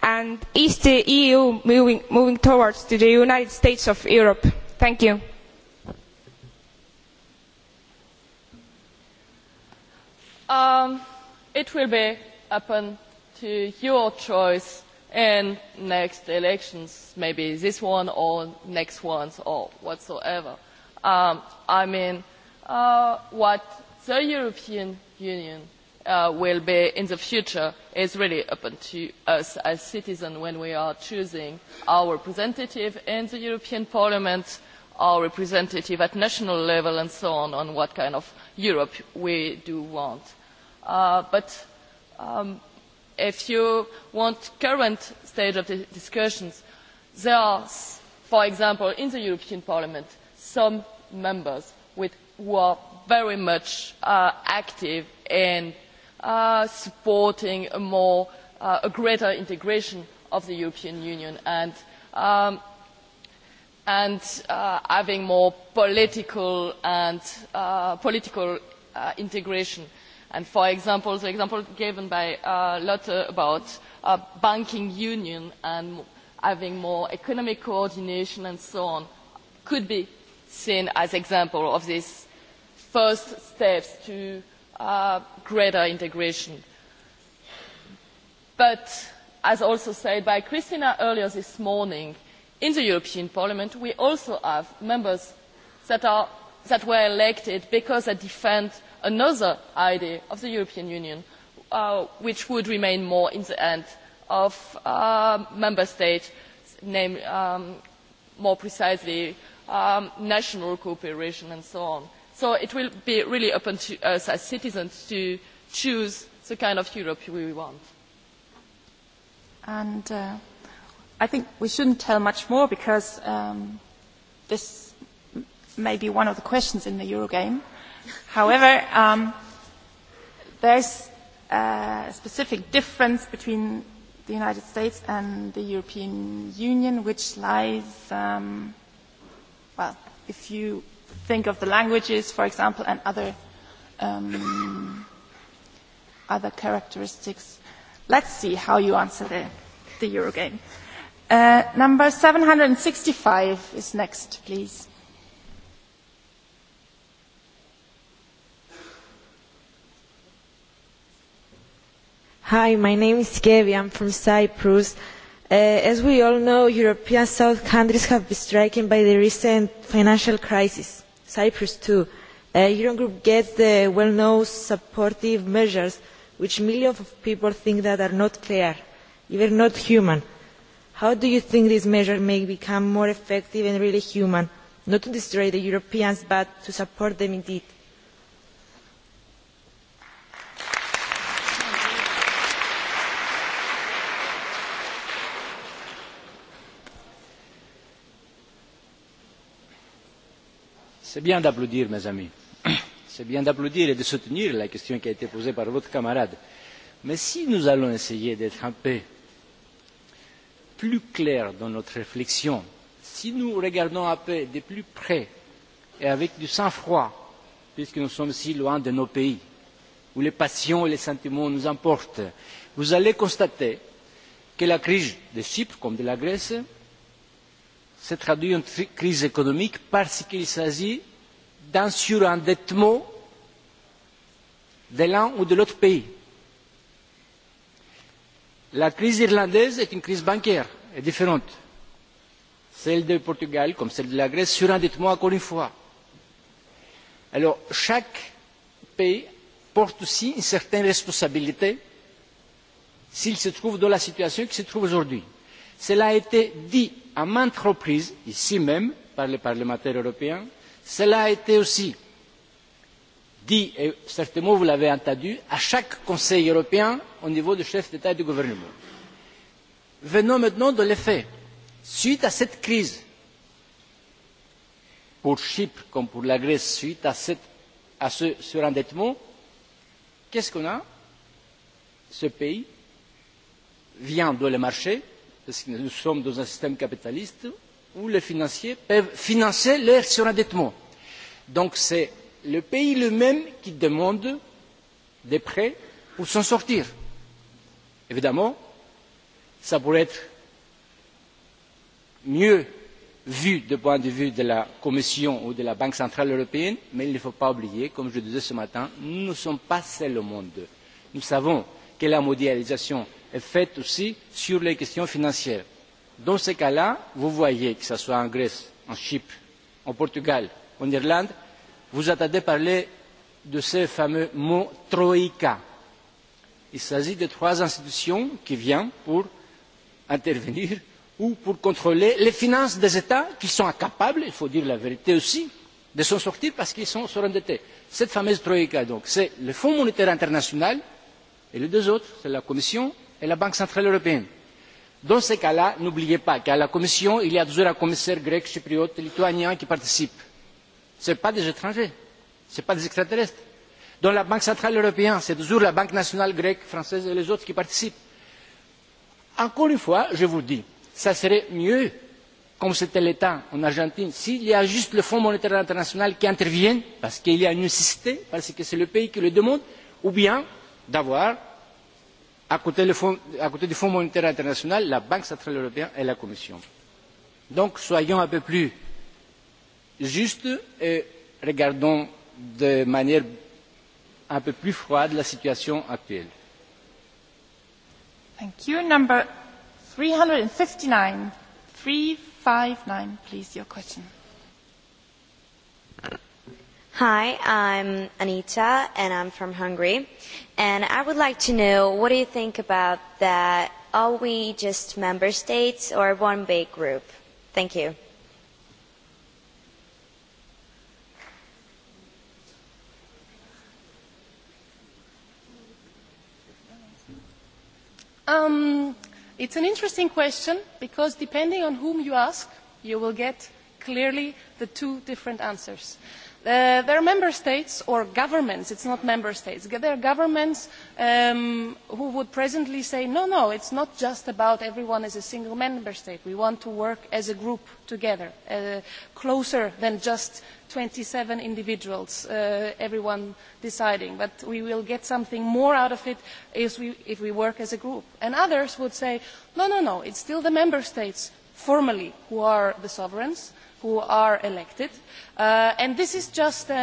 And is the EU moving, moving towards to the United States of Europe? Thank you. Um, it will be open to your choice and next elections, maybe this one or next ones or whatsoever. Um, I mean, uh, what the European Union uh, will be in the future is really open to us as citizens when we are choosing our representative in the European Parliament, our representative at national level and so on, on what kind of Europe we do want. Uh, but um, if you want current stage of the discussions, there are, for example, in the European Parliament, some members with, who are very much uh, active in uh, supporting a more, uh, a greater integration of the European Union and, um, and uh, having more political and uh, political uh, integration. Uh, and for example the example given by uh, Lotte about uh, banking union and having more economic coordination and so on could be seen as example of these first steps to uh, greater integration. But as also said by Christina earlier this morning, in the European Parliament we also have members that, are, that were elected because they defend another idea of the European Union, uh, which would remain more in the hand of uh, member states, name, um, more precisely um, national cooperation and so on. So it will be really open to us as citizens to choose the kind of Europe we want. And uh, I think we shouldn't tell much more because um, this may be one of the questions in the Eurogame However, um, there's a specific difference between the United States and the European Union, which lies, um, well, if you think of the languages, for example, and other, um, other characteristics. Let's see how you answer the, the Eurogame. Uh, number 765 is next, please. Hi, my name is Gevi. I'm from Cyprus. Uh, as we all know, European South countries have been stricken by the recent financial crisis. Cyprus too. Uh, Eurogroup gets the well-known supportive measures, which millions of people think that are not fair, even not human. How do you think these measures may become more effective and really human, not to destroy the Europeans, but to support them indeed? C'est bien d'applaudir, mes amis. C'est bien d'applaudir et de soutenir la question qui a été posée par votre camarade. Mais si nous allons essayer d'être un peu plus clairs dans notre réflexion, si nous regardons un peu de plus près et avec du sang-froid, puisque nous sommes si loin de nos pays, où les passions et les sentiments nous emportent, vous allez constater que la crise de Chypre comme de la Grèce se traduit une crise économique parce qu'il s'agit d'un surendettement de l'un ou de l'autre pays. La crise irlandaise est une crise bancaire et différente. Celle du Portugal comme celle de la Grèce, surendettement encore une fois. Alors chaque pays porte aussi une certaine responsabilité s'il se trouve dans la situation qu'il se trouve aujourd'hui. Cela a été dit à maintes reprises, ici même, par les parlementaires européens. Cela a été aussi dit, et certainement vous l'avez entendu, à chaque Conseil européen au niveau des chefs d'État et de gouvernement. Venons maintenant de l'effet. Suite à cette crise, pour Chypre comme pour la Grèce, suite à, cette, à ce surendettement, qu'est-ce qu'on a Ce pays vient dans le marché, parce que nous sommes dans un système capitaliste où les financiers peuvent financer leur surendettement. Donc c'est le pays lui-même qui demande des prêts pour s'en sortir. Évidemment, ça pourrait être mieux vu du point de vue de la Commission ou de la Banque centrale européenne, mais il ne faut pas oublier, comme je le disais ce matin, nous ne sommes pas seuls au monde. Nous savons que la mondialisation est faite aussi sur les questions financières. Dans ce cas-là, vous voyez, que ce soit en Grèce, en Chypre, au Portugal, en Irlande, vous entendez parler de ce fameux mot Troïka. Il s'agit de trois institutions qui viennent pour intervenir ou pour contrôler les finances des États qui sont incapables, il faut dire la vérité aussi, de s'en sortir parce qu'ils sont surendettés. Cette fameuse Troïka, donc, c'est le Fonds monétaire international et les deux autres, c'est la Commission et la Banque centrale européenne. Dans ces cas-là, n'oubliez pas qu'à la Commission, il y a toujours un commissaire grec, chypriote, lituanien qui participe. Ce ne sont pas des étrangers, ce ne sont pas des extraterrestres. Dans la Banque centrale européenne, c'est toujours la Banque nationale grecque, française et les autres qui participent. Encore une fois, je vous dis, ça serait mieux, comme c'était l'État en Argentine, s'il y a juste le Fonds monétaire international qui intervienne, parce qu'il y a une nécessité, parce que c'est le pays qui le demande, ou bien d'avoir à côté, le fonds, à côté du Fonds monétaire international, la Banque centrale européenne et la Commission. Donc soyons un peu plus justes et regardons de manière un peu plus froide la situation actuelle. Thank you. Number 359. 359, please, your question. Hi, I'm Anita and I'm from Hungary. And I would like to know what do you think about that? Are we just member states or one big group? Thank you. Um, it's an interesting question because depending on whom you ask, you will get clearly the two different answers. Uh, Uh, there are member states or governments it is not member states there are governments um, who would presently say no no it is not just about everyone as a single member state we want to work as a group together uh, closer than just twenty seven individuals uh, everyone deciding but we will get something more out of it if we, if we work as a group and others would say no no no it is still the member states formally who are the sovereigns who are elected. Uh, and this is just, uh,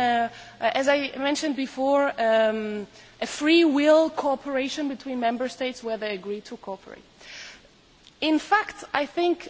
uh, as I mentioned before, um, a free will cooperation between member states where they agree to cooperate. In fact, I think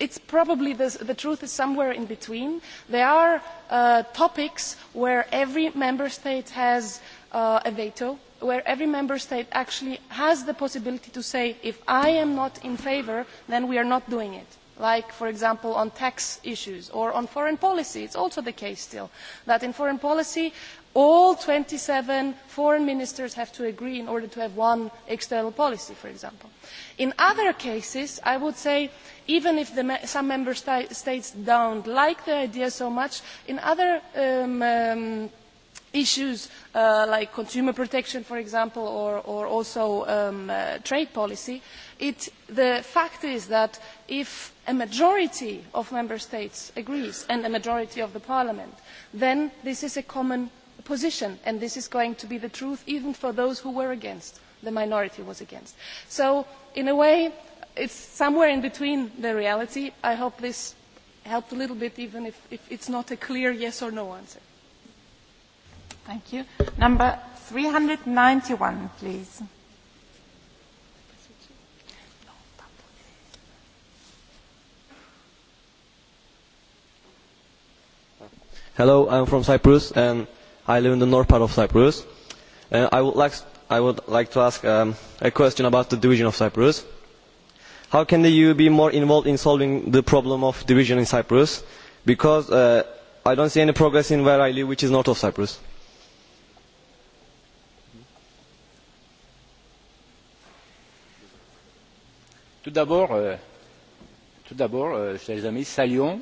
it's probably this, the truth is somewhere in between. There are uh, topics where every member state has uh, a veto, where every member state actually has the possibility to say, if I am not in favor, then we are not doing it like for example on tax issues or on foreign policy it is also the case still that in foreign policy all twenty seven foreign ministers have to agree in order to have one external policy for example. in other cases i would say even if the, some member states do not like the idea so much in other um, um, issues uh, like consumer protection, for example, or, or also um, uh, trade policy, it, the fact is that if a majority of member states agrees and a majority of the parliament, then this is a common position and this is going to be the truth even for those who were against, the minority was against. So in a way, it's somewhere in between the reality. I hope this helped a little bit even if, if it's not a clear yes or no answer. Thank you. Number 391, please. Hello, I'm from Cyprus and I live in the north part of Cyprus. Uh, I, would like, I would like to ask um, a question about the division of Cyprus. How can the EU be more involved in solving the problem of division in Cyprus? Because uh, I don't see any progress in where I live, which is north of Cyprus. Uh, Tout d'abord, euh, tout d'abord, euh, chers amis, saluons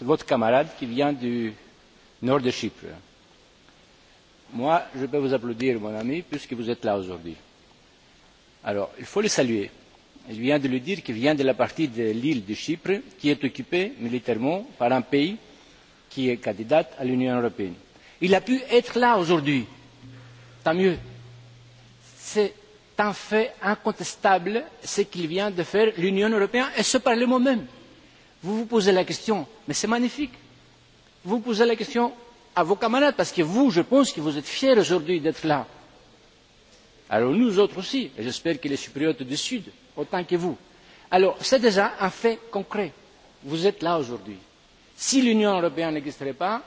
votre camarade qui vient du nord de Chypre. Moi, je peux vous applaudir, mon ami, puisque vous êtes là aujourd'hui. Alors, il faut le saluer. Il vient de le dire qu'il vient de la partie de l'île de Chypre qui est occupée militairement par un pays qui est candidat à l'Union européenne. Il a pu être là aujourd'hui. Tant mieux. C'est un fait incontestable ce qu'il vient de faire l'Union européenne et ce Parlement même. Vous vous posez la question, mais c'est magnifique. Vous posez la question à vos camarades, parce que vous, je pense que vous êtes fiers aujourd'hui d'être là. Alors nous autres aussi, et j'espère que les Cypriotes du Sud, autant que vous. Alors c'est déjà un fait concret. Vous êtes là aujourd'hui. Si l'Union européenne n'existerait pas,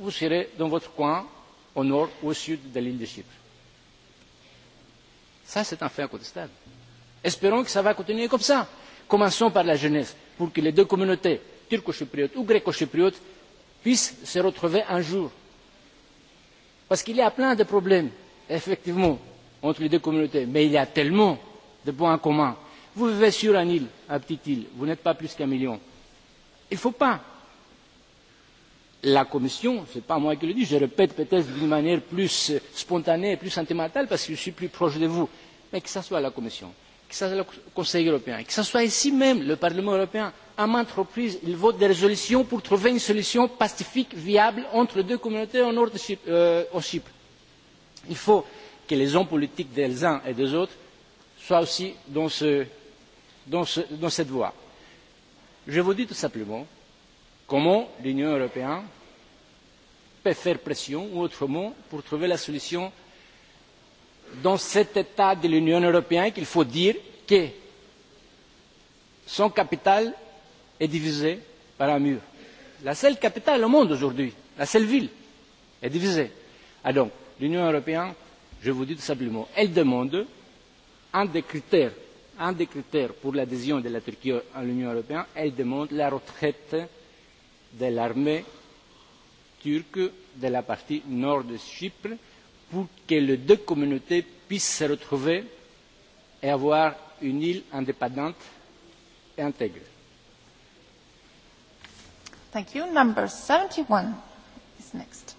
vous serez dans votre coin, au nord ou au sud de l'île de Chypre Ça, c'est un fait incontestable. Espérons que ça va continuer comme ça. Commençons par la jeunesse, pour que les deux communautés, turco-chypriote ou gréco-chypriote, puissent se retrouver un jour. Parce qu'il y a plein de problèmes, effectivement, entre les deux communautés, mais il y a tellement de points communs. Vous vivez sur une île, une petite île, vous n'êtes pas plus qu'un million. Il ne faut pas. La Commission, ce n'est pas moi qui le dis, je répète peut-être d'une manière plus spontanée, plus sentimentale, parce que je suis plus proche de vous mais que ce soit la Commission, que ce soit le Conseil européen, que ce soit ici même le Parlement européen, à maintes reprises, il vote des résolutions pour trouver une solution pacifique, viable, entre deux communautés au nord de Chypre, euh, au Chypre. Il faut que les hommes politiques des uns et des autres soient aussi dans, ce, dans, ce, dans cette voie. Je vous dis tout simplement comment l'Union européenne peut faire pression, ou autrement, pour trouver la solution dans cet état de l'union européenne qu'il faut dire que son capital est divisé par un mur. la seule capitale au monde aujourd'hui la seule ville est divisée. alors ah l'union européenne je vous dis tout simplement elle demande un des critères un des critères pour l'adhésion de la Turquie à l'Union européenne, elle demande la retraite de l'armée turque de la partie nord de Chypre pour que les deux communautés puissent se retrouver et avoir une île indépendante et intégrée. Thank you. Number 71 is next.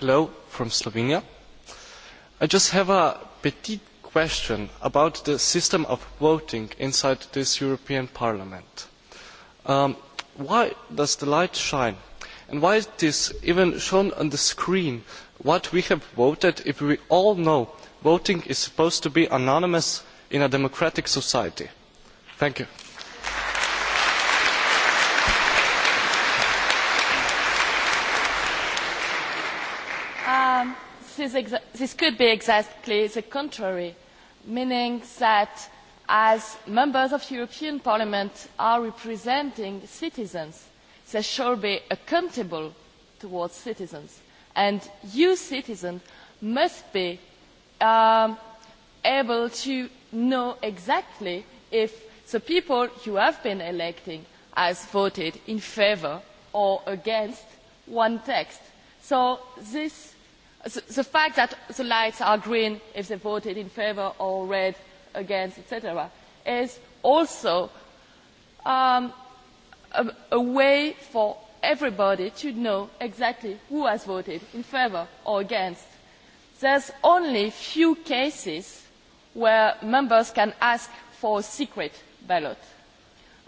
Hello from Slovenia. I just have a petite question about the system of voting inside this European Parliament. Um, why does the light shine? And why it is even shown on the screen what we have voted if we all know voting is supposed to be anonymous in a democratic society? Thank you. Um, this, this could be exactly the contrary, meaning that as members of the European Parliament are representing citizens, they should be accountable towards citizens. And you, citizens, must be um, able to know exactly if the people you have been electing has voted in favour or against one text. So this, the fact that the lights are green if they voted in favour or red against, etc., is also um, a, a way for everybody to know exactly who has voted in favour or against. There's only few cases where members can ask for a secret ballot.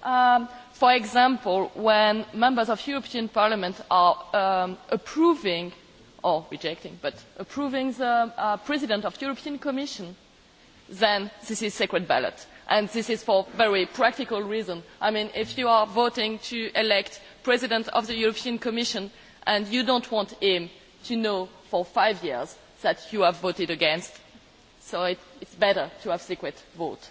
Um, for example, when members of European Parliament are um, approving or rejecting, but approving the uh, President of European Commission, uh, then this is secret ballot. And this is for very practical reason. I mean, if you are voting to elect President of the European Commission and you don't want him to know for five years that you have voted against, so it, it's better to have secret vote.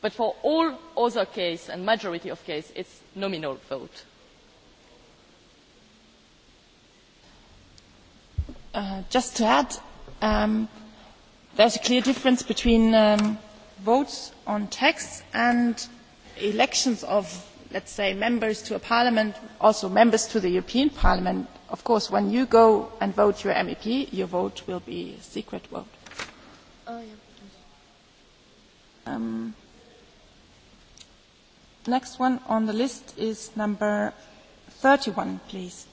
But for all other cases and majority of cases, it's nominal vote. Uh, just to add, um, there's a clear difference between um, votes on texts and elections of, let's say, members to a parliament, also members to the European Parliament. Of course, when you go and vote your MEP, your vote will be a secret vote. Oh, yeah. um, next one on the list is number 31, please.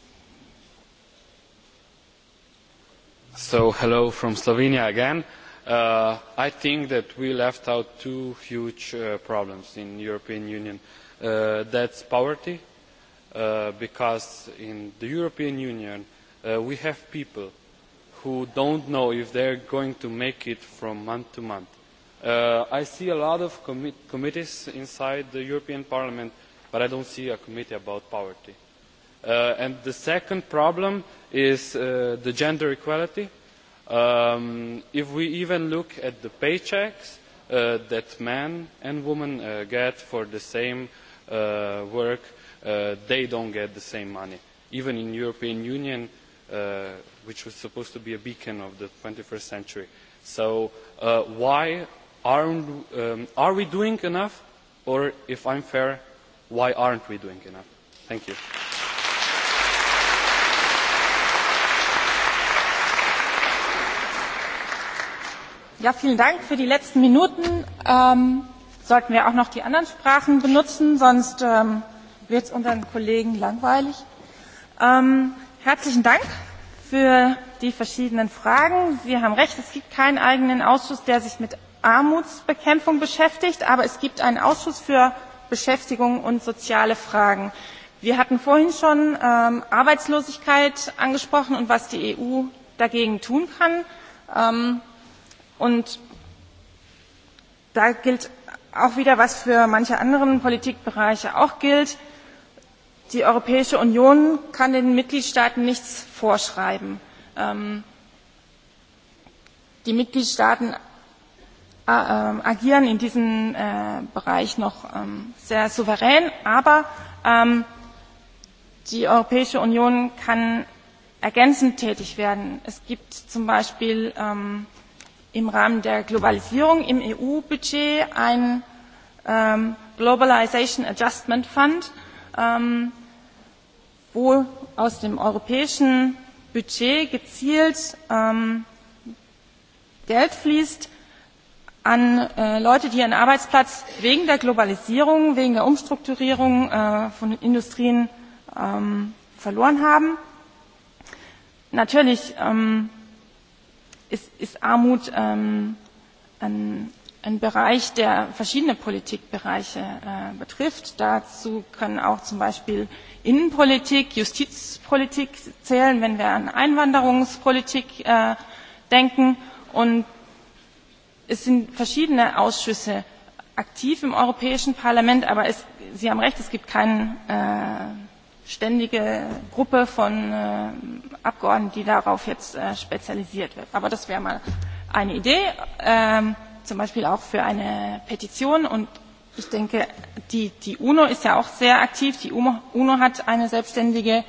So, hello from Slovenia again uh, I think that we left out two huge uh, problems in the European Union. Uh, that's poverty, uh, because in the European Union uh, we have people who don't know if they're going to make it from month to month. Uh, I see a lot of commi committees inside the European Parliament, but I don't see a committee about poverty. Uh, and the second problem is uh, the gender equality. Uh, Um, if we even look at the paychecks uh, that men and women uh, get for the same uh, work, uh, they don't get the same money. Even in European Union, uh, which was supposed to be a beacon of the 21st century. So uh, why aren't, um, are we doing enough? Or if I'm fair, why aren't we doing enough? Thank you. Ja, vielen Dank für die letzten Minuten. Ähm, sollten wir auch noch die anderen Sprachen benutzen, sonst ähm, wird es unseren Kollegen langweilig. Ähm, herzlichen Dank für die verschiedenen Fragen. Sie haben recht, es gibt keinen eigenen Ausschuss, der sich mit Armutsbekämpfung beschäftigt, aber es gibt einen Ausschuss für Beschäftigung und soziale Fragen. Wir hatten vorhin schon ähm, Arbeitslosigkeit angesprochen und was die EU dagegen tun kann. Ähm, Und da gilt auch wieder, was für manche anderen Politikbereiche auch gilt. Die Europäische Union kann den Mitgliedstaaten nichts vorschreiben. Ähm, die Mitgliedstaaten äh, ähm, agieren in diesem äh, Bereich noch ähm, sehr souverän, aber ähm, die Europäische Union kann ergänzend tätig werden. Es gibt zum Beispiel ähm, im Rahmen der Globalisierung im EU-Budget ein ähm, Globalization Adjustment Fund, ähm, wo aus dem europäischen Budget gezielt ähm, Geld fließt an äh, Leute, die ihren Arbeitsplatz wegen der Globalisierung, wegen der Umstrukturierung äh, von Industrien ähm, verloren haben. Natürlich ähm, ist, ist Armut ähm, ein, ein Bereich, der verschiedene Politikbereiche äh, betrifft. Dazu können auch zum Beispiel Innenpolitik, Justizpolitik zählen, wenn wir an Einwanderungspolitik äh, denken. Und es sind verschiedene Ausschüsse aktiv im Europäischen Parlament, aber es, Sie haben recht, es gibt keinen äh, ständige Gruppe von äh, Abgeordneten, die darauf jetzt äh, spezialisiert wird. Aber das wäre mal eine Idee, ähm, zum Beispiel auch für eine Petition. Und ich denke, die, die UNO ist ja auch sehr aktiv. Die UNO, UNO hat eine selbstständige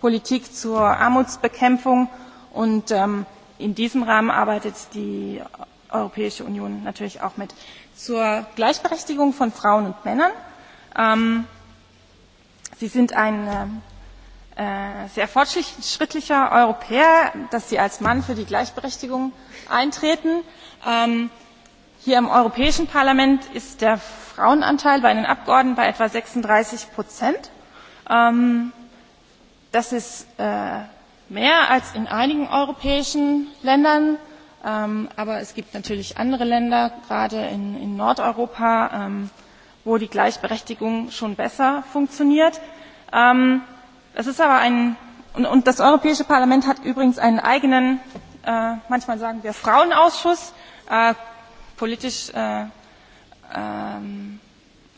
Politik zur Armutsbekämpfung. Und ähm, in diesem Rahmen arbeitet die Europäische Union natürlich auch mit. Zur Gleichberechtigung von Frauen und Männern. Ähm, Sie sind ein äh, äh, sehr fortschrittlicher Europäer, dass Sie als Mann für die Gleichberechtigung eintreten. Ähm, hier im Europäischen Parlament ist der Frauenanteil bei den Abgeordneten bei etwa 36 Prozent. Ähm, das ist äh, mehr als in einigen europäischen Ländern. Ähm, aber es gibt natürlich andere Länder, gerade in, in Nordeuropa, ähm, wo die Gleichberechtigung schon besser funktioniert. Ähm, es ist aber ein und, und das Europäische Parlament hat übrigens einen eigenen, äh, manchmal sagen wir Frauenausschuss, äh, politisch äh, ähm,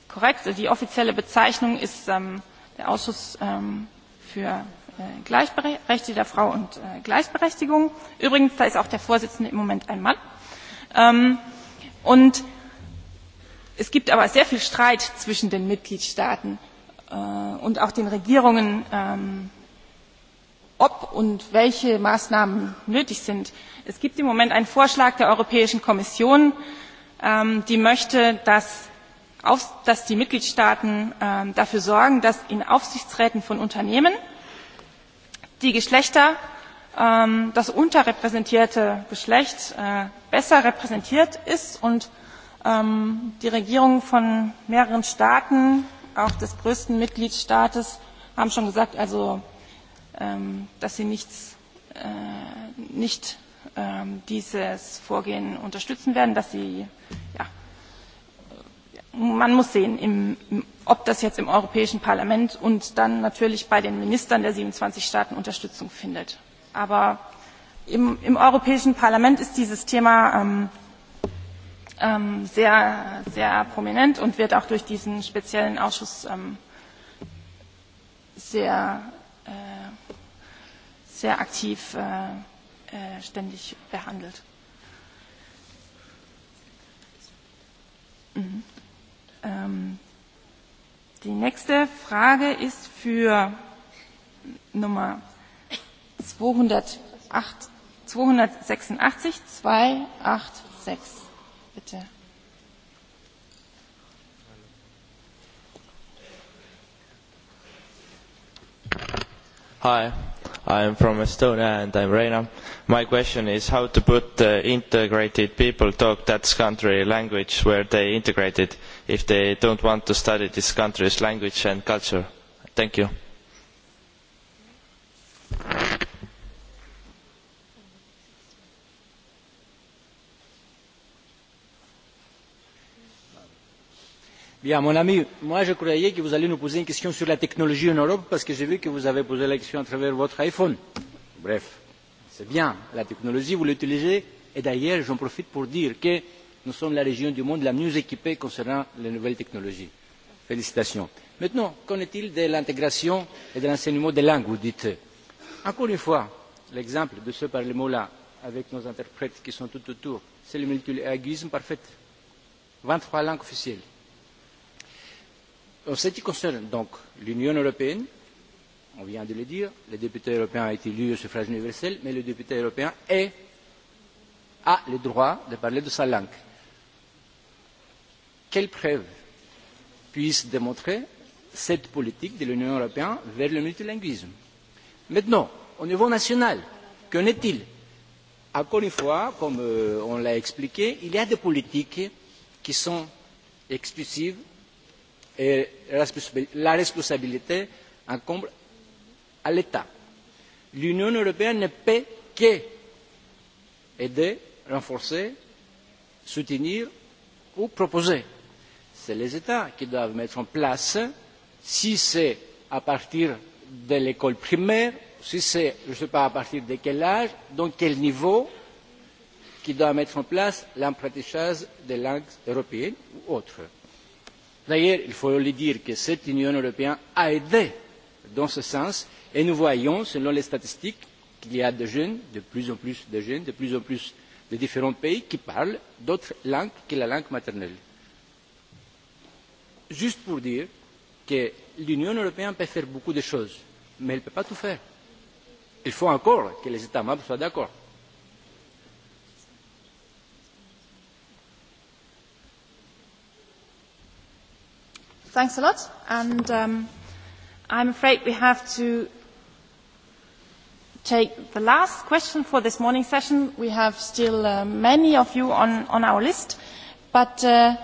korrekt. Die offizielle Bezeichnung ist ähm, der Ausschuss ähm, für äh, Gleichberechtigte der Frau und äh, Gleichberechtigung. Übrigens, da ist auch der Vorsitzende im Moment ein Mann. Ähm, und Es gibt aber sehr viel Streit zwischen den Mitgliedstaaten äh, und auch den Regierungen, ähm, ob und welche Maßnahmen nötig sind. Es gibt im Moment einen Vorschlag der Europäischen Kommission, ähm, die möchte, dass, auf, dass die Mitgliedstaaten ähm, dafür sorgen, dass in Aufsichtsräten von Unternehmen die Geschlechter, ähm, das unterrepräsentierte Geschlecht äh, besser repräsentiert ist und äh, ähm, die Regierungen von mehreren Staaten, auch des größten Mitgliedstaates, haben schon gesagt, also, ähm, dass sie nichts, äh, nicht ähm, dieses Vorgehen unterstützen werden, dass sie, ja, man muss sehen, im, ob das jetzt im Europäischen Parlament und dann natürlich bei den Ministern der 27 Staaten Unterstützung findet. Aber im, im Europäischen Parlament ist dieses Thema ähm, ähm, sehr, sehr prominent und wird auch durch diesen speziellen Ausschuss ähm, sehr, äh, sehr aktiv äh, äh, ständig behandelt. Mhm. Ähm, die nächste Frage ist für Nummer 208, 286 286. Priekšsēdētāji. Hi, I'm from Estonia and I'm Reina. My question is how to put uh, integrated people talk that country language where they integrated if they don't want to study this country's language and culture. Thank you. Bien, mon ami, moi je croyais que vous alliez nous poser une question sur la technologie en Europe parce que j'ai vu que vous avez posé la question à travers votre iPhone. Bref, c'est bien, la technologie, vous l'utilisez. Et d'ailleurs, j'en profite pour dire que nous sommes la région du monde la mieux équipée concernant les nouvelles technologies. Félicitations. Maintenant, qu'en est-il de l'intégration et de l'enseignement des langues, vous dites Encore une fois, l'exemple de ce Parlement-là, avec nos interprètes qui sont tout autour, c'est le multilinguisme parfait. 23 langues officielles. En ce qui concerne donc l'Union européenne, on vient de le dire, le député européen est élu au suffrage universel, mais le député européen est, a le droit de parler de sa langue. Quelle preuve puisse démontrer cette politique de l'Union européenne vers le multilinguisme Maintenant, au niveau national, qu'en est-il Encore une fois, comme euh, on l'a expliqué, il y a des politiques qui sont exclusives et eh, la responsabilité incombe à l'état. l'union européenne ne peut qu'aider renforcer soutenir ou proposer. ce sont les états qui doivent mettre en place si c'est à partir de l'école primaire si c'est je ne sais pas à partir de quel âge dans quel niveau qui doit mettre en place l'apprentissage des langues européennes ou autres D'ailleurs, il faut le dire que cette Union européenne a aidé dans ce sens et nous voyons, selon les statistiques, qu'il y a des jeunes, de plus en plus de jeunes, de plus en plus de différents pays qui parlent d'autres langues que la langue maternelle. Juste pour dire que l'Union européenne peut faire beaucoup de choses, mais elle ne peut pas tout faire. Il faut encore que les États membres soient d'accord. Thanks a lot. And um, I'm afraid we have to take the last question for this morning session. We have still uh, many of you on, on our list, but uh,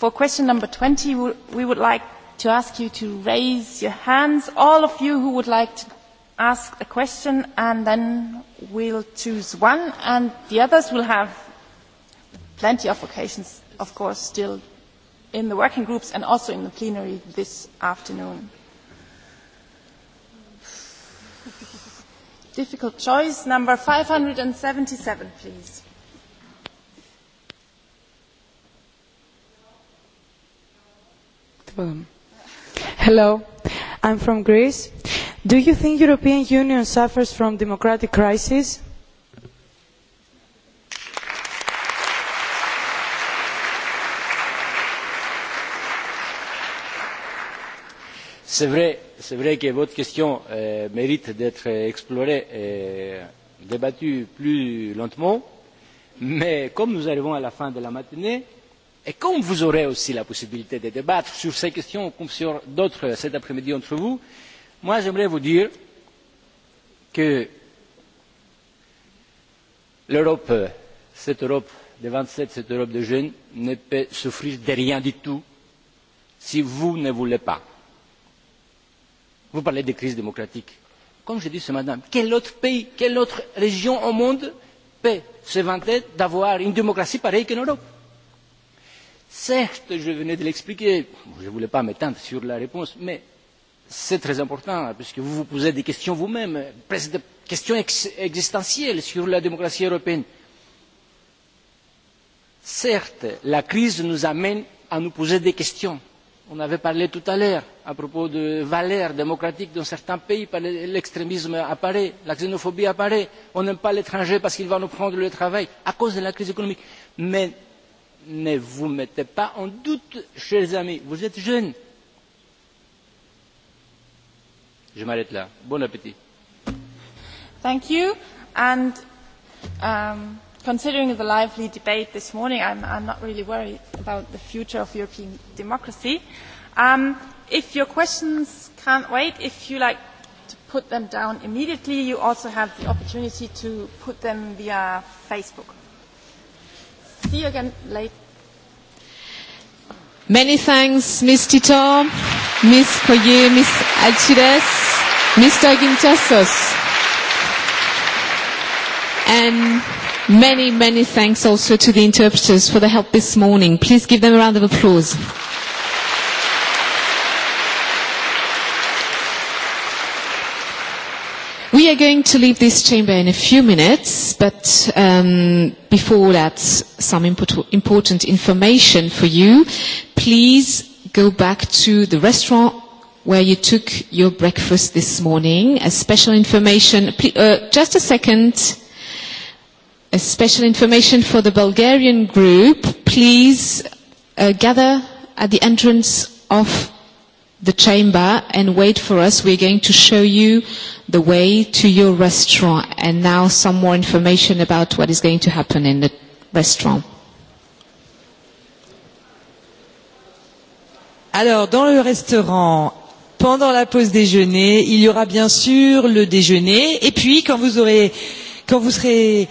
for question number 20, we, we would like to ask you to raise your hands, all of you who would like to ask a question, and then we'll choose one, and the others will have plenty of occasions, of course, still in the working groups and also in the plenary this afternoon. Difficult choice. Number 577, please. Hello, I'm from Greece. Do you think European Union suffers from democratic crisis? c'est vrai, vrai que votre question euh, mérite d'être explorée et débattue plus lentement mais comme nous arrivons à la fin de la matinée et comme vous aurez aussi la possibilité de débattre sur ces questions comme sur d'autres cet après midi entre vous j'aimerais vous dire que l'europe cette europe des vingt sept cette europe des jeunes ne peut souffrir de rien du tout si vous ne voulez pas Vous parlez de crise démocratique. Comme je dis ce matin, quel autre pays, quelle autre région au monde peut se vanter d'avoir une démocratie pareille qu'en Europe Certes, je venais de l'expliquer, je ne voulais pas m'étendre sur la réponse, mais c'est très important, puisque vous vous posez des questions vous-même, presque des questions ex existentielles sur la démocratie européenne. Certes, la crise nous amène à nous poser des questions on avait parlé tout à l'heure à propos des valeurs démocratiques dans certains pays l'extrémisme apparaît la xénophobie apparaît on n'aime pas l'étranger parce qu'il va nous prendre le travail à cause de la crise économique mais ne vous mettez pas en doute chers amis vous êtes jeunes je m'arrête là bon appétit thank you and um considering the lively debate this morning, I'm, I'm not really worried about the future of European democracy. Um, if your questions can't wait, if you like to put them down immediately, you also have the opportunity to put them via Facebook. See you again later. Many thanks, Ms. Tito, Ms. Koye, Ms. Alcides, Mr. Gintasos. And Many, many thanks also to the interpreters for the help this morning. Please give them a round of applause. We are going to leave this chamber in a few minutes, but um, before that, some import- important information for you. Please go back to the restaurant where you took your breakfast this morning. A special information. Pl- uh, just a second a special information for the Bulgarian group, please uh, gather at the entrance of the chamber and wait for us. We're going to show you the way to your restaurant and now some more information about what is going to happen in the restaurant. Alors, dans le restaurant, pendant la pause déjeuner, il y aura bien sûr le déjeuner. Et puis, quand vous aurez, quand vous serez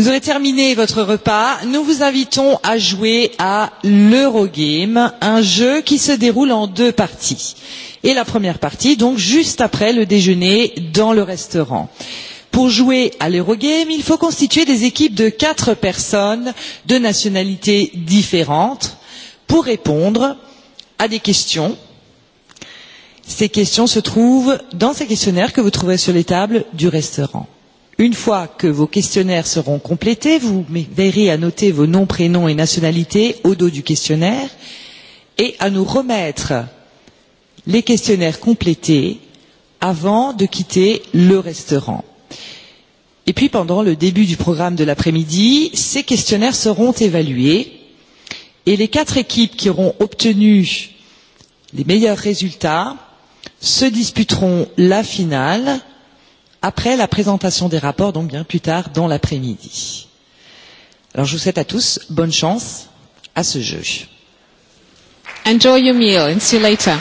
Vous aurez terminé votre repas. Nous vous invitons à jouer à l'Eurogame, un jeu qui se déroule en deux parties. Et la première partie, donc juste après le déjeuner dans le restaurant. Pour jouer à l'Eurogame, il faut constituer des équipes de quatre personnes de nationalités différentes pour répondre à des questions. Ces questions se trouvent dans ces questionnaires que vous trouverez sur les tables du restaurant. Une fois que vos questionnaires seront complétés, vous veillerez à noter vos noms, prénoms et nationalités au dos du questionnaire et à nous remettre les questionnaires complétés avant de quitter le restaurant. Et puis pendant le début du programme de l'après-midi, ces questionnaires seront évalués et les quatre équipes qui auront obtenu les meilleurs résultats se disputeront la finale après la présentation des rapports, donc bien plus tard dans l'après-midi. Alors je vous souhaite à tous bonne chance à ce jeu. Enjoy your meal and see you later.